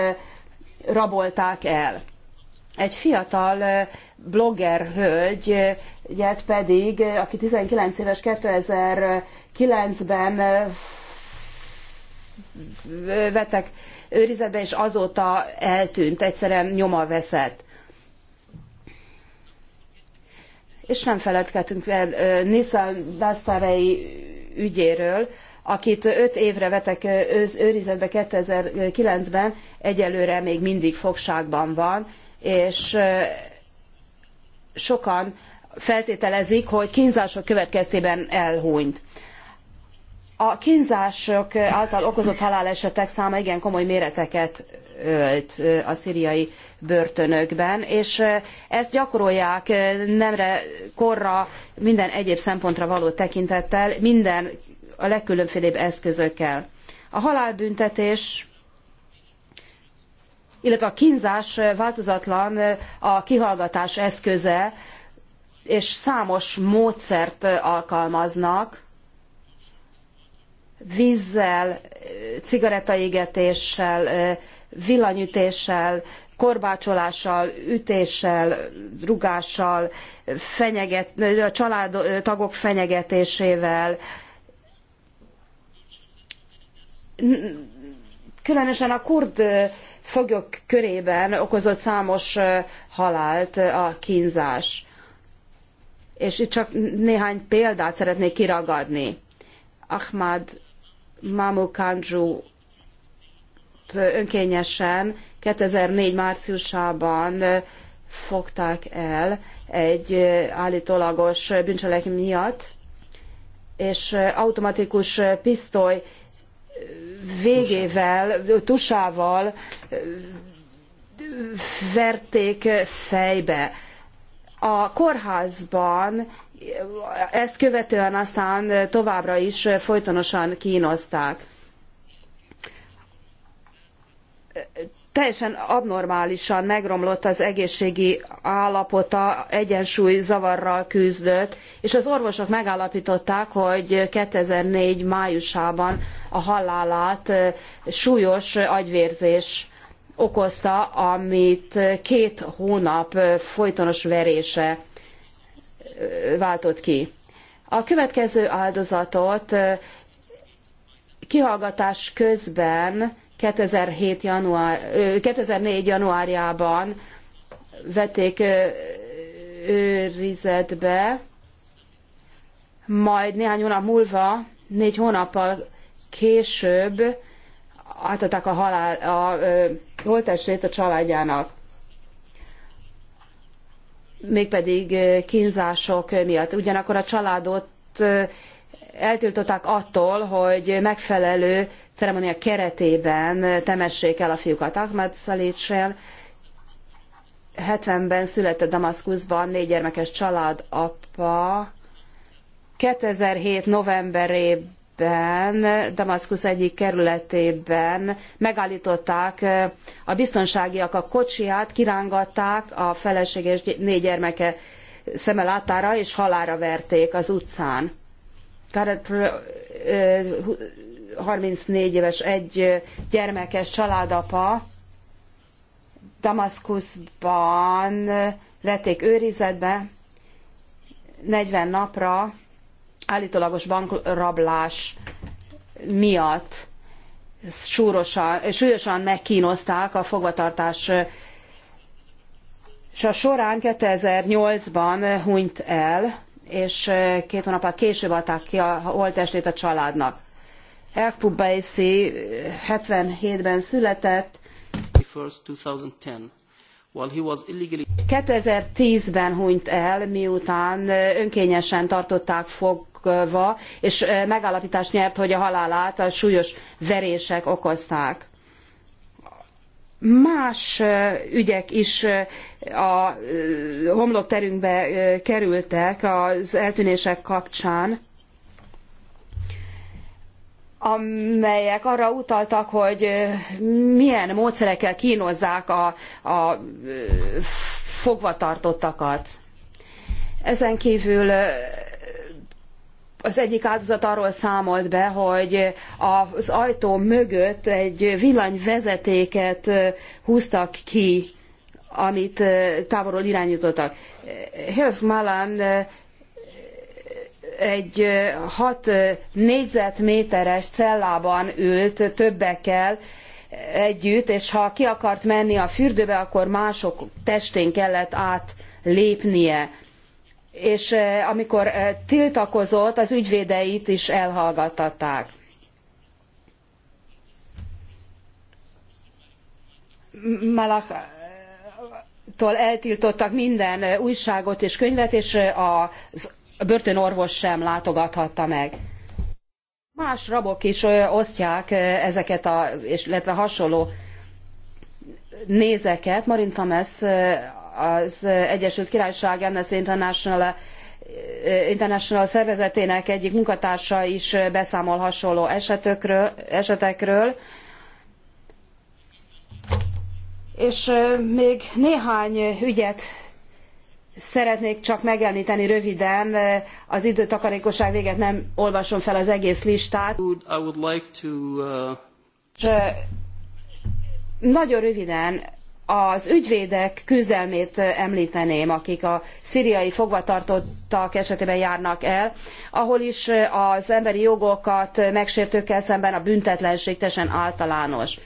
rabolták el. Egy fiatal blogger hölgyet pedig, aki 19 éves 2009-ben vettek őrizetben, és azóta eltűnt, egyszerűen nyoma veszett. És nem feledkedtünk el Nissan Dastarei ügyéről, akit öt évre vetek őrizetbe 2009-ben, egyelőre még mindig fogságban van, és sokan feltételezik, hogy kínzások következtében elhunyt. A kínzások által okozott halálesetek száma igen komoly méreteket ölt a szíriai börtönökben, és ezt gyakorolják nemre, korra, minden egyéb szempontra való tekintettel, minden a legkülönfélebb eszközökkel. A halálbüntetés illetve a kínzás változatlan a kihallgatás eszköze, és számos módszert alkalmaznak, vízzel, cigarettaégetéssel, villanyütéssel, korbácsolással, ütéssel, rugással, fenyeget, a családtagok fenyegetésével. Különösen a kurd foglyok körében okozott számos halált a kínzás. És itt csak néhány példát szeretnék kiragadni. Ahmad Mamu Kanju önkényesen 2004 márciusában fogták el egy állítólagos bűncselek miatt, és automatikus pisztoly végével, tusával verték fejbe. A kórházban ezt követően aztán továbbra is folytonosan kínozták. Teljesen abnormálisan megromlott az egészségi állapota, egyensúly zavarral küzdött, és az orvosok megállapították, hogy 2004 májusában a halálát súlyos agyvérzés okozta, amit két hónap folytonos verése váltott ki. A következő áldozatot kihallgatás közben 2007 január, 2004 januárjában vették őrizetbe, majd néhány hónap múlva, négy hónappal később átadták a, halál, a holtestét a családjának mégpedig kínzások miatt. Ugyanakkor a családot eltiltották attól, hogy megfelelő ceremónia keretében temessék el a fiúkat. Ahmad Szalicsel 70-ben született Damaszkuszban négy gyermekes család apa. 2007 novemberében Ben, Damaszkus egyik kerületében megállították eh, a biztonságiak a kocsiját, kirángatták a felesége és négy gyermeke szeme látára, és halára verték az utcán. Garrett eh, 34 éves egy gyermekes családapa Damaszkuszban vették őrizetbe 40 napra, állítólagos bankrablás miatt súrosan, súlyosan megkínozták a fogvatartás és a során 2008-ban hunyt el, és két hónappal később adták ki a holttestét a családnak. Elkpub 77-ben született. 2010. 2010-ben hunyt el, miután önkényesen tartották fogva, és megállapítást nyert, hogy a halálát a súlyos verések okozták. Más ügyek is a homlokterünkbe kerültek az eltűnések kapcsán amelyek arra utaltak, hogy milyen módszerekkel kínozzák a, a fogvatartottakat. Ezen kívül az egyik áldozat arról számolt be, hogy az ajtó mögött egy villanyvezetéket húztak ki, amit távolról irányítottak. Hills Malan egy hat négyzetméteres cellában ült többekkel együtt, és ha ki akart menni a fürdőbe, akkor mások testén kellett átlépnie. És amikor tiltakozott, az ügyvédeit is elhallgattatták. Malach tól eltiltottak minden újságot és könyvet, és az a börtönorvos sem látogathatta meg. Más rabok is osztják ezeket a, és illetve hasonló nézeket. Marin Tamesz az Egyesült Királyság Amnesty International International szervezetének egyik munkatársa is beszámol hasonló esetekről, esetekről. És még néhány ügyet Szeretnék csak megemlíteni röviden, az időtakarékosság véget nem olvasom fel az egész listát. És uh, nagyon röviden az ügyvédek küzdelmét említeném, akik a szíriai fogvatartottak esetében járnak el, ahol is az emberi jogokat megsértőkkel szemben a büntetlenség teljesen általános.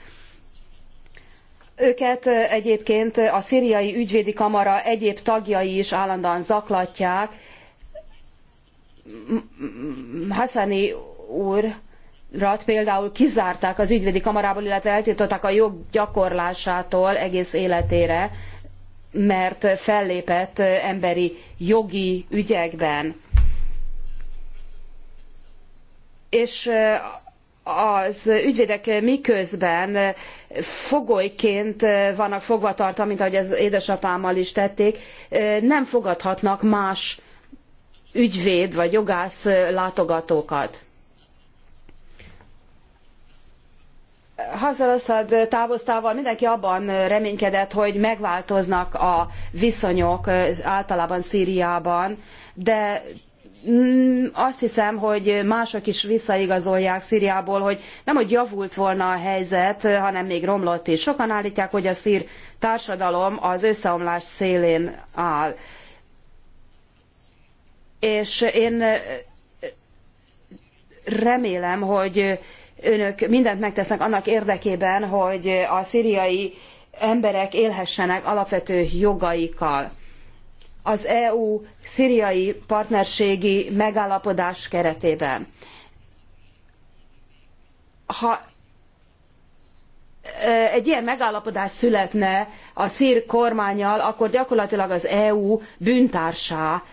Őket egyébként a szíriai ügyvédi kamara egyéb tagjai is állandóan zaklatják. Hassani úr például kizárták az ügyvédi kamarából, illetve eltiltották a jog gyakorlásától egész életére, mert fellépett emberi jogi ügyekben. És az ügyvédek miközben fogolyként vannak fogvatartva, mint ahogy az édesapámmal is tették, nem fogadhatnak más ügyvéd vagy jogász látogatókat. Hazal Assad távoztával mindenki abban reménykedett, hogy megváltoznak a viszonyok általában Szíriában, de Mm, azt hiszem, hogy mások is visszaigazolják Szíriából, hogy nem, hogy javult volna a helyzet, hanem még romlott is. Sokan állítják, hogy a szír társadalom az összeomlás szélén áll. És én eh, remélem, hogy önök mindent megtesznek annak érdekében, hogy a szíriai emberek élhessenek alapvető jogaikkal az EU szíriai partnerségi megállapodás keretében. Ha egy ilyen megállapodás születne a szír kormányjal, akkor gyakorlatilag az EU bűntársá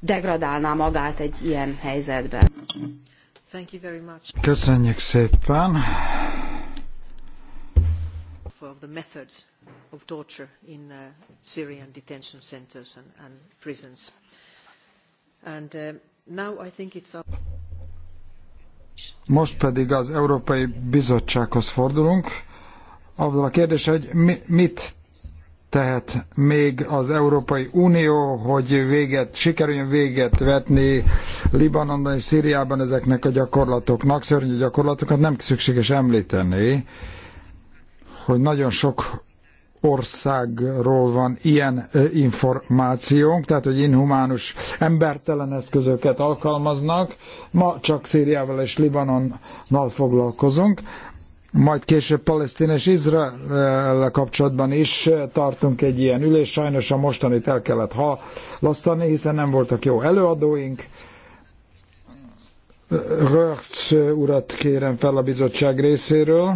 degradálná magát egy ilyen helyzetben. Köszönjük szépen! of torture in uh, Syrian detention centers and, and prisons. And uh, now I think it's up. Most pedig az Európai Bizottsághoz fordulunk. Avval a kérdés, hogy mit tehet még az Európai Unió, hogy véget, sikerüljön véget vetni Libanonban és Szíriában ezeknek a gyakorlatoknak, szörnyű gyakorlatokat nem szükséges említeni, hogy nagyon sok országról van ilyen információnk, tehát hogy inhumánus, embertelen eszközöket alkalmaznak. Ma csak Szíriával és Libanonnal foglalkozunk, majd később Palesztin és Izrael kapcsolatban is tartunk egy ilyen ülés. Sajnos a mostanit el kellett halasztani, hiszen nem voltak jó előadóink. Rögt urat kérem fel a bizottság részéről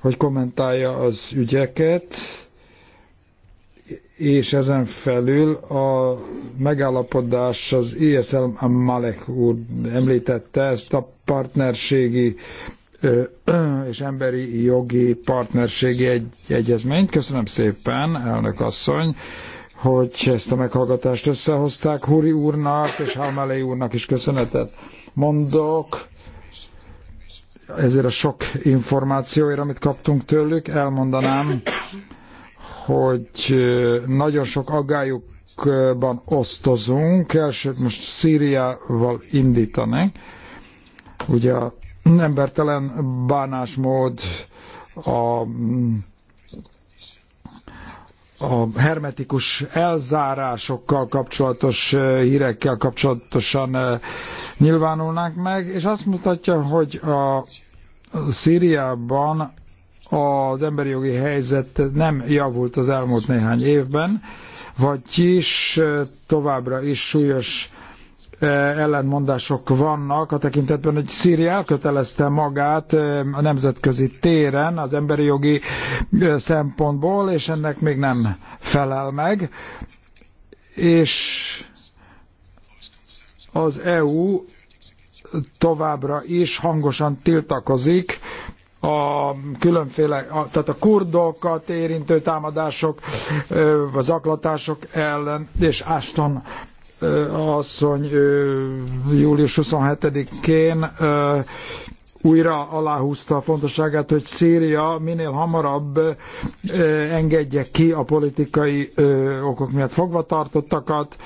hogy kommentálja az ügyeket, és ezen felül a megállapodás az ISL e Malek úr említette ezt a partnerségi és emberi jogi partnerségi egy, egyezményt. Köszönöm szépen, elnök asszony, hogy ezt a meghallgatást összehozták Huri úrnak és Halmelé úrnak is köszönetet mondok ezért a sok információért, amit kaptunk tőlük. Elmondanám, hogy nagyon sok aggályukban osztozunk. Elsőt most Szíriával indítanak. Ugye embertelen bánásmód, a a hermetikus elzárásokkal kapcsolatos eh, hírekkel kapcsolatosan eh, nyilvánulnánk meg, és azt mutatja, hogy a Szíriában az emberi jogi helyzet nem javult az elmúlt néhány évben, vagyis eh, továbbra is súlyos ellentmondások vannak a tekintetben, hogy Szíria elkötelezte magát a nemzetközi téren az emberi jogi szempontból, és ennek még nem felel meg. És az EU továbbra is hangosan tiltakozik a különféle, a, tehát a kurdokat érintő támadások, az aklatások ellen, és Ashton asszony július 27-én újra aláhúzta a fontosságát, hogy Szíria minél hamarabb engedje ki a politikai okok miatt fogvatartottakat,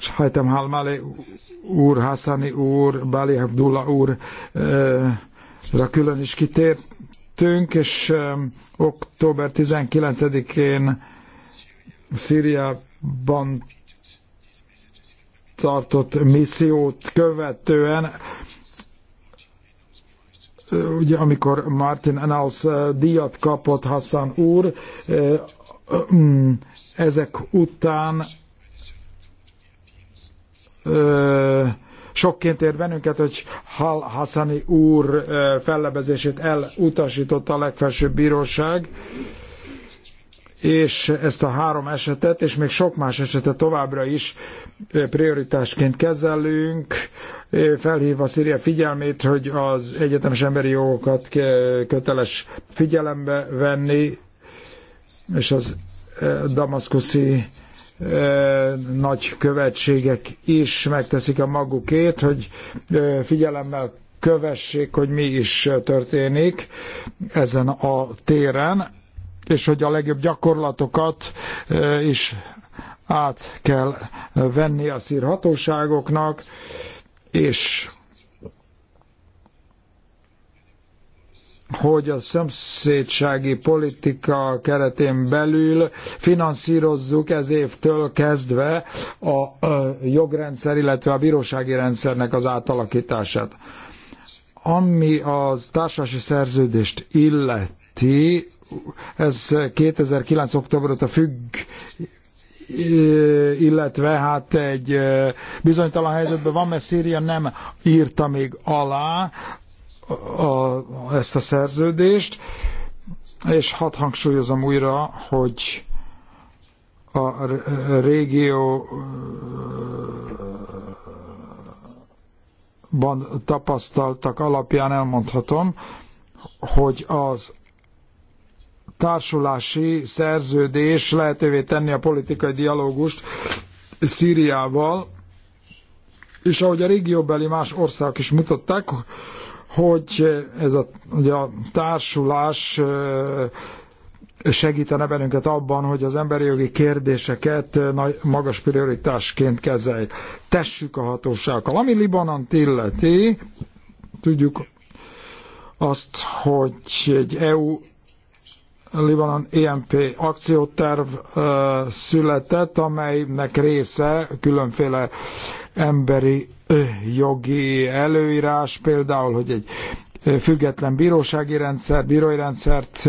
Sajtem Hajtem Halmale úr, Hassani úr, Bali Abdullah úr, külön is kitértünk, és október 19-én Szíriában tartott missziót követően, ugye amikor Martin Annals eh, díjat kapott Hassan úr, eh, mm, ezek után eh, sokként ér bennünket, hogy Hal Hassani úr fellebezését elutasította a legfelsőbb bíróság és ezt a három esetet, és még sok más esetet továbbra is prioritásként kezelünk. Felhív a Szíria figyelmét, hogy az egyetemes emberi jogokat köteles figyelembe venni, és az damaszkuszi nagy követségek is megteszik a magukét, hogy figyelemmel kövessék, hogy mi is történik ezen a téren és hogy a legjobb gyakorlatokat is át kell venni a szír hatóságoknak, és hogy a szomszédsági politika keretén belül finanszírozzuk ez évtől kezdve a jogrendszer, illetve a bírósági rendszernek az átalakítását. Ami az társasi szerződést illeti, ez 2009. október óta függ, illetve hát egy bizonytalan helyzetben van, mert Szíria nem írta még alá a, ezt a szerződést, és hadd hangsúlyozom újra, hogy a régió tapasztaltak alapján elmondhatom, hogy az társulási szerződés lehetővé tenni a politikai dialógust Szíriával, és ahogy a régióbeli más országok is mutatták, hogy ez a, hogy a társulás segítene bennünket abban, hogy az emberi jogi kérdéseket nagy, magas prioritásként kezeljük. Tessük a hatósággal. Ami Libanont illeti, tudjuk azt, hogy egy EU Libanon EMP akcióterv született, amelynek része különféle emberi jogi előírás, például, hogy egy független bírósági rendszer, bírói rendszert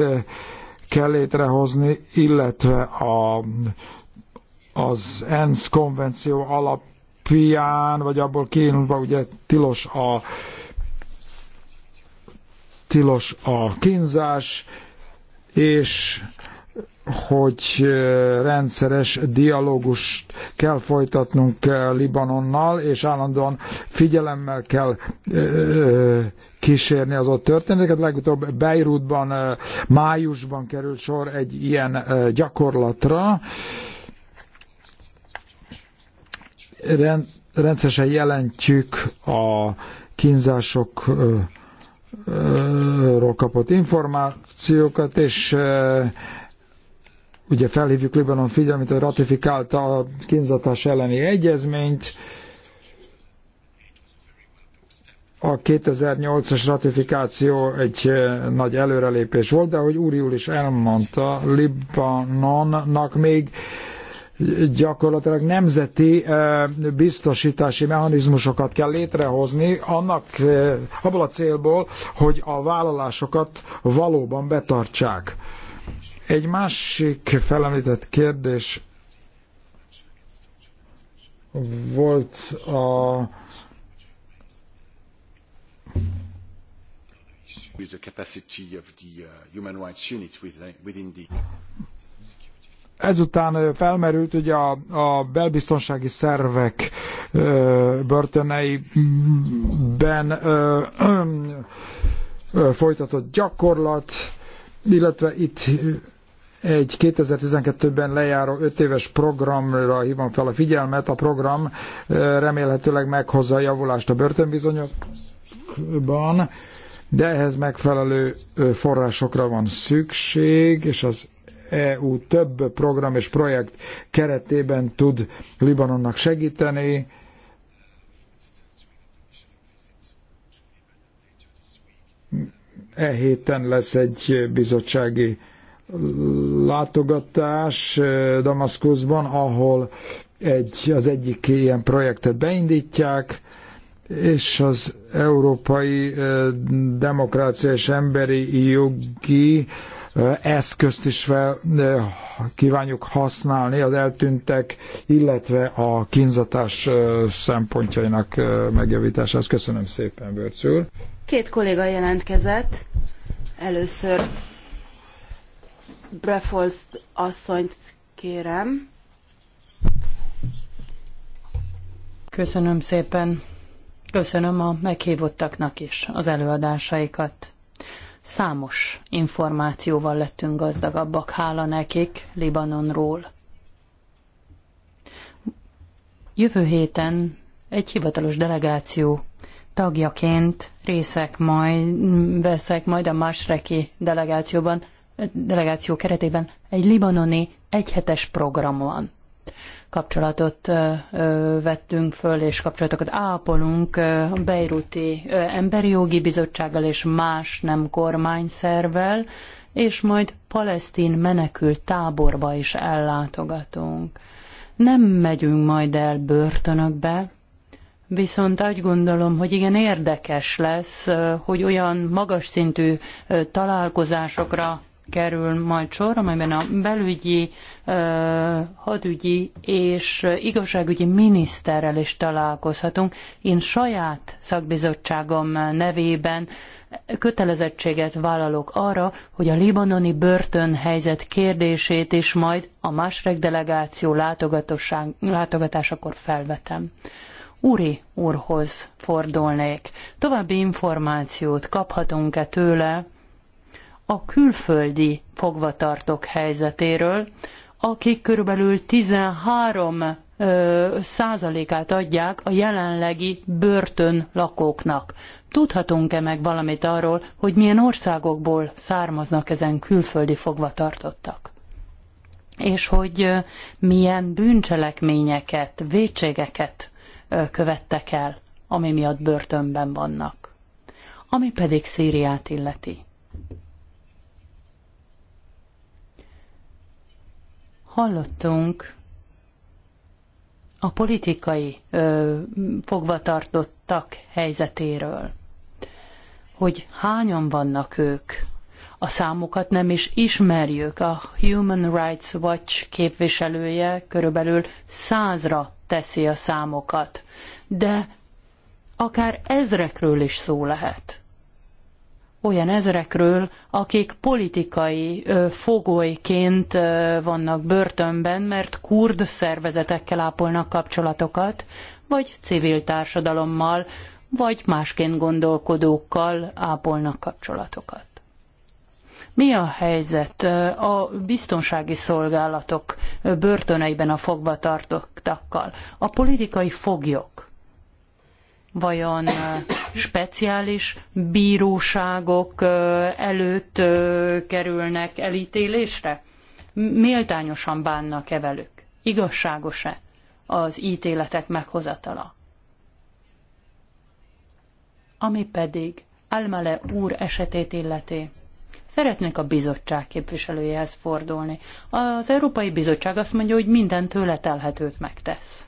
kell létrehozni, illetve a, az ENSZ konvenció alapján, vagy abból kiindulva ugye tilos a tilos a kínzás, és hogy rendszeres dialógust kell folytatnunk Libanonnal, és állandóan figyelemmel kell kísérni az ott történeteket. Legutóbb Beirutban, májusban került sor egy ilyen gyakorlatra. Rendszeresen jelentjük a kínzások ról kapott információkat, és ugye felhívjuk Libanon figyelmét, hogy ratifikálta a kínzatás elleni egyezményt, a 2008-as ratifikáció egy nagy előrelépés volt, de ahogy Úriul is elmondta, Libanonnak még gyakorlatilag nemzeti eh, biztosítási mechanizmusokat kell létrehozni annak, eh, abból a célból, hogy a vállalásokat valóban betartsák. Egy másik felemlített kérdés volt a with the capacity of the uh, human rights unit within the Ezután felmerült ugye a, a belbiztonsági szervek ö, börtöneiben ö, ö, folytatott gyakorlat, illetve itt egy 2012-ben lejáró 5 éves programra hívom fel a figyelmet. A program remélhetőleg meghozza a javulást a börtönbizonyokban, de ehhez megfelelő forrásokra van szükség, és az EU több program és projekt keretében tud Libanonnak segíteni. E héten lesz egy bizottsági látogatás e, Damaszkuszban, ahol egy, az egyik ilyen projektet beindítják, és az Európai e, Demokrácia és Emberi Jogi eszközt is fel kívánjuk használni az eltűntek, illetve a kínzatás szempontjainak megjavításához. Köszönöm szépen, Börc úr. Két kolléga jelentkezett. Először Brefolz asszonyt kérem. Köszönöm szépen. Köszönöm a meghívottaknak is az előadásaikat. Számos információval lettünk gazdagabbak, hála nekik Libanonról. Jövő héten egy hivatalos delegáció tagjaként részek majd, veszek majd a Másreki delegációban, delegáció keretében egy libanoni egyhetes programon kapcsolatot vettünk föl, és kapcsolatokat ápolunk a Beiruti Emberi Jogi Bizottsággal és más nem kormányszervel, és majd palesztin menekült táborba is ellátogatunk. Nem megyünk majd el börtönökbe, Viszont úgy gondolom, hogy igen érdekes lesz, hogy olyan magas szintű találkozásokra kerül majd sor, amelyben a belügyi, hadügyi és igazságügyi miniszterrel is találkozhatunk. Én saját szakbizottságom nevében kötelezettséget vállalok arra, hogy a libanoni börtönhelyzet kérdését is majd a másreg delegáció látogatásakor felvetem. Úri úrhoz fordulnék. További információt kaphatunk-e tőle a külföldi fogvatartók helyzetéről, akik körülbelül 13 százalékát adják a jelenlegi börtön lakóknak. Tudhatunk-e meg valamit arról, hogy milyen országokból származnak ezen külföldi fogvatartottak? És hogy milyen bűncselekményeket, vétségeket követtek el, ami miatt börtönben vannak. Ami pedig Szíriát illeti. Hallottunk a politikai ö, fogvatartottak helyzetéről, hogy hányan vannak ők. A számokat nem is ismerjük. A Human Rights Watch képviselője körülbelül százra teszi a számokat, de akár ezrekről is szó lehet olyan ezrekről, akik politikai fogolyként vannak börtönben, mert kurd szervezetekkel ápolnak kapcsolatokat, vagy civil társadalommal, vagy másként gondolkodókkal ápolnak kapcsolatokat. Mi a helyzet a biztonsági szolgálatok börtöneiben a fogvatartottakkal? A politikai foglyok vajon speciális bíróságok előtt kerülnek elítélésre? Méltányosan bánnak-e velük? Igazságos-e az ítéletek meghozatala? Ami pedig Almale úr esetét illeti. Szeretnék a bizottság képviselőjehez fordulni. Az Európai Bizottság azt mondja, hogy minden tőle telhetőt megtesz.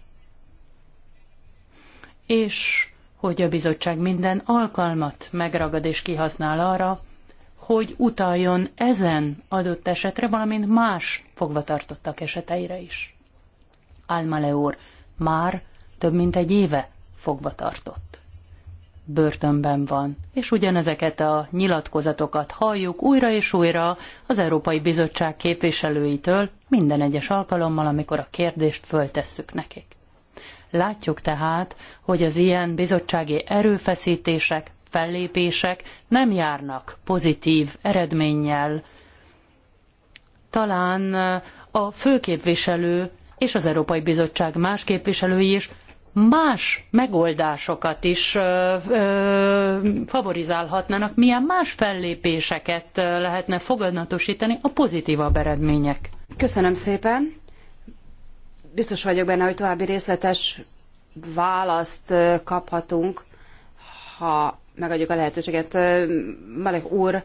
És hogy a bizottság minden alkalmat megragad és kihasznál arra, hogy utaljon ezen adott esetre, valamint más fogvatartottak eseteire is. Almale már több mint egy éve fogvatartott. Börtönben van, és ugyanezeket a nyilatkozatokat halljuk újra és újra az Európai Bizottság képviselőitől minden egyes alkalommal, amikor a kérdést föltesszük nekik. Látjuk tehát, hogy az ilyen bizottsági erőfeszítések, fellépések nem járnak pozitív eredménnyel. Talán eh, a főképviselő és az Európai Bizottság más képviselői is más megoldásokat is ö, eh, ö, eh, favorizálhatnának, milyen más fellépéseket lehetne fogadnatosítani a pozitívabb eredmények. Köszönöm szépen! biztos vagyok benne, hogy további részletes választ kaphatunk, ha megadjuk a lehetőséget. Malek úr,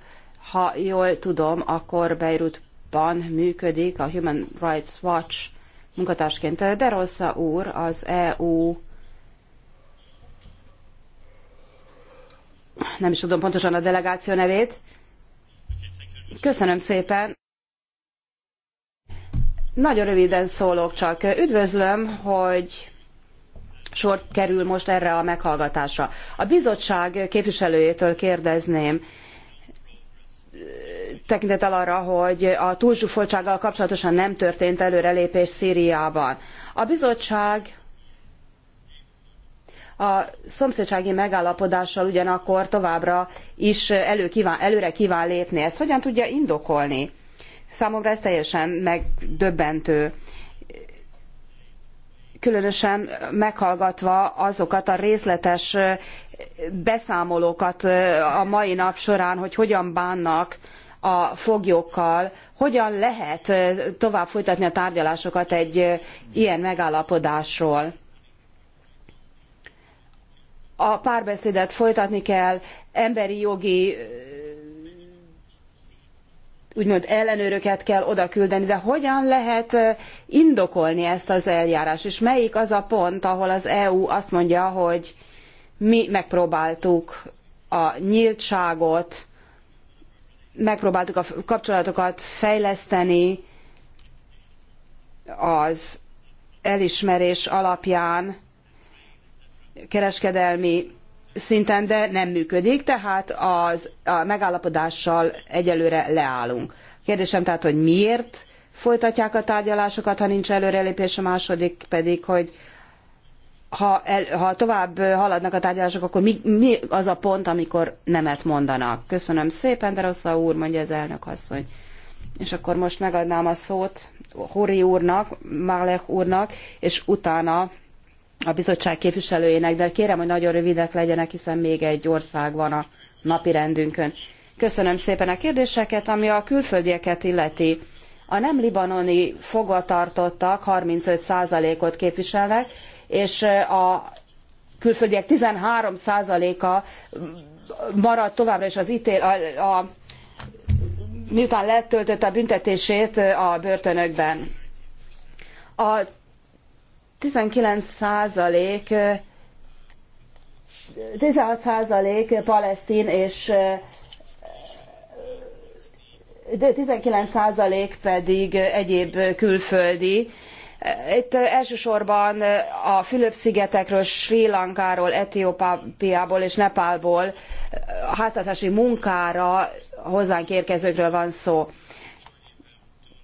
ha jól tudom, akkor Beirutban működik a Human Rights Watch munkatársként. De Rossza úr, az EU nem is tudom pontosan a delegáció nevét. Köszönöm szépen. Nagyon röviden szólok csak. Üdvözlöm, hogy sor kerül most erre a meghallgatásra. A bizottság képviselőjétől kérdezném, tekintettel arra, hogy a túlzsúfoltsággal kapcsolatosan nem történt előrelépés Szíriában. A bizottság a szomszédsági megállapodással ugyanakkor továbbra is elő kíván, előre kíván lépni. Ezt hogyan tudja indokolni? Számomra ez teljesen megdöbbentő különösen meghallgatva azokat a részletes beszámolókat a mai nap során, hogy hogyan bánnak a foglyokkal, hogyan lehet tovább folytatni a tárgyalásokat egy ilyen megállapodásról. A párbeszédet folytatni kell, emberi jogi úgymond ellenőröket kell oda küldeni, de hogyan lehet indokolni ezt az eljárás, és melyik az a pont, ahol az EU azt mondja, hogy mi megpróbáltuk a nyíltságot, megpróbáltuk a kapcsolatokat fejleszteni az elismerés alapján kereskedelmi szinten, de nem működik, tehát az, a megállapodással egyelőre leállunk. Kérdésem tehát, hogy miért folytatják a tárgyalásokat, ha nincs előrelépés, a második pedig, hogy ha, el, ha tovább haladnak a tárgyalások, akkor mi, mi az a pont, amikor nemet mondanak? Köszönöm szépen, de rossz úr, mondja az elnök asszony. És akkor most megadnám a szót Hori úrnak, Málech úrnak, és utána a bizottság képviselőjének, de kérem, hogy nagyon rövidek legyenek, hiszen még egy ország van a napirendünkön. Köszönöm szépen a kérdéseket, ami a külföldieket illeti. A nem libanoni fogvatartottak 35%-ot képviselnek, és eh, a külföldiek 13%-a marad továbbra is az ítél, a, a, miután letöltötte a büntetését eh, a börtönökben. A 19% 16% palesztin és 19% pedig egyéb külföldi. Itt elsősorban a Fülöp-szigetekről, Sri Lankáról, Etiópiából és Nepálból háztartási munkára hozzánk érkezőkről van szó.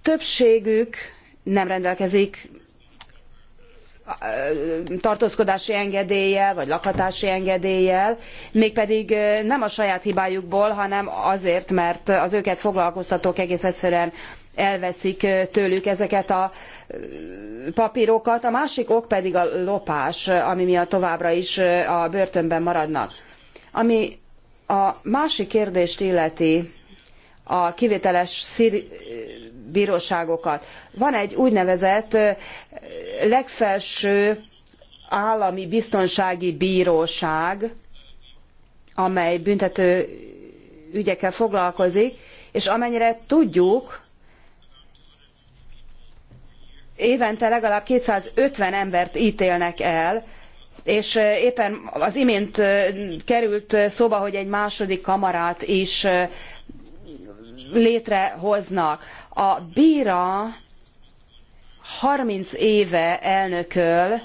Többségük nem rendelkezik tartózkodási engedéllyel, vagy lakhatási engedéllyel, mégpedig nem a saját hibájukból, hanem azért, mert az őket foglalkoztatók egész egyszerűen elveszik tőlük ezeket a papírokat. A másik ok pedig a lopás, ami miatt továbbra is a börtönben maradnak. Ami a másik kérdést illeti, a kivételes bíróságokat. Van egy úgynevezett legfelső állami biztonsági bíróság, amely büntető ügyekkel foglalkozik, és amennyire tudjuk, évente legalább 250 embert ítélnek el, és éppen az imént került szóba, hogy egy második kamarát is létrehoznak. A bíra 30 éve elnököl,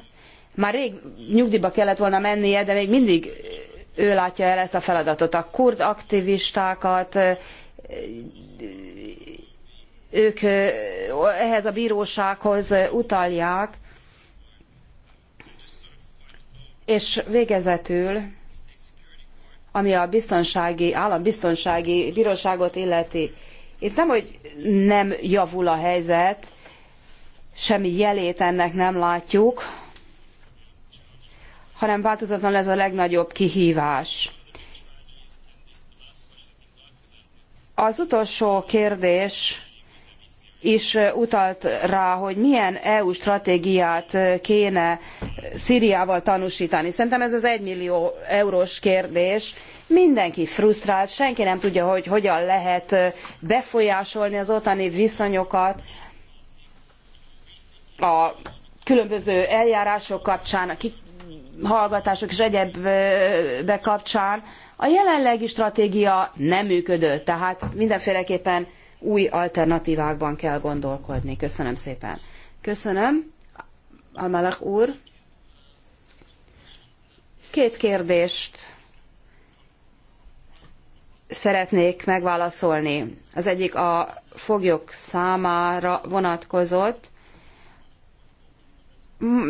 már rég nyugdíjba kellett volna mennie, de még mindig ő látja el ezt a feladatot. A kurd aktivistákat, ők ehhez a bírósághoz utalják, és végezetül, ami a biztonsági, állambiztonsági bíróságot illeti, itt nem, hogy nem javul a helyzet, semmi jelét ennek nem látjuk, hanem változatlan ez a legnagyobb kihívás. Az utolsó kérdés is utalt rá, hogy milyen EU stratégiát kéne Szíriával tanúsítani. Szerintem ez az egymillió eurós kérdés. Mindenki frusztrált, senki nem tudja, hogy hogyan lehet befolyásolni az ottani viszonyokat a különböző eljárások kapcsán, a hallgatások és egyebbe kapcsán. A jelenlegi stratégia nem működött, tehát mindenféleképpen új alternatívákban kell gondolkodni. Köszönöm szépen. Köszönöm. Almalach úr. Két kérdést szeretnék megválaszolni. Az egyik a foglyok számára vonatkozott.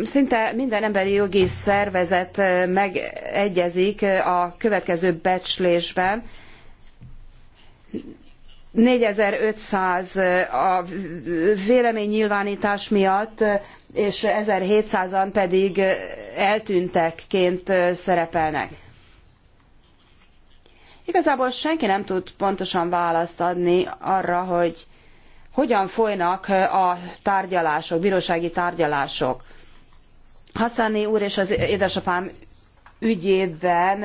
Szinte minden emberi jogi szervezet megegyezik a következő becslésben. 4500 a véleménynyilvánítás miatt, és 1700-an pedig eltűntekként szerepelnek. Igazából senki nem tud pontosan választ adni arra, hogy hogyan folynak a tárgyalások, bírósági tárgyalások. Hassani úr és az édesapám ügyében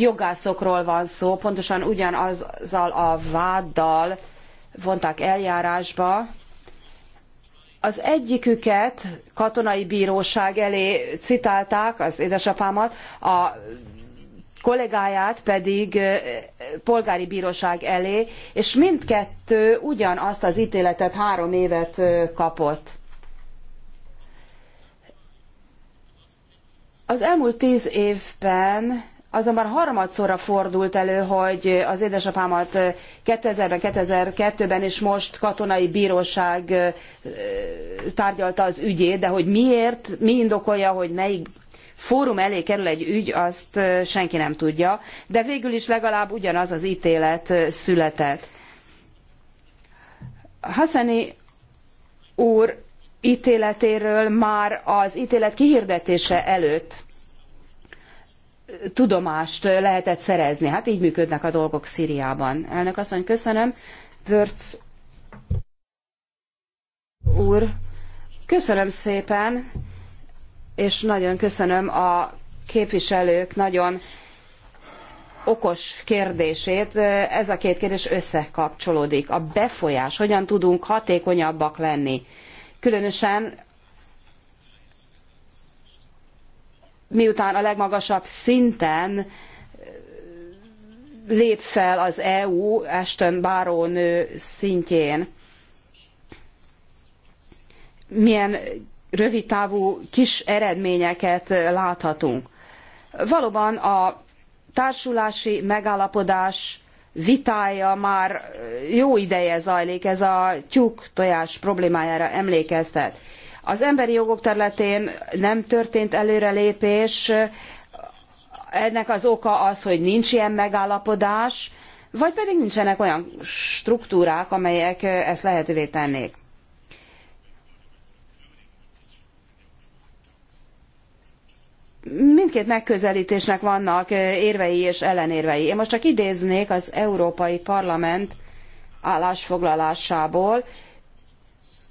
jogászokról van szó, pontosan ugyanazzal a váddal vonták eljárásba. Az egyiküket katonai bíróság elé citálták, az édesapámat, a kollégáját pedig polgári bíróság elé, és mindkettő ugyanazt az ítéletet három évet kapott. Az elmúlt tíz évben Azonban harmadszorra fordult elő, hogy az édesapámat thousand ben 2002-ben és most katonai bíróság tárgyalta az ügyét, de hogy miért, mi indokolja, hogy melyik fórum elé kerül egy ügy, azt senki nem tudja, de végül is legalább ugyanaz az ítélet született. Hassani úr ítéletéről már az ítélet kihirdetése előtt tudomást lehetett szerezni. Hát így működnek a dolgok Szíriában. Elnök asszony, köszönöm. Wörth úr, köszönöm szépen, és nagyon köszönöm a képviselők nagyon okos kérdését. Ez a két kérdés összekapcsolódik. A befolyás, hogyan tudunk hatékonyabbak lenni. Különösen miután a legmagasabb szinten lép fel az EU Ashton Barónő szintjén. Milyen rövidtávú kis eredményeket láthatunk. Valóban a társulási megállapodás vitája már jó ideje zajlik, ez a tyúk tojás problémájára emlékeztet. Az emberi jogok területén nem történt előrelépés, ennek az oka az, hogy nincs ilyen megállapodás, vagy pedig nincsenek olyan struktúrák, amelyek ezt lehetővé tennék. mindkét megközelítésnek vannak érvei és ellenérvei. Én most csak idéznék az Európai Parlament állásfoglalásából,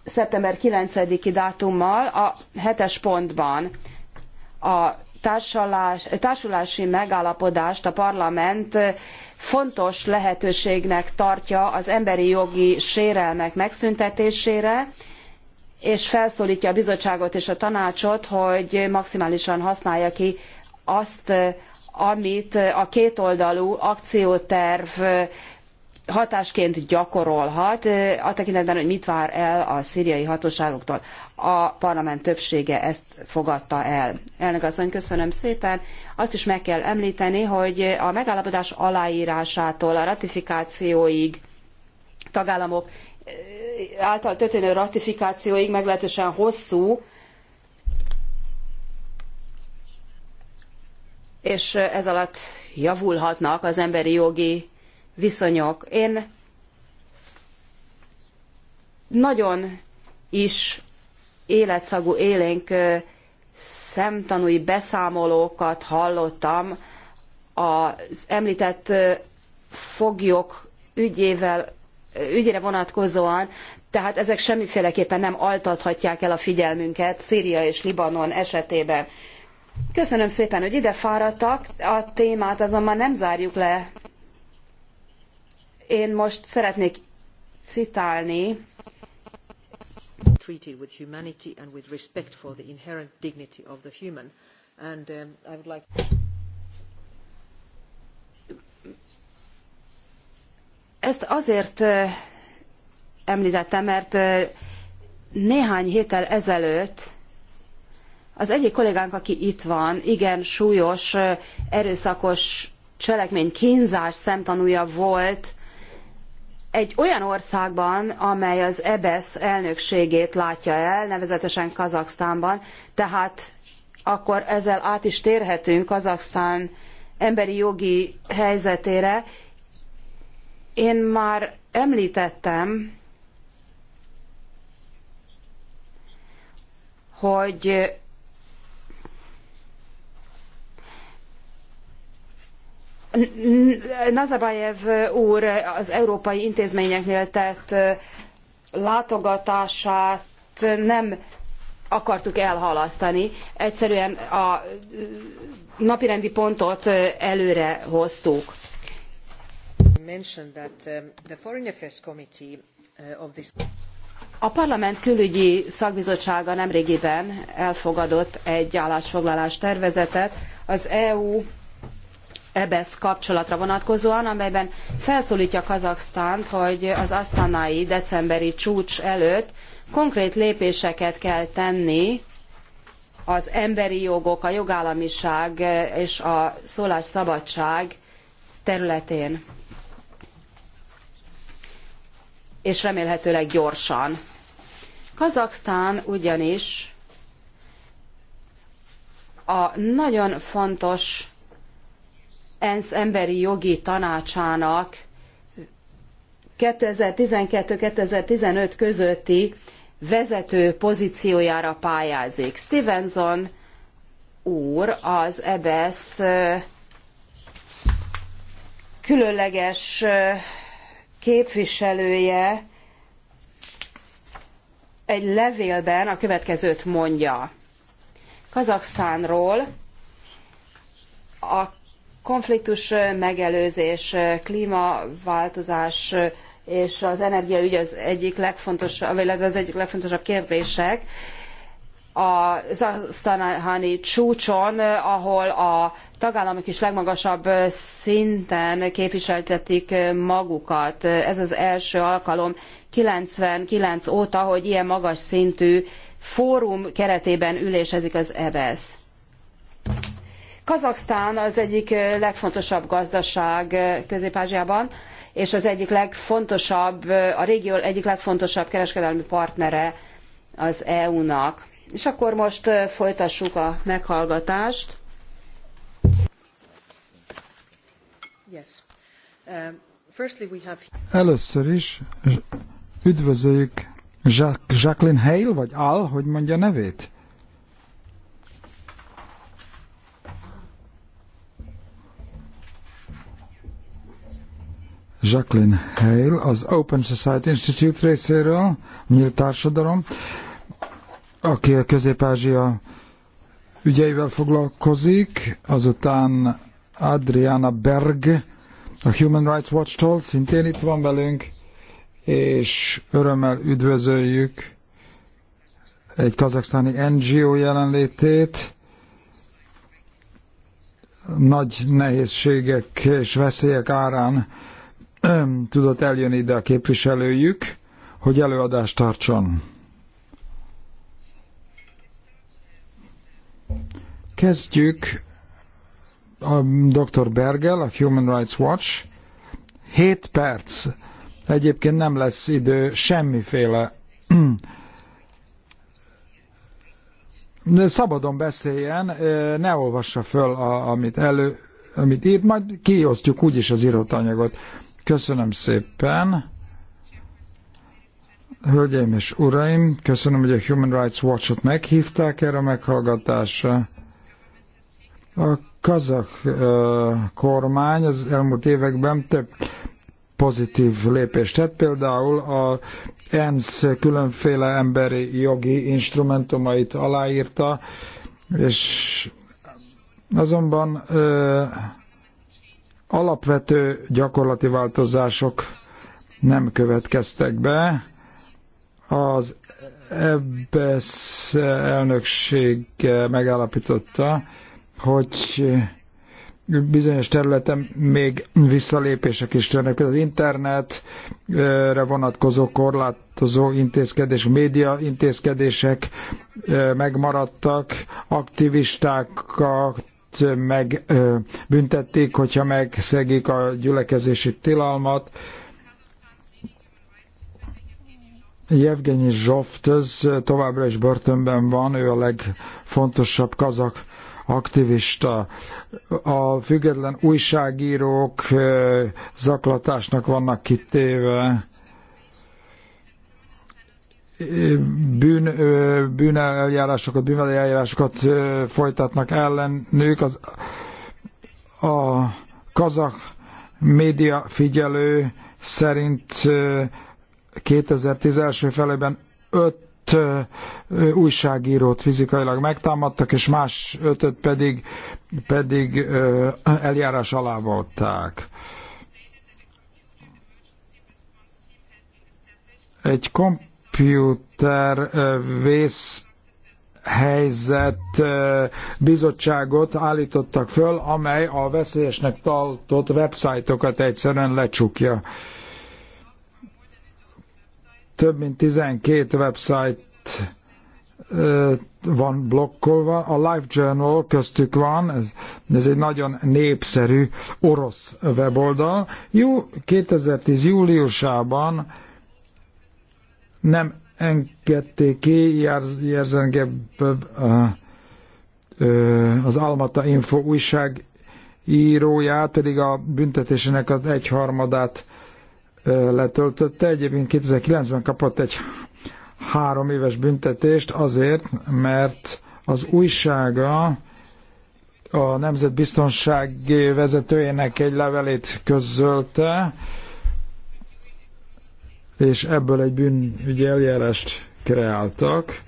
szeptember 9-i dátummal a hetes pontban a társulás, társulási megállapodást a parlament fontos lehetőségnek tartja az emberi jogi sérelmek megszüntetésére, és felszólítja a bizottságot és a tanácsot, hogy maximálisan használja ki azt, amit a kétoldalú akcióterv hatásként gyakorolhat, a tekintetben, hogy mit vár el a szíriai hatóságoktól. A parlament többsége ezt fogadta el. Elnök asszony, köszönöm szépen. Azt is meg kell említeni, hogy a megállapodás aláírásától a ratifikációig tagállamok által történő ratifikációig meglehetősen hosszú, és ez alatt javulhatnak az emberi jogi viszonyok. Én nagyon is életszagú élénk szemtanúi beszámolókat hallottam az említett foglyok ügyével, ügyére vonatkozóan, tehát ezek semmiféleképpen nem altathatják el a figyelmünket Szíria és Libanon esetében. Köszönöm szépen, hogy ide fáradtak, a témát azonban nem zárjuk le én most szeretnék citálni treated with humanity and with respect for the inherent dignity of the human. And um, I would like Ezt azért említettem, mert néhány héttel ezelőtt az egyik kollégánk, aki itt van, igen súlyos, erőszakos cselekmény, kínzás szemtanúja volt, egy olyan országban, amely az EBESZ elnökségét látja el, nevezetesen Kazaksztánban, tehát akkor ezzel át is térhetünk Kazaksztán emberi jogi helyzetére. Én már említettem, hogy Nazarbayev úr az európai intézményeknél tett látogatását nem akartuk elhalasztani, egyszerűen a napirendi pontot előre hoztuk. Um, uh, a parlament külügyi szakbizottsága nemrégiben elfogadott egy állásfoglalás tervezetet az EU ebesz kapcsolatra vonatkozóan, amelyben felszólítja Kazaksztánt, hogy az asztanai decemberi csúcs előtt konkrét lépéseket kell tenni az emberi jogok, a jogállamiság és a szólásszabadság területén. És remélhetőleg gyorsan. Kazaksztán ugyanis a nagyon fontos ENSZ emberi jogi tanácsának 2012-2015 közötti vezető pozíciójára pályázik. Stevenson úr az EBS e különleges képviselője egy levélben a következőt mondja. Kazaksztánról a konfliktus megelőzés, klímaváltozás és az energiaügy az egyik legfontosabb, illetve az egyik legfontosabb kérdések. A Zasztanahani csúcson, ahol a tagállamok is legmagasabb szinten képviseltetik magukat. Ez az első alkalom 99 óta, hogy ilyen magas szintű fórum keretében ülésezik az EBSZ. E Kazaksztán az egyik eh, legfontosabb gazdaság eh, Közép-Ázsiában, és az egyik legfontosabb, eh, a régió egyik legfontosabb kereskedelmi partnere az EU-nak. És akkor most folytassuk a meghallgatást. Yes. Um, firstly we have... Először is üdvözöljük Jacqueline Hale, vagy Al, hogy mondja nevét? Jacqueline Hale az Open Society Institute részéről, nyílt társadalom, aki a Közép-Ázsia ügyeivel foglalkozik, azután Adriana Berg, a Human Rights Watch-tól, szintén itt van velünk, és örömmel üdvözöljük egy kazaksztáni NGO jelenlétét, nagy nehézségek és veszélyek árán tudott eljönni ide a képviselőjük, hogy előadást tartson. Kezdjük a Dr. Bergel, a Human Rights Watch. 7 perc. Egyébként nem lesz idő semmiféle De szabadon beszéljen, ne olvassa föl, a, amit elő, amit írt, majd kiosztjuk úgyis az írott anyagot. Köszönöm szépen. Hölgyeim és uraim, köszönöm, hogy a Human Rights Watch-ot meghívták erre a meghallgatásra. A kazak kormány az elmúlt években több pozitív lépést tett, például a ENSZ különféle emberi jogi instrumentumait aláírta, és azonban Alapvető gyakorlati változások nem következtek be. Az EBSZ elnökség megállapította, hogy bizonyos területen még visszalépések is törnek. Például az internetre vonatkozó korlátozó intézkedés, média intézkedések megmaradtak, aktivistákat megbüntették, hogyha megszegik a gyülekezési tilalmat. Jevgenyi Zsoftöz továbbra is börtönben van, ő a legfontosabb kazak aktivista. A független újságírók zaklatásnak vannak kitéve bűn, bűneljárásokat, bűneljárásokat folytatnak ellenük. Az, a kazak média figyelő szerint 2010 felében öt újságírót fizikailag megtámadtak, és más ötöt pedig, pedig eljárás alá volták. Egy komp Computer vész helyzet bizottságot állítottak föl, amely a veszélyesnek tartott websájtokat egyszerűen lecsukja. Több mint 12 websájt van blokkolva, a Life Journal köztük van, ez, ez egy nagyon népszerű orosz weboldal. Jú 2010 júliusában nem engedték ki Jerzengev az Almata Info újság íróját, pedig a büntetésének az egyharmadát letöltötte. Egyébként 2009-ben kapott egy három éves büntetést azért, mert az újsága a nemzetbiztonsági vezetőjének egy levelét közölte, és ebből egy bűnügyi eljárást kreáltak.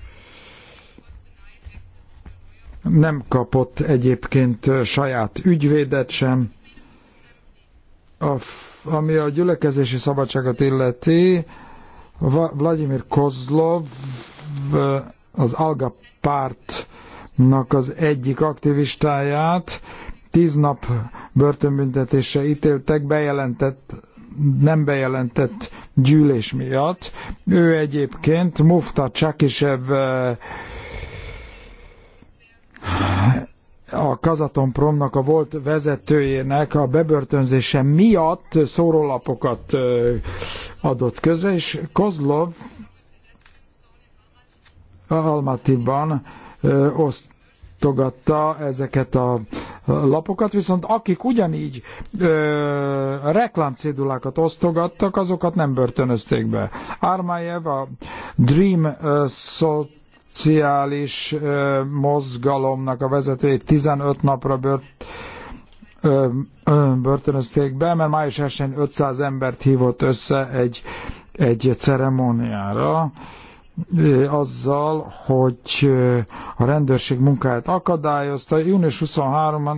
Nem kapott egyébként saját ügyvédet sem. A, ami a gyülekezési szabadságot illeti, Vladimir Kozlov az Alga pártnak az egyik aktivistáját tíz nap börtönbüntetése ítéltek, bejelentett nem bejelentett gyűlés miatt. Ő egyébként Mufta Csakisev eh, a Kazatonpromnak a volt vezetőjének a bebörtönzése miatt szórólapokat eh, adott közre, és Kozlov Almatiban eh, oszt osztogatta ezeket a lapokat, viszont akik ugyanígy ö, reklámcédulákat osztogattak, azokat nem börtönözték be. Armájev a Dream szociális ö, mozgalomnak a vezetőjét 15 napra bört, ö, ö, börtönözték be, mert május 1 500 embert hívott össze egy, egy ceremóniára. Ö, azzal, hogy a rendőrség munkáját akadályozta. Június 23-ban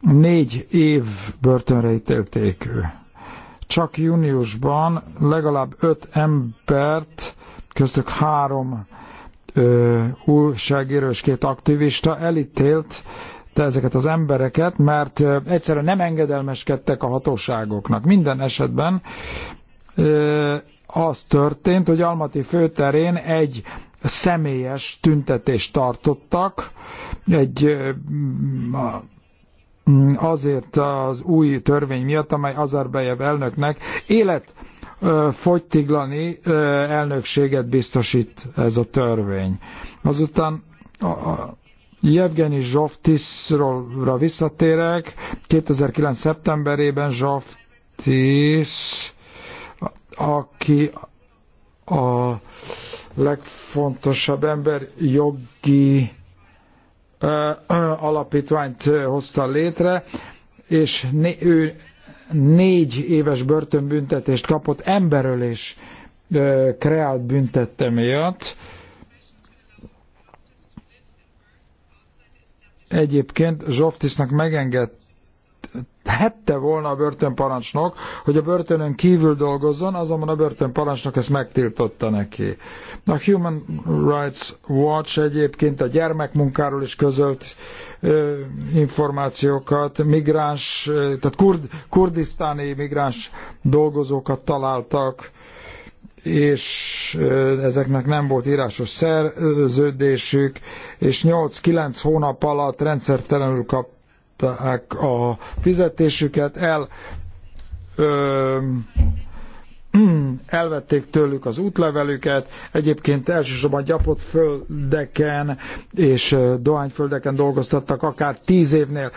négy év börtönre ítélték ő. Csak júniusban legalább öt embert, köztük három ö, újságíró és két aktivista elítélt, de ezeket az embereket, mert egyszerűen nem engedelmeskedtek a hatóságoknak. Minden esetben ö, az történt, hogy Almati főterén egy személyes tüntetést tartottak, egy mm, mm, azért az új törvény miatt, amely Azerbejev elnöknek élet fogytiglani elnökséget biztosít ez a törvény. Azután a Jevgeni Zsoftiszra visszatérek. 2009. szeptemberében Zsoftisz aki a legfontosabb ember jogi alapítványt hozta létre, és né, ő négy éves börtönbüntetést kapott emberölés kreált büntette miatt. Egyébként Zsoftisnak megenged, tehette volna a börtönparancsnok, hogy a börtönön kívül dolgozzon, azonban a börtönparancsnok ezt megtiltotta neki. A Human Rights Watch egyébként a gyermekmunkáról is közölt ö, információkat, migráns, tehát kurd, kurdisztáni migráns dolgozókat találtak, és ezeknek nem volt írásos szerződésük, és 8-9 hónap alatt rendszertelenül kap kapták a fizetésüket, el ö, elvették tőlük az útlevelüket, egyébként elsősorban gyapott földeken és dohányföldeken dolgoztattak akár tíz évnél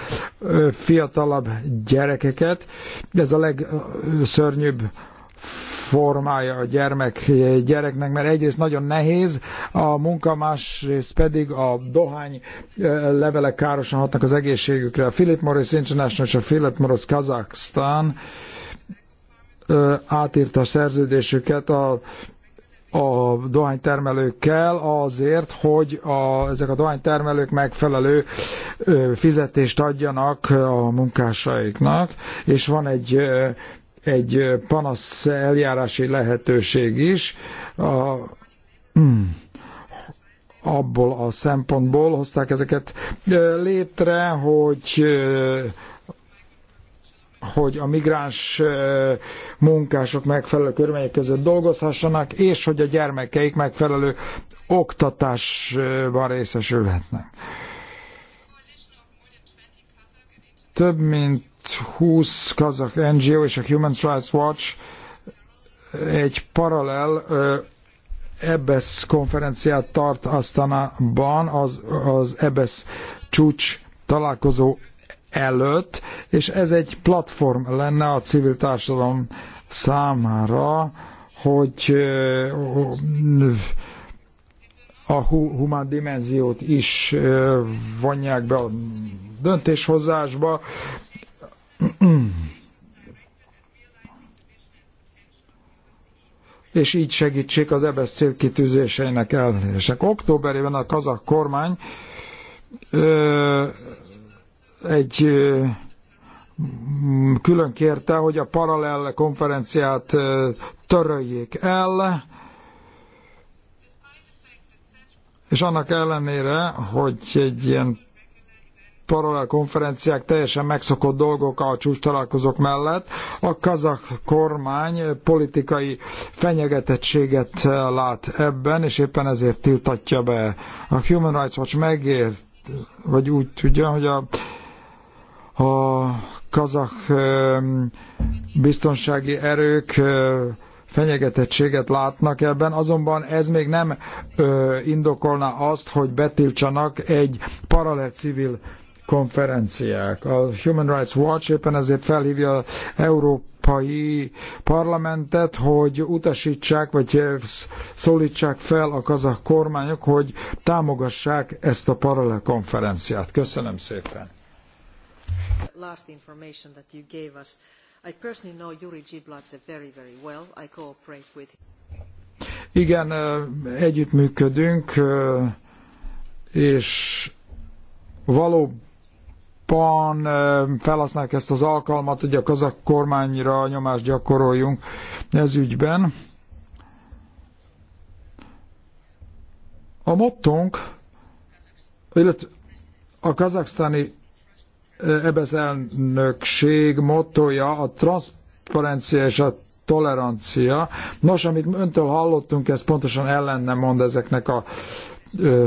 fiatalabb gyerekeket. Ez a legszörnyűbb formája a gyermek, gyereknek, mert egyrészt nagyon nehéz a munka, másrészt pedig a dohány levelek károsan hatnak az egészségükre. A Philip Morris International és a Philip Morris Kazakhstan átírta a szerződésüket a a dohánytermelőkkel azért, hogy a, ezek a dohánytermelők megfelelő fizetést adjanak a munkásaiknak, és van egy egy panasz eljárási lehetőség is. A, mm, abból a szempontból hozták ezeket létre, hogy hogy a migráns munkások megfelelő körülmények között dolgozhassanak, és hogy a gyermekeik megfelelő oktatásban részesülhetnek. Több mint 20 kazak NGO és a Human Rights Watch egy paralel EBESZ konferenciát tart Asztanában az, az EBESZ csúcs találkozó előtt, és ez egy platform lenne a civil társadalom számára, hogy a humán dimenziót is vonják be a döntéshozásba, és így segítsék az ebesz célkitűzéseinek elérések. Októberében a kazak kormány ö, egy ö, külön kérte, hogy a paralell konferenciát ö, töröljék el, és annak ellenére, hogy egy ilyen paralel konferenciák teljesen megszokott dolgok a csúcs találkozók mellett. A kazak kormány politikai fenyegetettséget lát ebben, és éppen ezért tiltatja be. A Human Rights Watch megért, vagy úgy tudja, hogy a a kazak biztonsági erők fenyegetettséget látnak ebben, azonban ez még nem ö, indokolna azt, hogy betiltsanak egy paralel civil konferenciák. A Human Rights Watch éppen ezért felhívja az Európai Parlamentet, hogy utasítsák, vagy szólítsák fel a kazak kormányok, hogy támogassák ezt a paralel konferenciát. Köszönöm szépen. Last information that you gave us. I personally know Yuri Gibladze very, very well. I cooperate with him. Igen, együttműködünk, és valóban Európában felhasználják ezt az alkalmat, hogy a kazak kormányra nyomást gyakoroljunk ez ügyben. A mottónk, illetve a kazaksztáni EBSZ elnökség mottoja a transzparencia és a tolerancia. Nos, amit öntől hallottunk, ez pontosan ellenne mond ezeknek a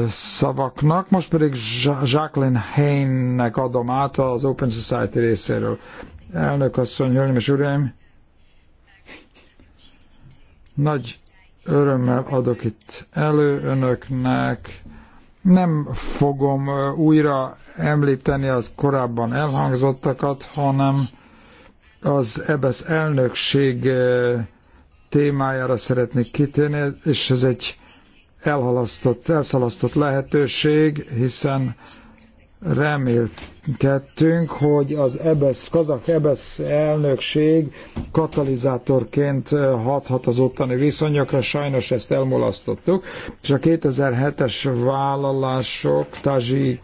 szavaknak, most pedig Jacqueline Hainnek adom át az Open Society részéről. Elnök asszony, hölgyeim és uraim, nagy örömmel adok itt elő önöknek. Nem fogom újra említeni az korábban elhangzottakat, hanem az EBSZ e elnökség témájára szeretnék kitérni, és ez egy elhalasztott, elszalasztott lehetőség, hiszen remélkedtünk, hogy az EBESZ, kazak EBESZ elnökség katalizátorként hathat az ottani viszonyokra, sajnos ezt elmulasztottuk, és a 2007-es vállalások, Tazsi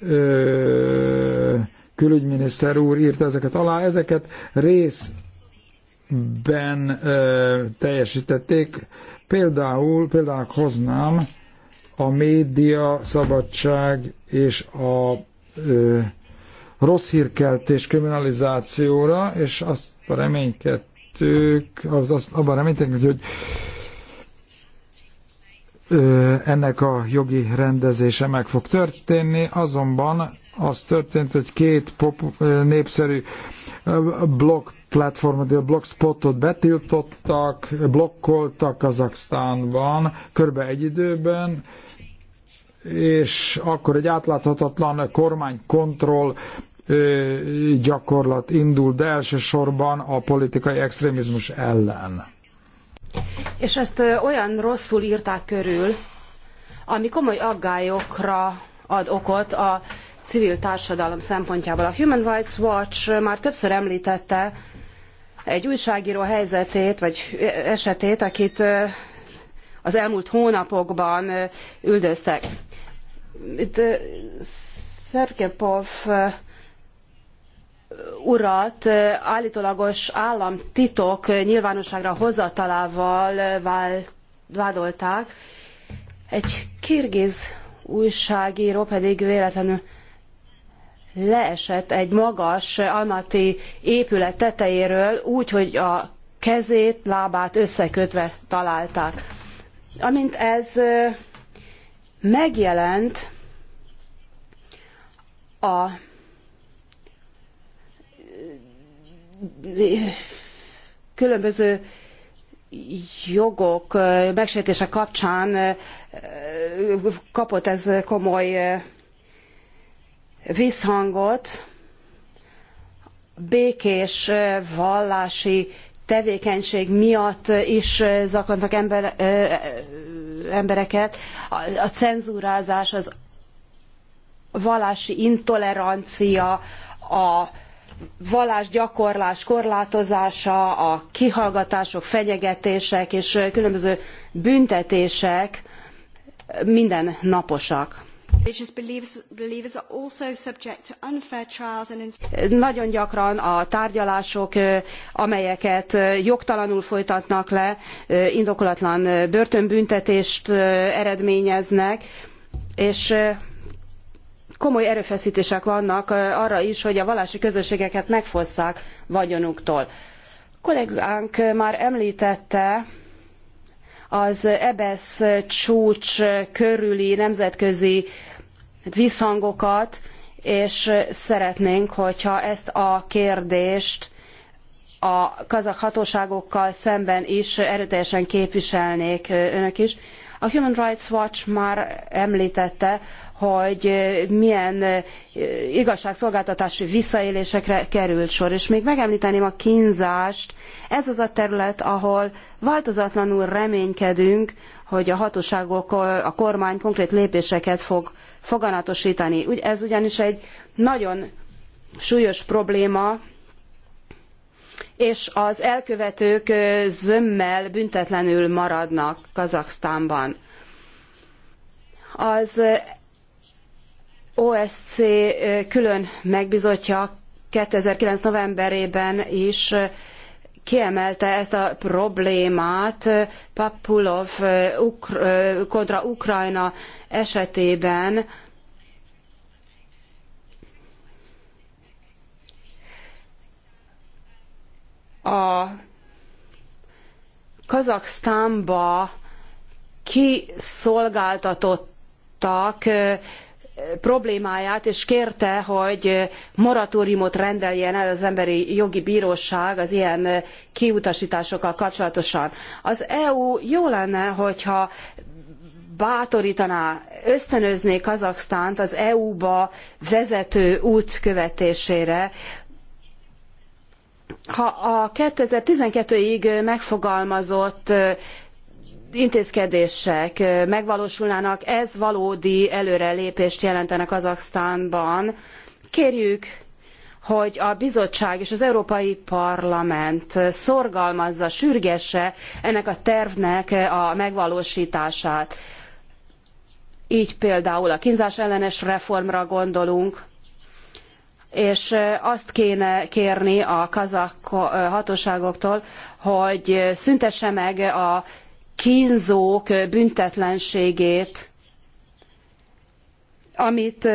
ö, külügyminiszter úr írt ezeket alá, ezeket részben ö, teljesítették, Például, példák hoznám a média szabadság és a ö, rossz hírkeltés kriminalizációra, és azt reménykedtük, az, azt, abban reménykedtük, hogy ö, ennek a jogi rendezése meg fog történni, azonban az történt, hogy két pop, népszerű blog platformot, a blogspotot betiltottak, blokkoltak Kazaksztánban, körbe egy időben, és akkor egy átláthatatlan kormánykontroll gyakorlat indul, de elsősorban a politikai extrémizmus ellen. És ezt olyan rosszul írták körül, ami komoly aggályokra ad okot a civil társadalom szempontjából. A Human Rights Watch már többször említette, egy újságíró helyzetét, vagy esetét, akit az elmúlt hónapokban üldöztek. Itt Szerkepov urat állítólagos államtitok nyilvánosságra hozatalával vádolták. Egy kirgiz újságíró pedig véletlenül leesett egy magas almati épület tetejéről úgy, hogy a kezét, lábát összekötve találták. Amint ez megjelent, a különböző jogok megsértése kapcsán kapott ez komoly visszhangot békés vallási tevékenység miatt is zaklatnak ember, embereket. A cenzúrázás, az vallási intolerancia, a vallásgyakorlás korlátozása, a kihallgatások, fenyegetések és különböző büntetések minden naposak. Nagyon gyakran a tárgyalások, amelyeket jogtalanul folytatnak le, indokolatlan börtönbüntetést eredményeznek, és komoly erőfeszítések vannak arra is, hogy a vallási közösségeket megfosszák vagyonuktól. Kollégánk már említette, az ebesz csúcs körüli nemzetközi Hát visszhangokat, és szeretnénk, hogyha ezt a kérdést a kazak hatóságokkal szemben is erőteljesen képviselnék önök is. A Human Rights Watch már említette, hogy milyen igazságszolgáltatási visszaélésekre került sor. És még megemlíteném a kínzást. Ez az a terület, ahol változatlanul reménykedünk, hogy a hatóságok, a kormány konkrét lépéseket fog foganatosítani. Ez ugyanis egy nagyon súlyos probléma, és az elkövetők zömmel büntetlenül maradnak Kazaksztánban. Az OSC külön megbizotja 2009. novemberében is kiemelte ezt a problémát Papulov Ukr- kontra Ukrajna esetében, a Kazaksztánba kiszolgáltatottak problémáját, és kérte, hogy moratóriumot rendeljen el az Emberi Jogi Bíróság az ilyen kiutasításokkal kapcsolatosan. Az EU jó lenne, hogyha bátortaná ösztönözné kazahsztánt az EU-ba vezető út követésére, ha a 2012-ig megfogalmazott intézkedések megvalósulnának, ez valódi előrelépést jelentene kazahsztánban Kérjük, hogy a bizottság és az Európai Parlament szorgalmazza, sürgesse ennek a tervnek a megvalósítását. Így például a kínzás ellenes reformra gondolunk, és azt kéne kérni a kazak hatóságoktól, hogy szüntesse meg a kínzók büntetlenségét, amit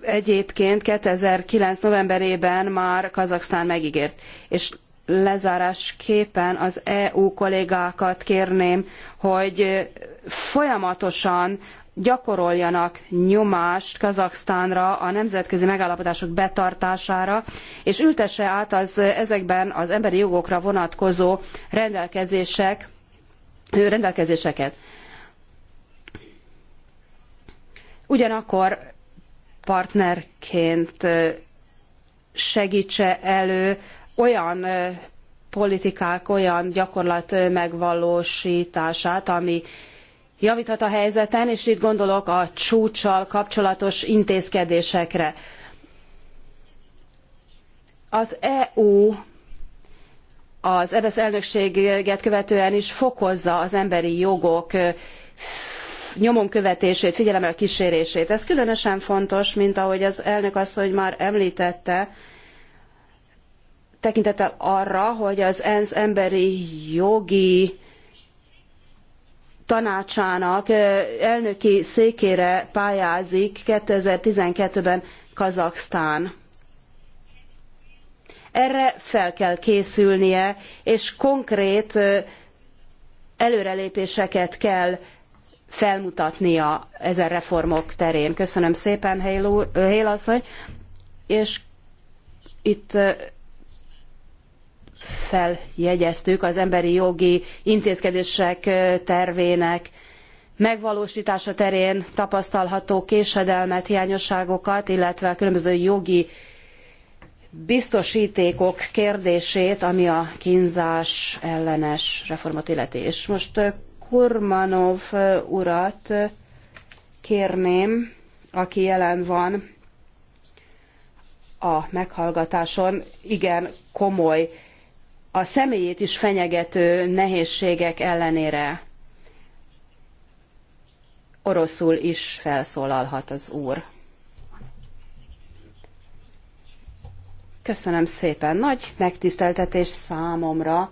egyébként 2009. novemberében már Kazaksztán megígért. És lezárásképpen az EU kollégákat kérném, hogy folyamatosan gyakoroljanak nyomást Kazaksztánra a nemzetközi megállapodások betartására, és ültesse át az ezekben az emberi jogokra vonatkozó rendelkezések rendelkezéseket. Ugyanakkor partnerként segítse elő olyan politikák, olyan gyakorlat megvalósítását, ami javíthat a helyzeten, és itt gondolok a csúcsal kapcsolatos intézkedésekre. Az EU az EBSZ elnökséget követően is fokozza az emberi jogok nyomon követését, figyelemmel kísérését. Ez különösen fontos, mint ahogy az elnök asszony már említette, tekintettel arra, hogy az ENSZ emberi jogi tanácsának elnöki székére pályázik 2012-ben Kazaksztán. Erre fel kell készülnie, és konkrét előrelépéseket kell felmutatnia ezen reformok terén. Köszönöm szépen, Hél asszony. És itt feljegyeztük az emberi jogi intézkedések tervének megvalósítása terén tapasztalható késedelmet, hiányosságokat, illetve a különböző jogi biztosítékok kérdését, ami a kínzás ellenes reformot illeti. És most Kurmanov urat kérném, aki jelen van a meghallgatáson, igen komoly, a személyét is fenyegető nehézségek ellenére oroszul is felszólalhat az úr. Köszönöm szépen. Nagy megtiszteltetés számomra,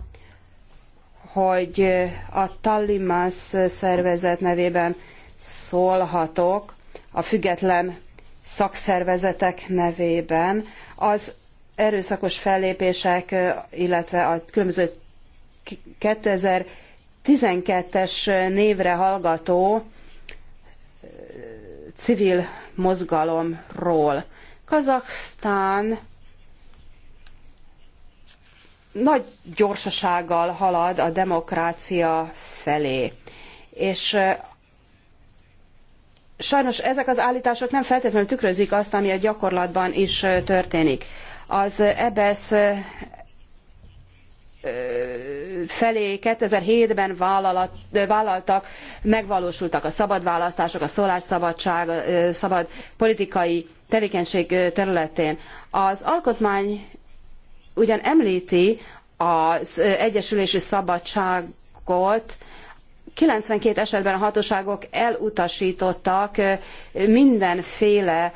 hogy a Tallimász szervezet nevében szólhatok, a független szakszervezetek nevében. Az erőszakos fellépések, illetve a különböző 2012-es névre hallgató civil mozgalomról. Kazaksztán nagy gyorsasággal halad a demokrácia felé. És sajnos ezek az állítások nem feltétlenül tükrözik azt, ami a gyakorlatban is történik. Az EBSZ e felé 2007-ben vállaltak, megvalósultak a szabad választások, a szólásszabadság, a szabad politikai tevékenység területén. Az alkotmány ugyan említi az egyesülési szabadságot, 92 esetben a hatóságok elutasítottak mindenféle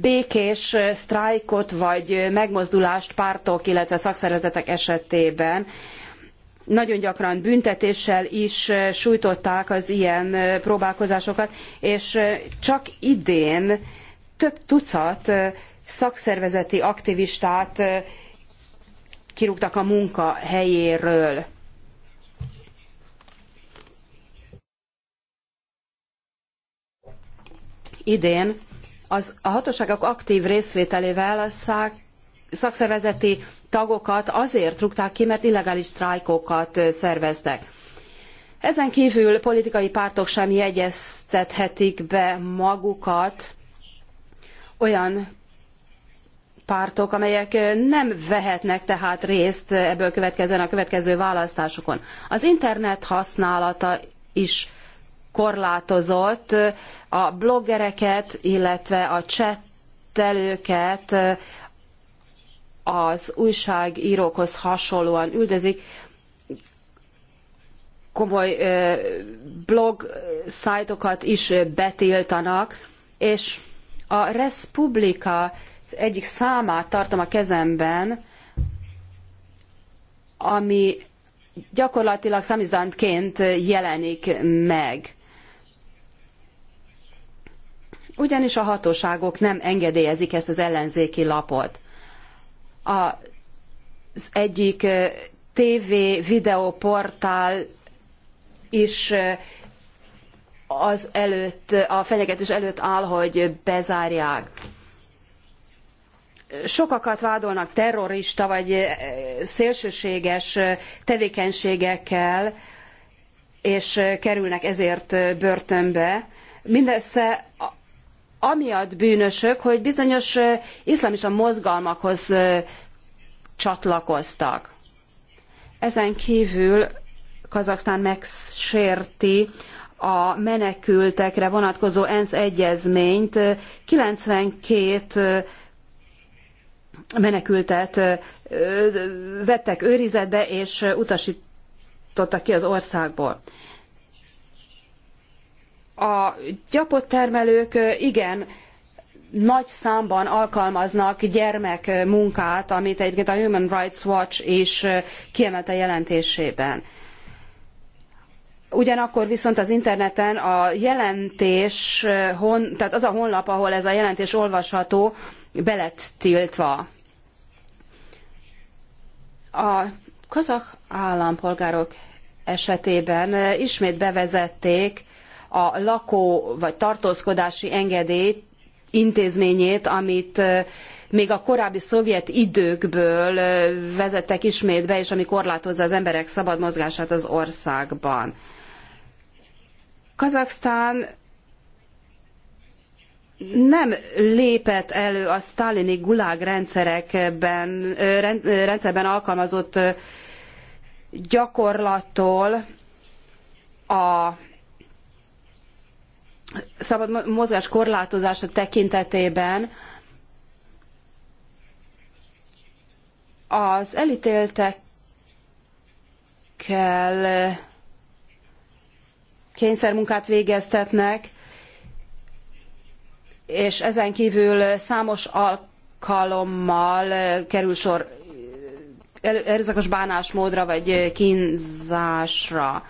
békés sztrájkot vagy megmozdulást pártok, illetve szakszervezetek esetében. Nagyon gyakran büntetéssel is sújtották az ilyen próbálkozásokat, és csak idén több tucat szakszervezeti aktivistát kirúgtak a munkahelyéről. Idén az, a hatóságok aktív részvételével a szak, szakszervezeti tagokat azért rúgták ki, mert illegális sztrájkokat szerveztek. Ezen kívül politikai pártok sem jegyeztethetik be magukat olyan pártok, amelyek nem vehetnek tehát részt ebből következően a következő választásokon. Az internet használata is korlátozott, a bloggereket, illetve a csettelőket az újságírókhoz hasonlóan üldözik. Komoly blog szájtokat is betiltanak, és a Respublika egyik számát tartom a kezemben, ami gyakorlatilag szamizdantként jelenik meg. Ugyanis a hatóságok nem engedélyezik ezt az ellenzéki lapot. Az egyik TV videóportál is az előtt, a fenyegetés előtt áll, hogy bezárják sokakat vádolnak terrorista vagy szélsőséges tevékenységekkel, és kerülnek ezért börtönbe. Mindössze amiatt bűnösök, hogy bizonyos iszlamista mozgalmakhoz csatlakoztak. Ezen kívül Kazaksztán megsérti a menekültekre vonatkozó ENSZ egyezményt. 92 menekültet vettek őrizetbe és utasítottak ki az országból. A gyapott termelők igen nagy számban alkalmaznak gyermekmunkát, amit egyébként a Human Rights Watch is kiemelt a jelentésében. Ugyanakkor viszont az interneten a jelentés, tehát az a honlap, ahol ez a jelentés olvasható, be lett tiltva. A kazak állampolgárok esetében eh, ismét bevezették a lakó vagy tartózkodási engedély intézményét, amit eh, még a korábbi szovjet időkből eh, vezettek ismét be, és ami korlátozza az emberek szabad mozgását az országban. Kazaksztán nem lépett elő a sztálini gulág rendszerekben, rendszerben alkalmazott gyakorlattól a szabad mozgás korlátozása tekintetében az elítéltekkel kényszermunkát végeztetnek, és ezen kívül számos alkalommal kerül sor erőszakos bánásmódra vagy kínzásra.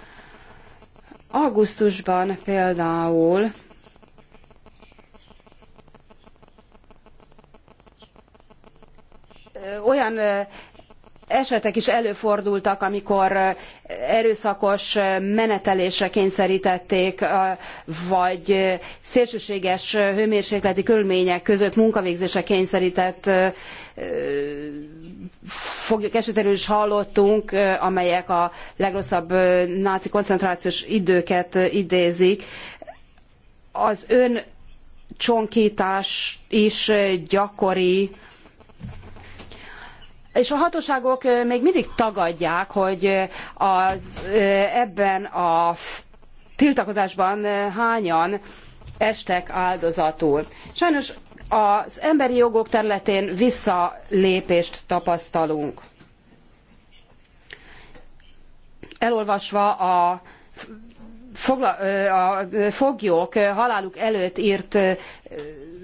Augusztusban például olyan esetek is előfordultak, amikor erőszakos menetelésre kényszertették vagy szélsőséges hőmérsékleti körülmények között munkavégzésre kényszertett foglyok esetéről is hallottunk, amelyek a legrosszabb náci koncentrációs időket idézik. Az ön is gyakori, és a hatóságok még mindig tagadják, hogy az, ebben a tiltakozásban hányan estek áldozatul. Sajnos az emberi jogok területén visszalépést tapasztalunk. Elolvasva a, fogla, a foglyok haláluk előtt írt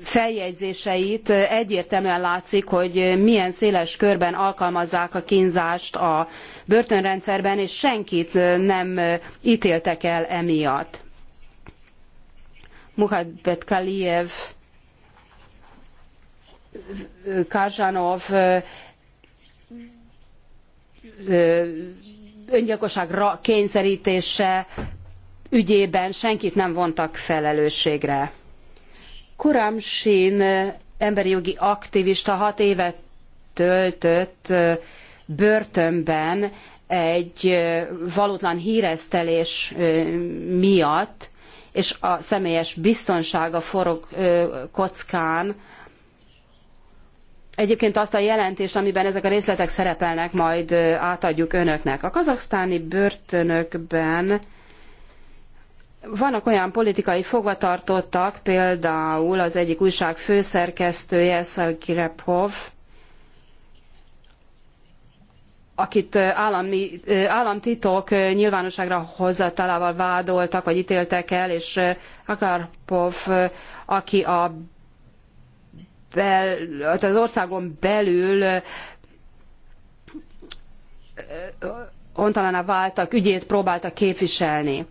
feljegyzéseit egyértelműen látszik, hogy milyen széles körben alkalmazzák a kínzást a börtönrendszerben, és senkit nem ítéltek el emiatt. Muhadbet Kaliev, Karzsanov öngyilkosságra kényszerítése ügyében senkit nem vontak felelősségre. Kuramsin emberi jogi aktivista hat évet töltött börtönben egy valótlan híresztelés miatt, és a személyes biztonsága forog kockán. Egyébként azt a jelentést, amiben ezek a részletek szerepelnek, majd átadjuk önöknek. A kazaksztáni börtönökben vannak olyan politikai fogvatartottak, például az egyik újság főszerkesztője, Repov, akit állami, államtitok nyilvánosságra hozatalával vádoltak, vagy ítéltek el, és Akarpov, aki a bel, hát az országon belül ontalaná váltak ügyét próbálta képviselni.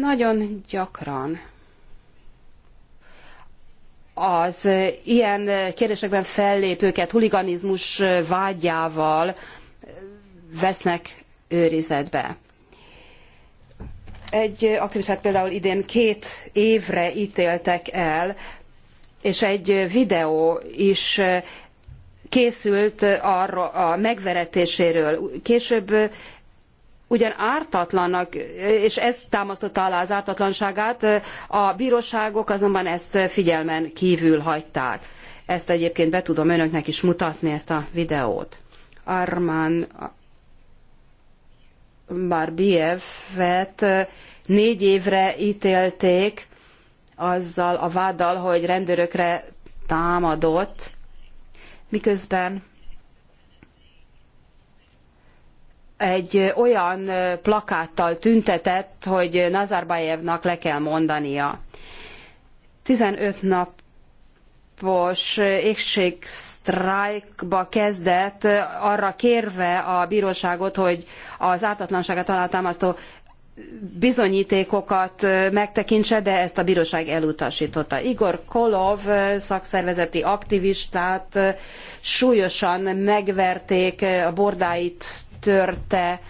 Nagyon gyakran az ilyen kérdésekben fellépőket huliganizmus vágyával vesznek őrizetbe. Egy aktivistát például idén két évre ítéltek el, és egy videó is készült arra a megveretéséről. Később ugyan ártatlannak, és ez támasztotta alá az ártatlanságát, a bíróságok azonban ezt figyelmen kívül hagyták. Ezt egyébként be tudom önöknek is mutatni, ezt a videót. Arman Barbievet négy évre ítélték azzal a váddal, hogy rendőrökre támadott, miközben egy olyan plakáttal tüntetett, hogy Nazarbájevnak le kell mondania. 15 napos éhségsztrájkba kezdett, arra kérve a bíróságot, hogy az ártatlanságát alátámasztó bizonyítékokat megtekintse, de ezt a bíróság elutasította. Igor Kolov szakszervezeti aktivistát súlyosan megverték, a bordáit törte,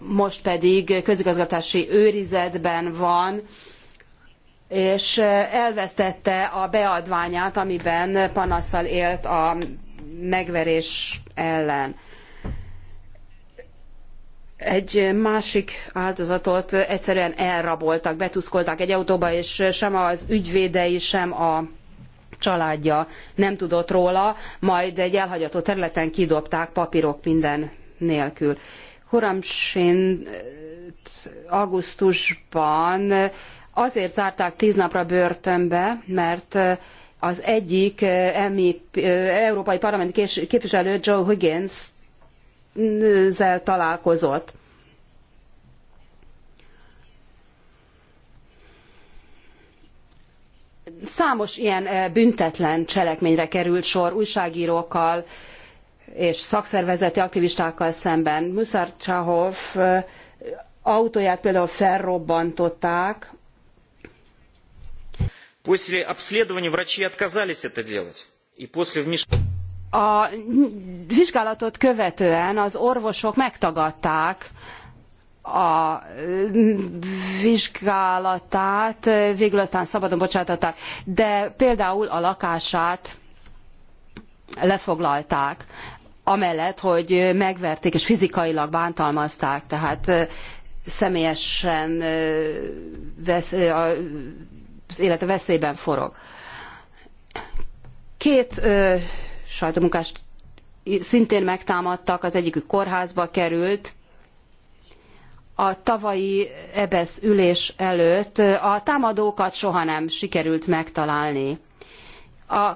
most pedig közigazgatási őrizetben van, és elvesztette a beadványát, amiben panaszsal élt a megverés ellen. Egy másik áldozatot egyszerűen elraboltak, betuszkolták egy autóba, és sem az ügyvédei, sem a családja nem tudott róla, majd egy elhagyatott területen kidobták papírok minden nélkül. Kuramsin augusztusban azért zárták tíz napra börtönbe, mert az egyik emi. Eh, eh, európai parlamenti képviselő Joe Higgins zel találkozott. Számos ilyen eh, büntetlen cselekményre került sor újságírókkal, és szakszervezeti aktivistákkal szemben. Muszar Csahov autóját például felrobbantották. После обследования врачи отказались это делать. И после A vizsgálatot követően az orvosok megtagadták a vizsgálatát, végül aztán szabadon bocsátották, de például a lakását lefoglalták amellett, hogy megverték és fizikailag bántalmazták, tehát személyesen vesz, az élete veszélyben forog. Két sajtómunkást szintén megtámadtak, az egyikük kórházba került, a tavalyi EBESZ ülés előtt a támadókat soha nem sikerült megtalálni. A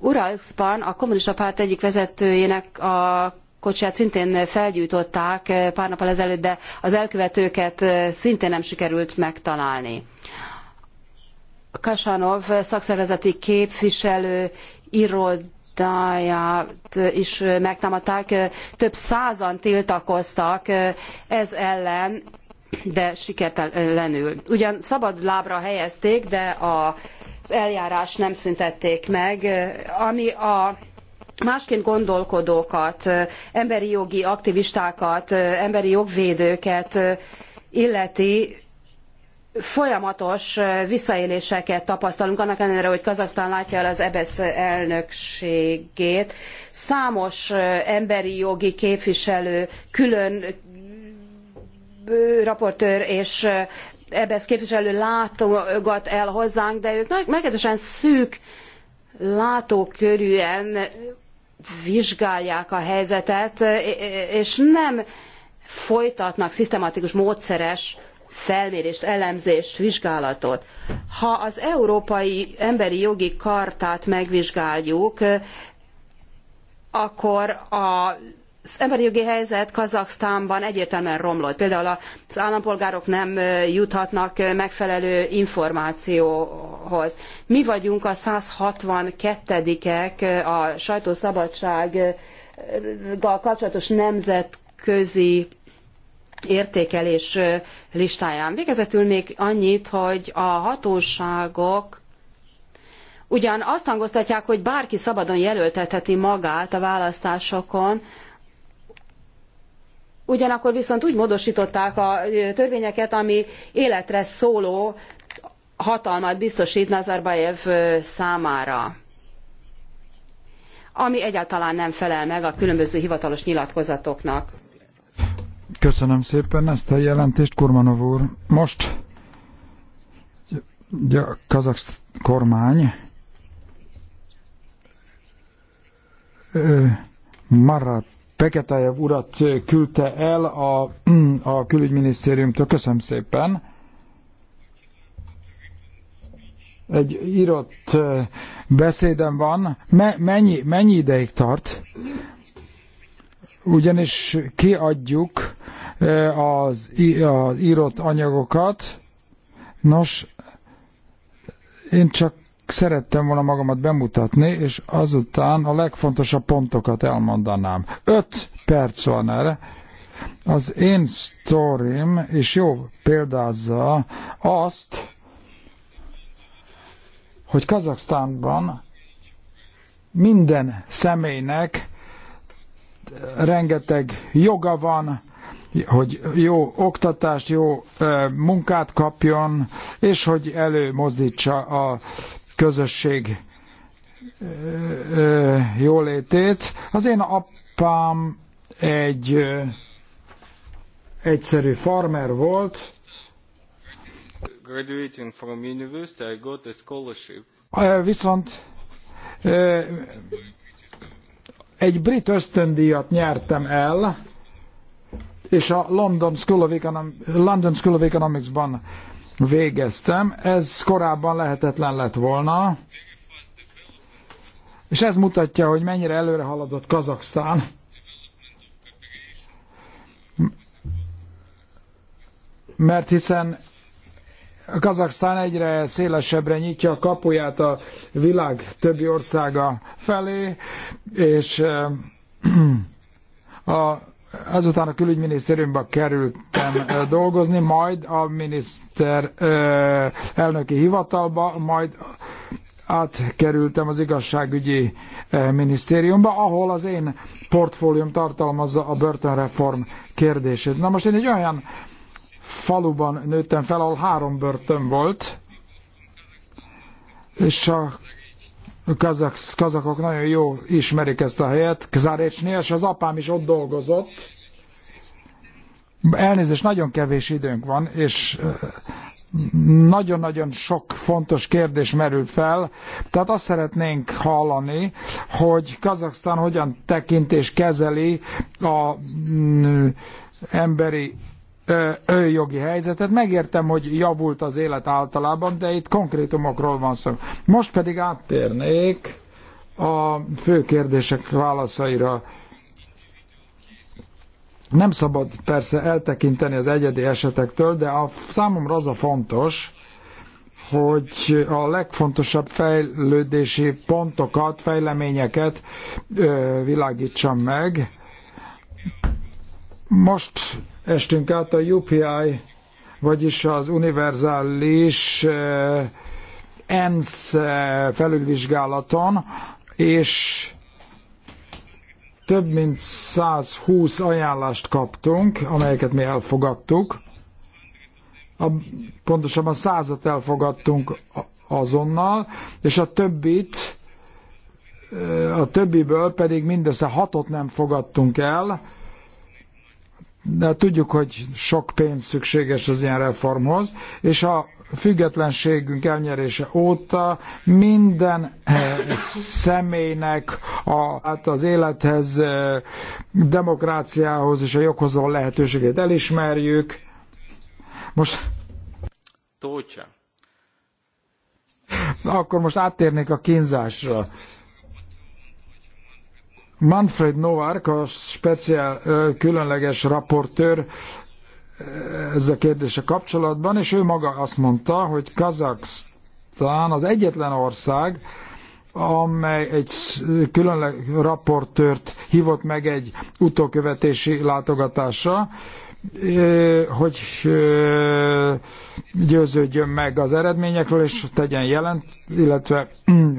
Uralszban a kommunista párt egyik vezetőjének a kocsiját szintén felgyújtották pár nappal ezelőtt, de az elkövetőket szintén nem sikerült megtalálni. Kasanov szakszervezeti képviselő irodáját is megtámadták, több százan tiltakoztak ez ellen, de sikertelenül. Ugyan szabad lábra helyezték, de a, az eljárás nem szüntették meg, ami a másként gondolkodókat, emberi jogi aktivistákat, emberi jogvédőket illeti, folyamatos visszaéléseket tapasztalunk, annak ellenére, hogy Kazahsztán látja el az EBESZ elnökségét. Számos emberi jogi képviselő külön raportőr és EBSZ képviselő látogat el hozzánk, de ők meglehetősen szűk látókörűen vizsgálják a helyzetet, és nem folytatnak szisztematikus, módszeres felmérést, elemzést, vizsgálatot. Ha az Európai Emberi Jogi Kartát megvizsgáljuk, akkor a az emberi jogi helyzet Kazaksztánban egyértelműen romlott. Például az állampolgárok nem juthatnak megfelelő információhoz. Mi vagyunk a 162-ek a sajtószabadsággal kapcsolatos nemzetközi értékelés listáján. Végezetül még annyit, hogy a hatóságok ugyan azt hangoztatják, hogy bárki szabadon jelöltetheti magát a választásokon, ugyanakkor viszont úgy módosították a törvényeket, ami életre szóló hatalmat biztosít Nazarbayev számára ami egyáltalán nem felel meg a különböző hivatalos nyilatkozatoknak. Köszönöm szépen ezt a jelentést, Kurmanov úr. Most a kazak kormány maradt Peketájev urat küldte el a, a külügyminisztériumtól. Köszönöm szépen! Egy írott eh, beszédem van. Me, mennyi, mennyi ideig tart? Ugyanis kiadjuk eh, az, az írott anyagokat. Nos, én csak szerettem volna magamat bemutatni, és azután a legfontosabb pontokat elmondanám. Öt perc van erre. Az én sztorim és jó példázza azt, hogy Kazaksztánban minden személynek rengeteg joga van, hogy jó oktatást, jó munkát kapjon, és hogy előmozdítsa a közösség jólétét. Az én apám egy egyszerű farmer volt, graduating from university, I got a scholarship. Viszont egy brit ösztöndíjat nyertem el, és a London School of, Economics, London School of Economics-ban végeztem. Ez korábban lehetetlen lett volna, és ez mutatja, hogy mennyire előre haladott Kazaksztán. Mert hiszen Kazaksztán egyre szélesebbre nyitja a kapuját a világ többi országa felé, és a azután a külügyminisztériumban kerültem dolgozni, majd a miniszter elnöki hivatalba, majd átkerültem az igazságügyi minisztériumba, ahol az én portfólium tartalmazza a börtönreform kérdését. Na most én egy olyan faluban nőttem fel, ahol három börtön volt, és a kazak, kazakok nagyon jó ismerik ezt a helyet, Kzárecsnél, és az apám is ott dolgozott. Elnézést, nagyon kevés időnk van, és eh, nagyon-nagyon sok fontos kérdés merül fel. Tehát azt szeretnénk hallani, hogy Kazaksztán hogyan tekint és kezeli a mm, emberi jogi helyzetet. Megértem, hogy javult az élet általában, de itt konkrétumokról van szó. Most pedig áttérnék a fő kérdések válaszaira. Nem szabad persze eltekinteni az egyedi esetektől, de a, számomra az a fontos, hogy a legfontosabb fejlődési pontokat, fejleményeket ö, világítsam meg. Most estünk át a UPI, vagyis az univerzális eh, ENSZ eh, felülvizsgálaton, és több mint 120 ajánlást kaptunk, amelyeket mi elfogadtuk. A, pontosabban százat elfogadtunk azonnal, és a többit, eh, a többiből pedig mindössze hatot nem fogadtunk el, de tudjuk, hogy sok pénz szükséges az ilyen reformhoz, és a függetlenségünk elnyerése óta minden eh, személynek a, hát az élethez, eh, demokráciához és a joghoz a lehetőségét elismerjük. Most... Tócsa. Akkor most áttérnék a kínzásra. Manfred Novák, a speciál különleges raportőr ezzel a kérdése kapcsolatban, és ő maga azt mondta, hogy Kazaksztán az egyetlen ország, amely egy különleg raportőrt hívott meg egy utókövetési látogatásra, hogy győződjön meg az eredményekről, és tegyen jelent, illetve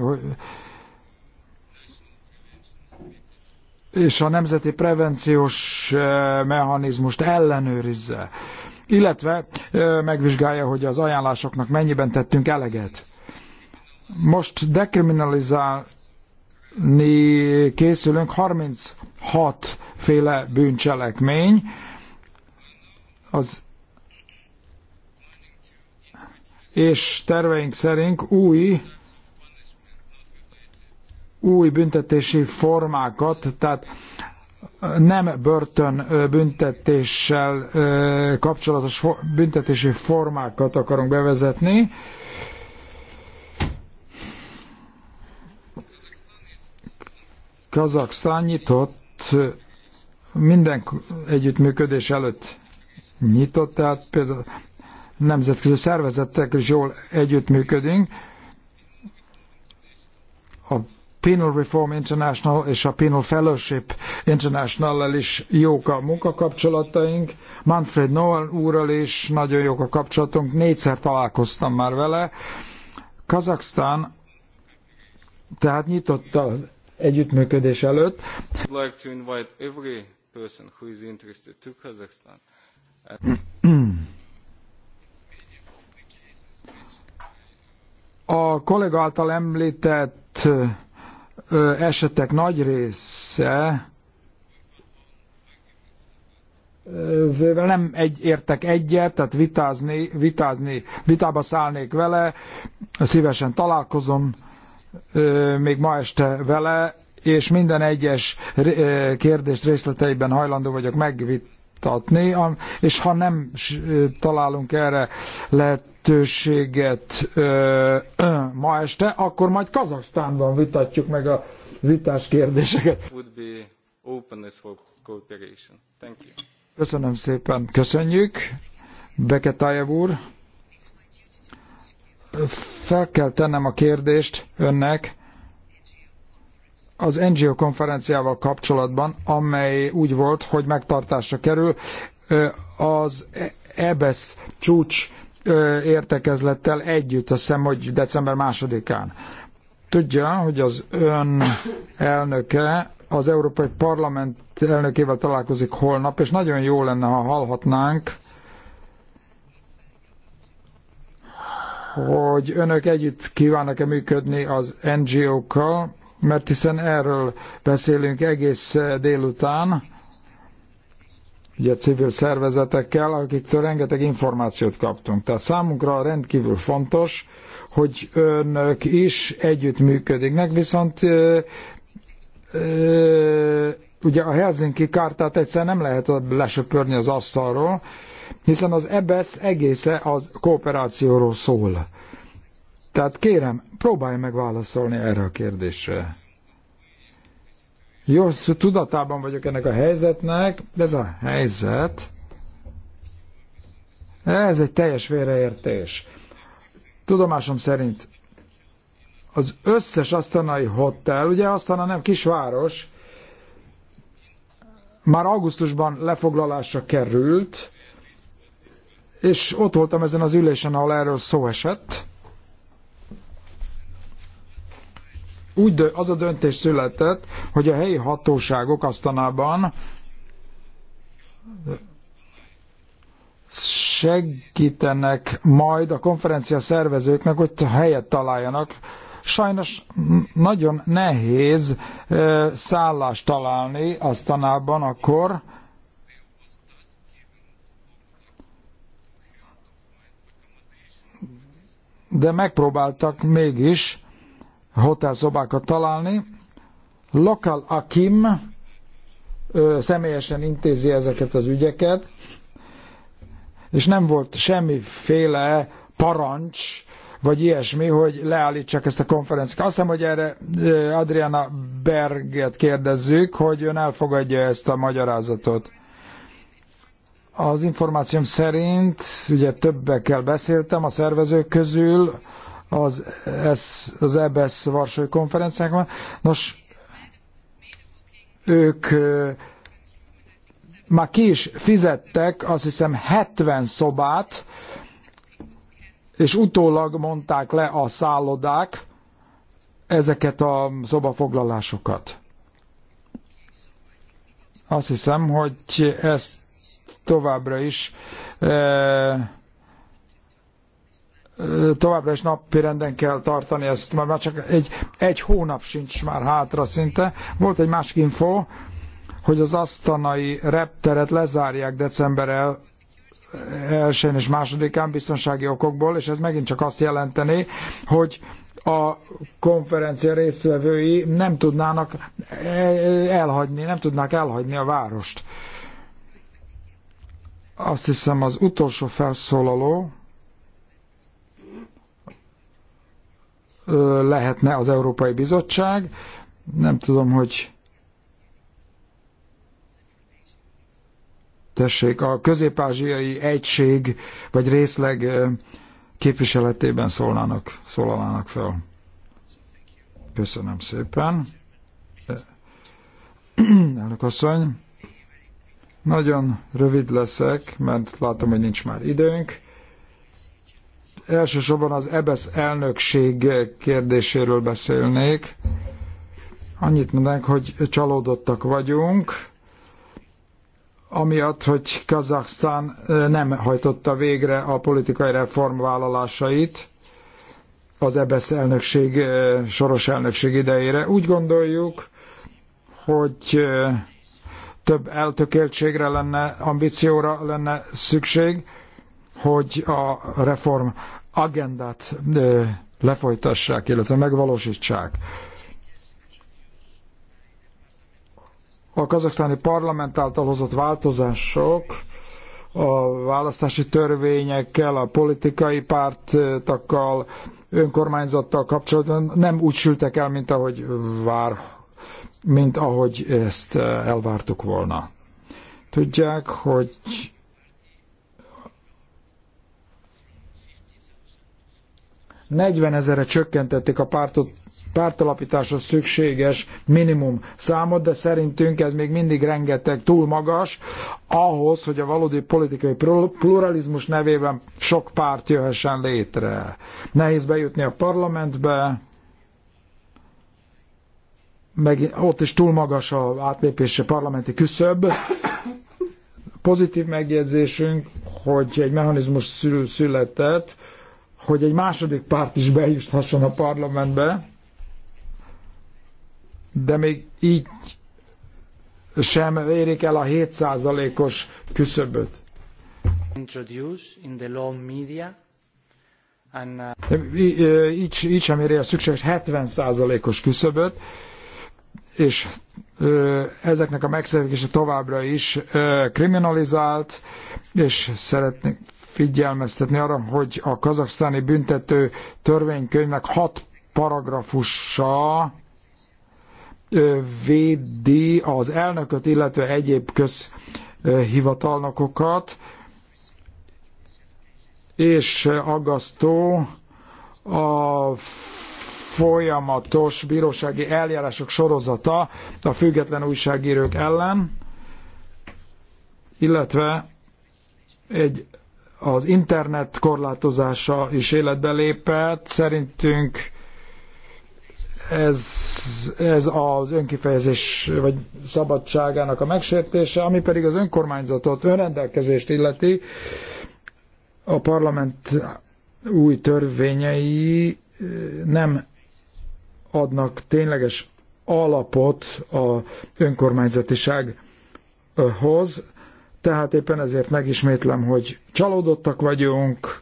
és a nemzeti prevenciós eh, mechanizmust ellenőrizze, illetve eh, megvizsgálja, hogy az ajánlásoknak mennyiben tettünk eleget. Most dekriminalizálni készülünk 36 féle bűncselekmény, az és terveink szerint új új büntetési formákat, tehát nem börtön büntetéssel kapcsolatos büntetési formákat akarunk bevezetni. Kazaksztán nyitott minden együttműködés előtt nyitott, tehát például nemzetközi szervezetekkel is jól együttműködünk, Penal Reform International és a Penal Fellowship International-lel is jók a munkakapcsolataink, Manfred Noel úrral is nagyon jók a kapcsolatunk, négyszer találkoztam már vele. Kazaksztán tehát nyitott az együttműködés előtt. A kollega által említett esetek nagy része vele nem egy, értek egyet, tehát vitázni, vitázni, vitába szállnék vele, szívesen találkozom még ma este vele, és minden egyes kérdést részleteiben hajlandó vagyok megvitatni, és ha nem találunk erre lehet lehetőséget ö, ö, ma este, akkor majd Kazaksztánban vitatjuk meg a vitás kérdéseket. Köszönöm szépen, köszönjük. Beketájev úr, fel kell tennem a kérdést önnek az NGO konferenciával kapcsolatban, amely úgy volt, hogy megtartásra kerül. Az EBESZ csúcs értekezlettel együtt, azt hiszem, hogy december másodikán. Tudja, hogy az ön elnöke az Európai Parlament elnökével találkozik holnap, és nagyon jó lenne, ha hallhatnánk, hogy önök együtt kívánnak-e működni az NGO-kkal, mert hiszen erről beszélünk egész délután, ugye civil szervezetekkel, akiktől rengeteg információt kaptunk. Tehát számunkra rendkívül fontos, hogy önök is együtt működiknek, viszont ö, ö, ugye a Helsinki kártát egyszer nem lehet lesöpörni az asztalról, hiszen az EBSZ e egésze az kooperációról szól. Tehát kérem, próbálj meg válaszolni erre a kérdésre. Jó, tudatában vagyok ennek a helyzetnek, de ez a helyzet, ez egy teljes félreértés. Tudomásom szerint az összes asztanai hotel, ugye aztán nem kisváros, már augusztusban lefoglalásra került, és ott voltam ezen az ülésen, ahol erről szó esett, úgy, az a döntés született, hogy a helyi hatóságok aztánában segítenek majd a konferencia szervezőknek, hogy helyet találjanak. Sajnos nagyon nehéz szállást találni aztánában akkor, de megpróbáltak mégis hotelszobákat találni. Lokal Akim ö, személyesen intézi ezeket az ügyeket, és nem volt semmiféle parancs, vagy ilyesmi, hogy leállítsák ezt a konferenciát. Azt hiszem, hogy erre Adriana Berget kérdezzük, hogy ön elfogadja ezt a magyarázatot. Az információm szerint, ugye többekkel beszéltem a szervezők közül, az, ESZ, az EBSZ Varsói konferenciákon. Nos, ők már ki is fizettek, azt hiszem 70 szobát, és utólag mondták le a szállodák ezeket a szobafoglalásokat. Azt hiszem, hogy ezt továbbra is e, továbbra is napirenden kell tartani ezt, mert már csak egy, egy hónap sincs már hátra szinte. Volt egy másik info, hogy az asztanai repteret lezárják december el, elsőn és másodikán biztonsági okokból, és ez megint csak azt jelenteni, hogy a konferencia résztvevői nem tudnának elhagyni, nem tudnák elhagyni a várost. Azt hiszem az utolsó felszólaló, lehetne az Európai Bizottság. Nem tudom, hogy tessék, a közép-ázsiai egység vagy részleg képviseletében szólnának, szólalának fel. Köszönöm szépen. Elnök asszony, nagyon rövid leszek, mert látom, hogy nincs már időnk. Elsősorban az EBSZ elnökség kérdéséről beszélnék. Annyit mondanak, hogy csalódottak vagyunk, amiatt, hogy Kazaksztán nem hajtotta végre a politikai reformvállalásait az EBSZ elnökség, soros elnökség idejére. Úgy gondoljuk, hogy több eltökéltségre lenne, ambícióra lenne szükség, hogy a reform agendát lefolytassák, illetve megvalósítsák. A kazaksztáni parlament által hozott változások a választási törvényekkel, a politikai pártakkal, önkormányzattal kapcsolatban nem úgy sültek el, mint ahogy vár, mint ahogy ezt elvártuk volna. Tudják, hogy 40 ezerre csökkentették a pártot, pártalapításhoz szükséges minimum számot, de szerintünk ez még mindig rengeteg, túl magas ahhoz, hogy a valódi politikai pluralizmus nevében sok párt jöhessen létre. Nehéz bejutni a parlamentbe, meg ott is túl magas a átlépése parlamenti küszöb. Pozitív megjegyzésünk, hogy egy mechanizmus szül született, hogy egy második párt is bejuthasson a parlamentbe, de még így sem érik el a 7%-os küszöböt. Uh, így, így sem éri a szükséges 70%-os küszöböt, és ezeknek a megszervezése továbbra is kriminalizált, és szeretnék figyelmeztetni arra, hogy a kazaksztáni büntető törvénykönyvnek hat paragrafusa védi az elnököt, illetve egyéb közhivatalnokokat, és aggasztó a folyamatos bírósági eljárások sorozata a független újságírók ellen, illetve egy az internet korlátozása is életbe lépett. Szerintünk ez, ez az önkifejezés vagy szabadságának a megsértése, ami pedig az önkormányzatot, önrendelkezést illeti. A parlament új törvényei eh, nem adnak tényleges alapot a önkormányzatisághoz. Tehát éppen ezért megismétlem, hogy csalódottak vagyunk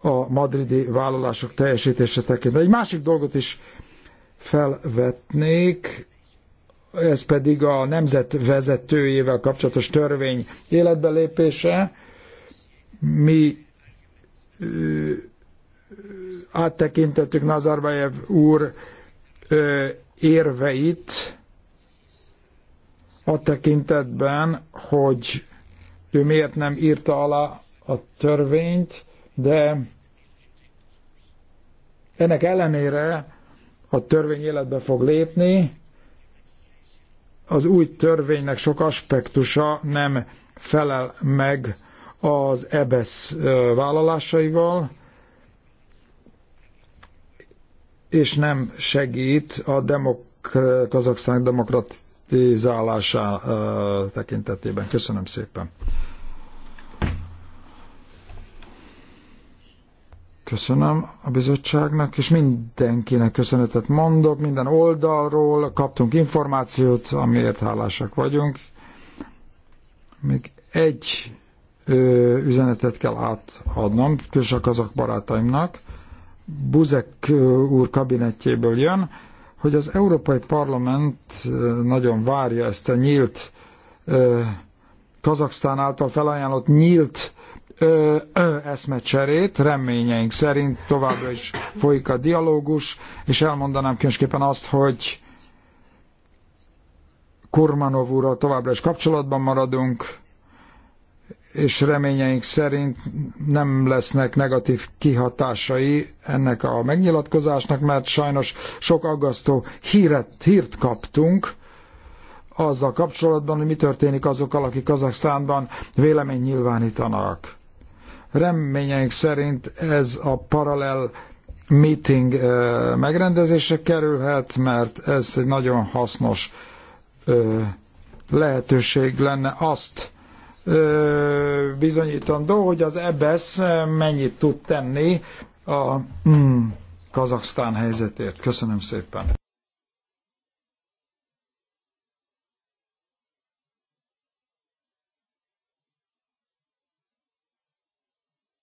a madridi vállalások teljesítése tekintve. Egy másik dolgot is felvetnék, ez pedig a nemzet vezetőjével kapcsolatos törvény életbelépése. Mi áttekintettük Nazarbayev úr ö, érveit, a tekintetben, hogy ő miért nem írta alá a törvényt, de ennek ellenére a törvény életbe fog lépni, az új törvénynek sok aspektusa nem felel meg az EBESZ vállalásaival, és nem segít a demok- Kazaksztán demokratikus demokratizálásá tekintetében. Köszönöm szépen. Köszönöm a bizottságnak, és mindenkinek köszönetet mondok, minden oldalról kaptunk információt, amiért hálásak vagyunk. Még egy ö, üzenetet kell átadnom, a kazak barátaimnak. Buzek úr kabinetjéből jön, hogy az Európai Parlament nagyon várja ezt a nyílt Kazaksztán által felajánlott nyílt ö, ö, eszmecserét, reményeink szerint továbbra is folyik a dialógus, és elmondanám különösképpen azt, hogy Kurmanov úrral továbbra is kapcsolatban maradunk, és reményeink szerint nem lesznek negatív kihatásai ennek a megnyilatkozásnak, mert sajnos sok aggasztó híret, hírt kaptunk azzal kapcsolatban, hogy mi történik azokkal, akik Kazaksztánban vélemény nyilvánítanak. Reményeink szerint ez a paralel meeting megrendezése kerülhet, mert ez egy nagyon hasznos lehetőség lenne azt, bizonyítandó, hogy az EBSZ e mennyit tud tenni a mm, Kazaksztán helyzetért. Köszönöm szépen.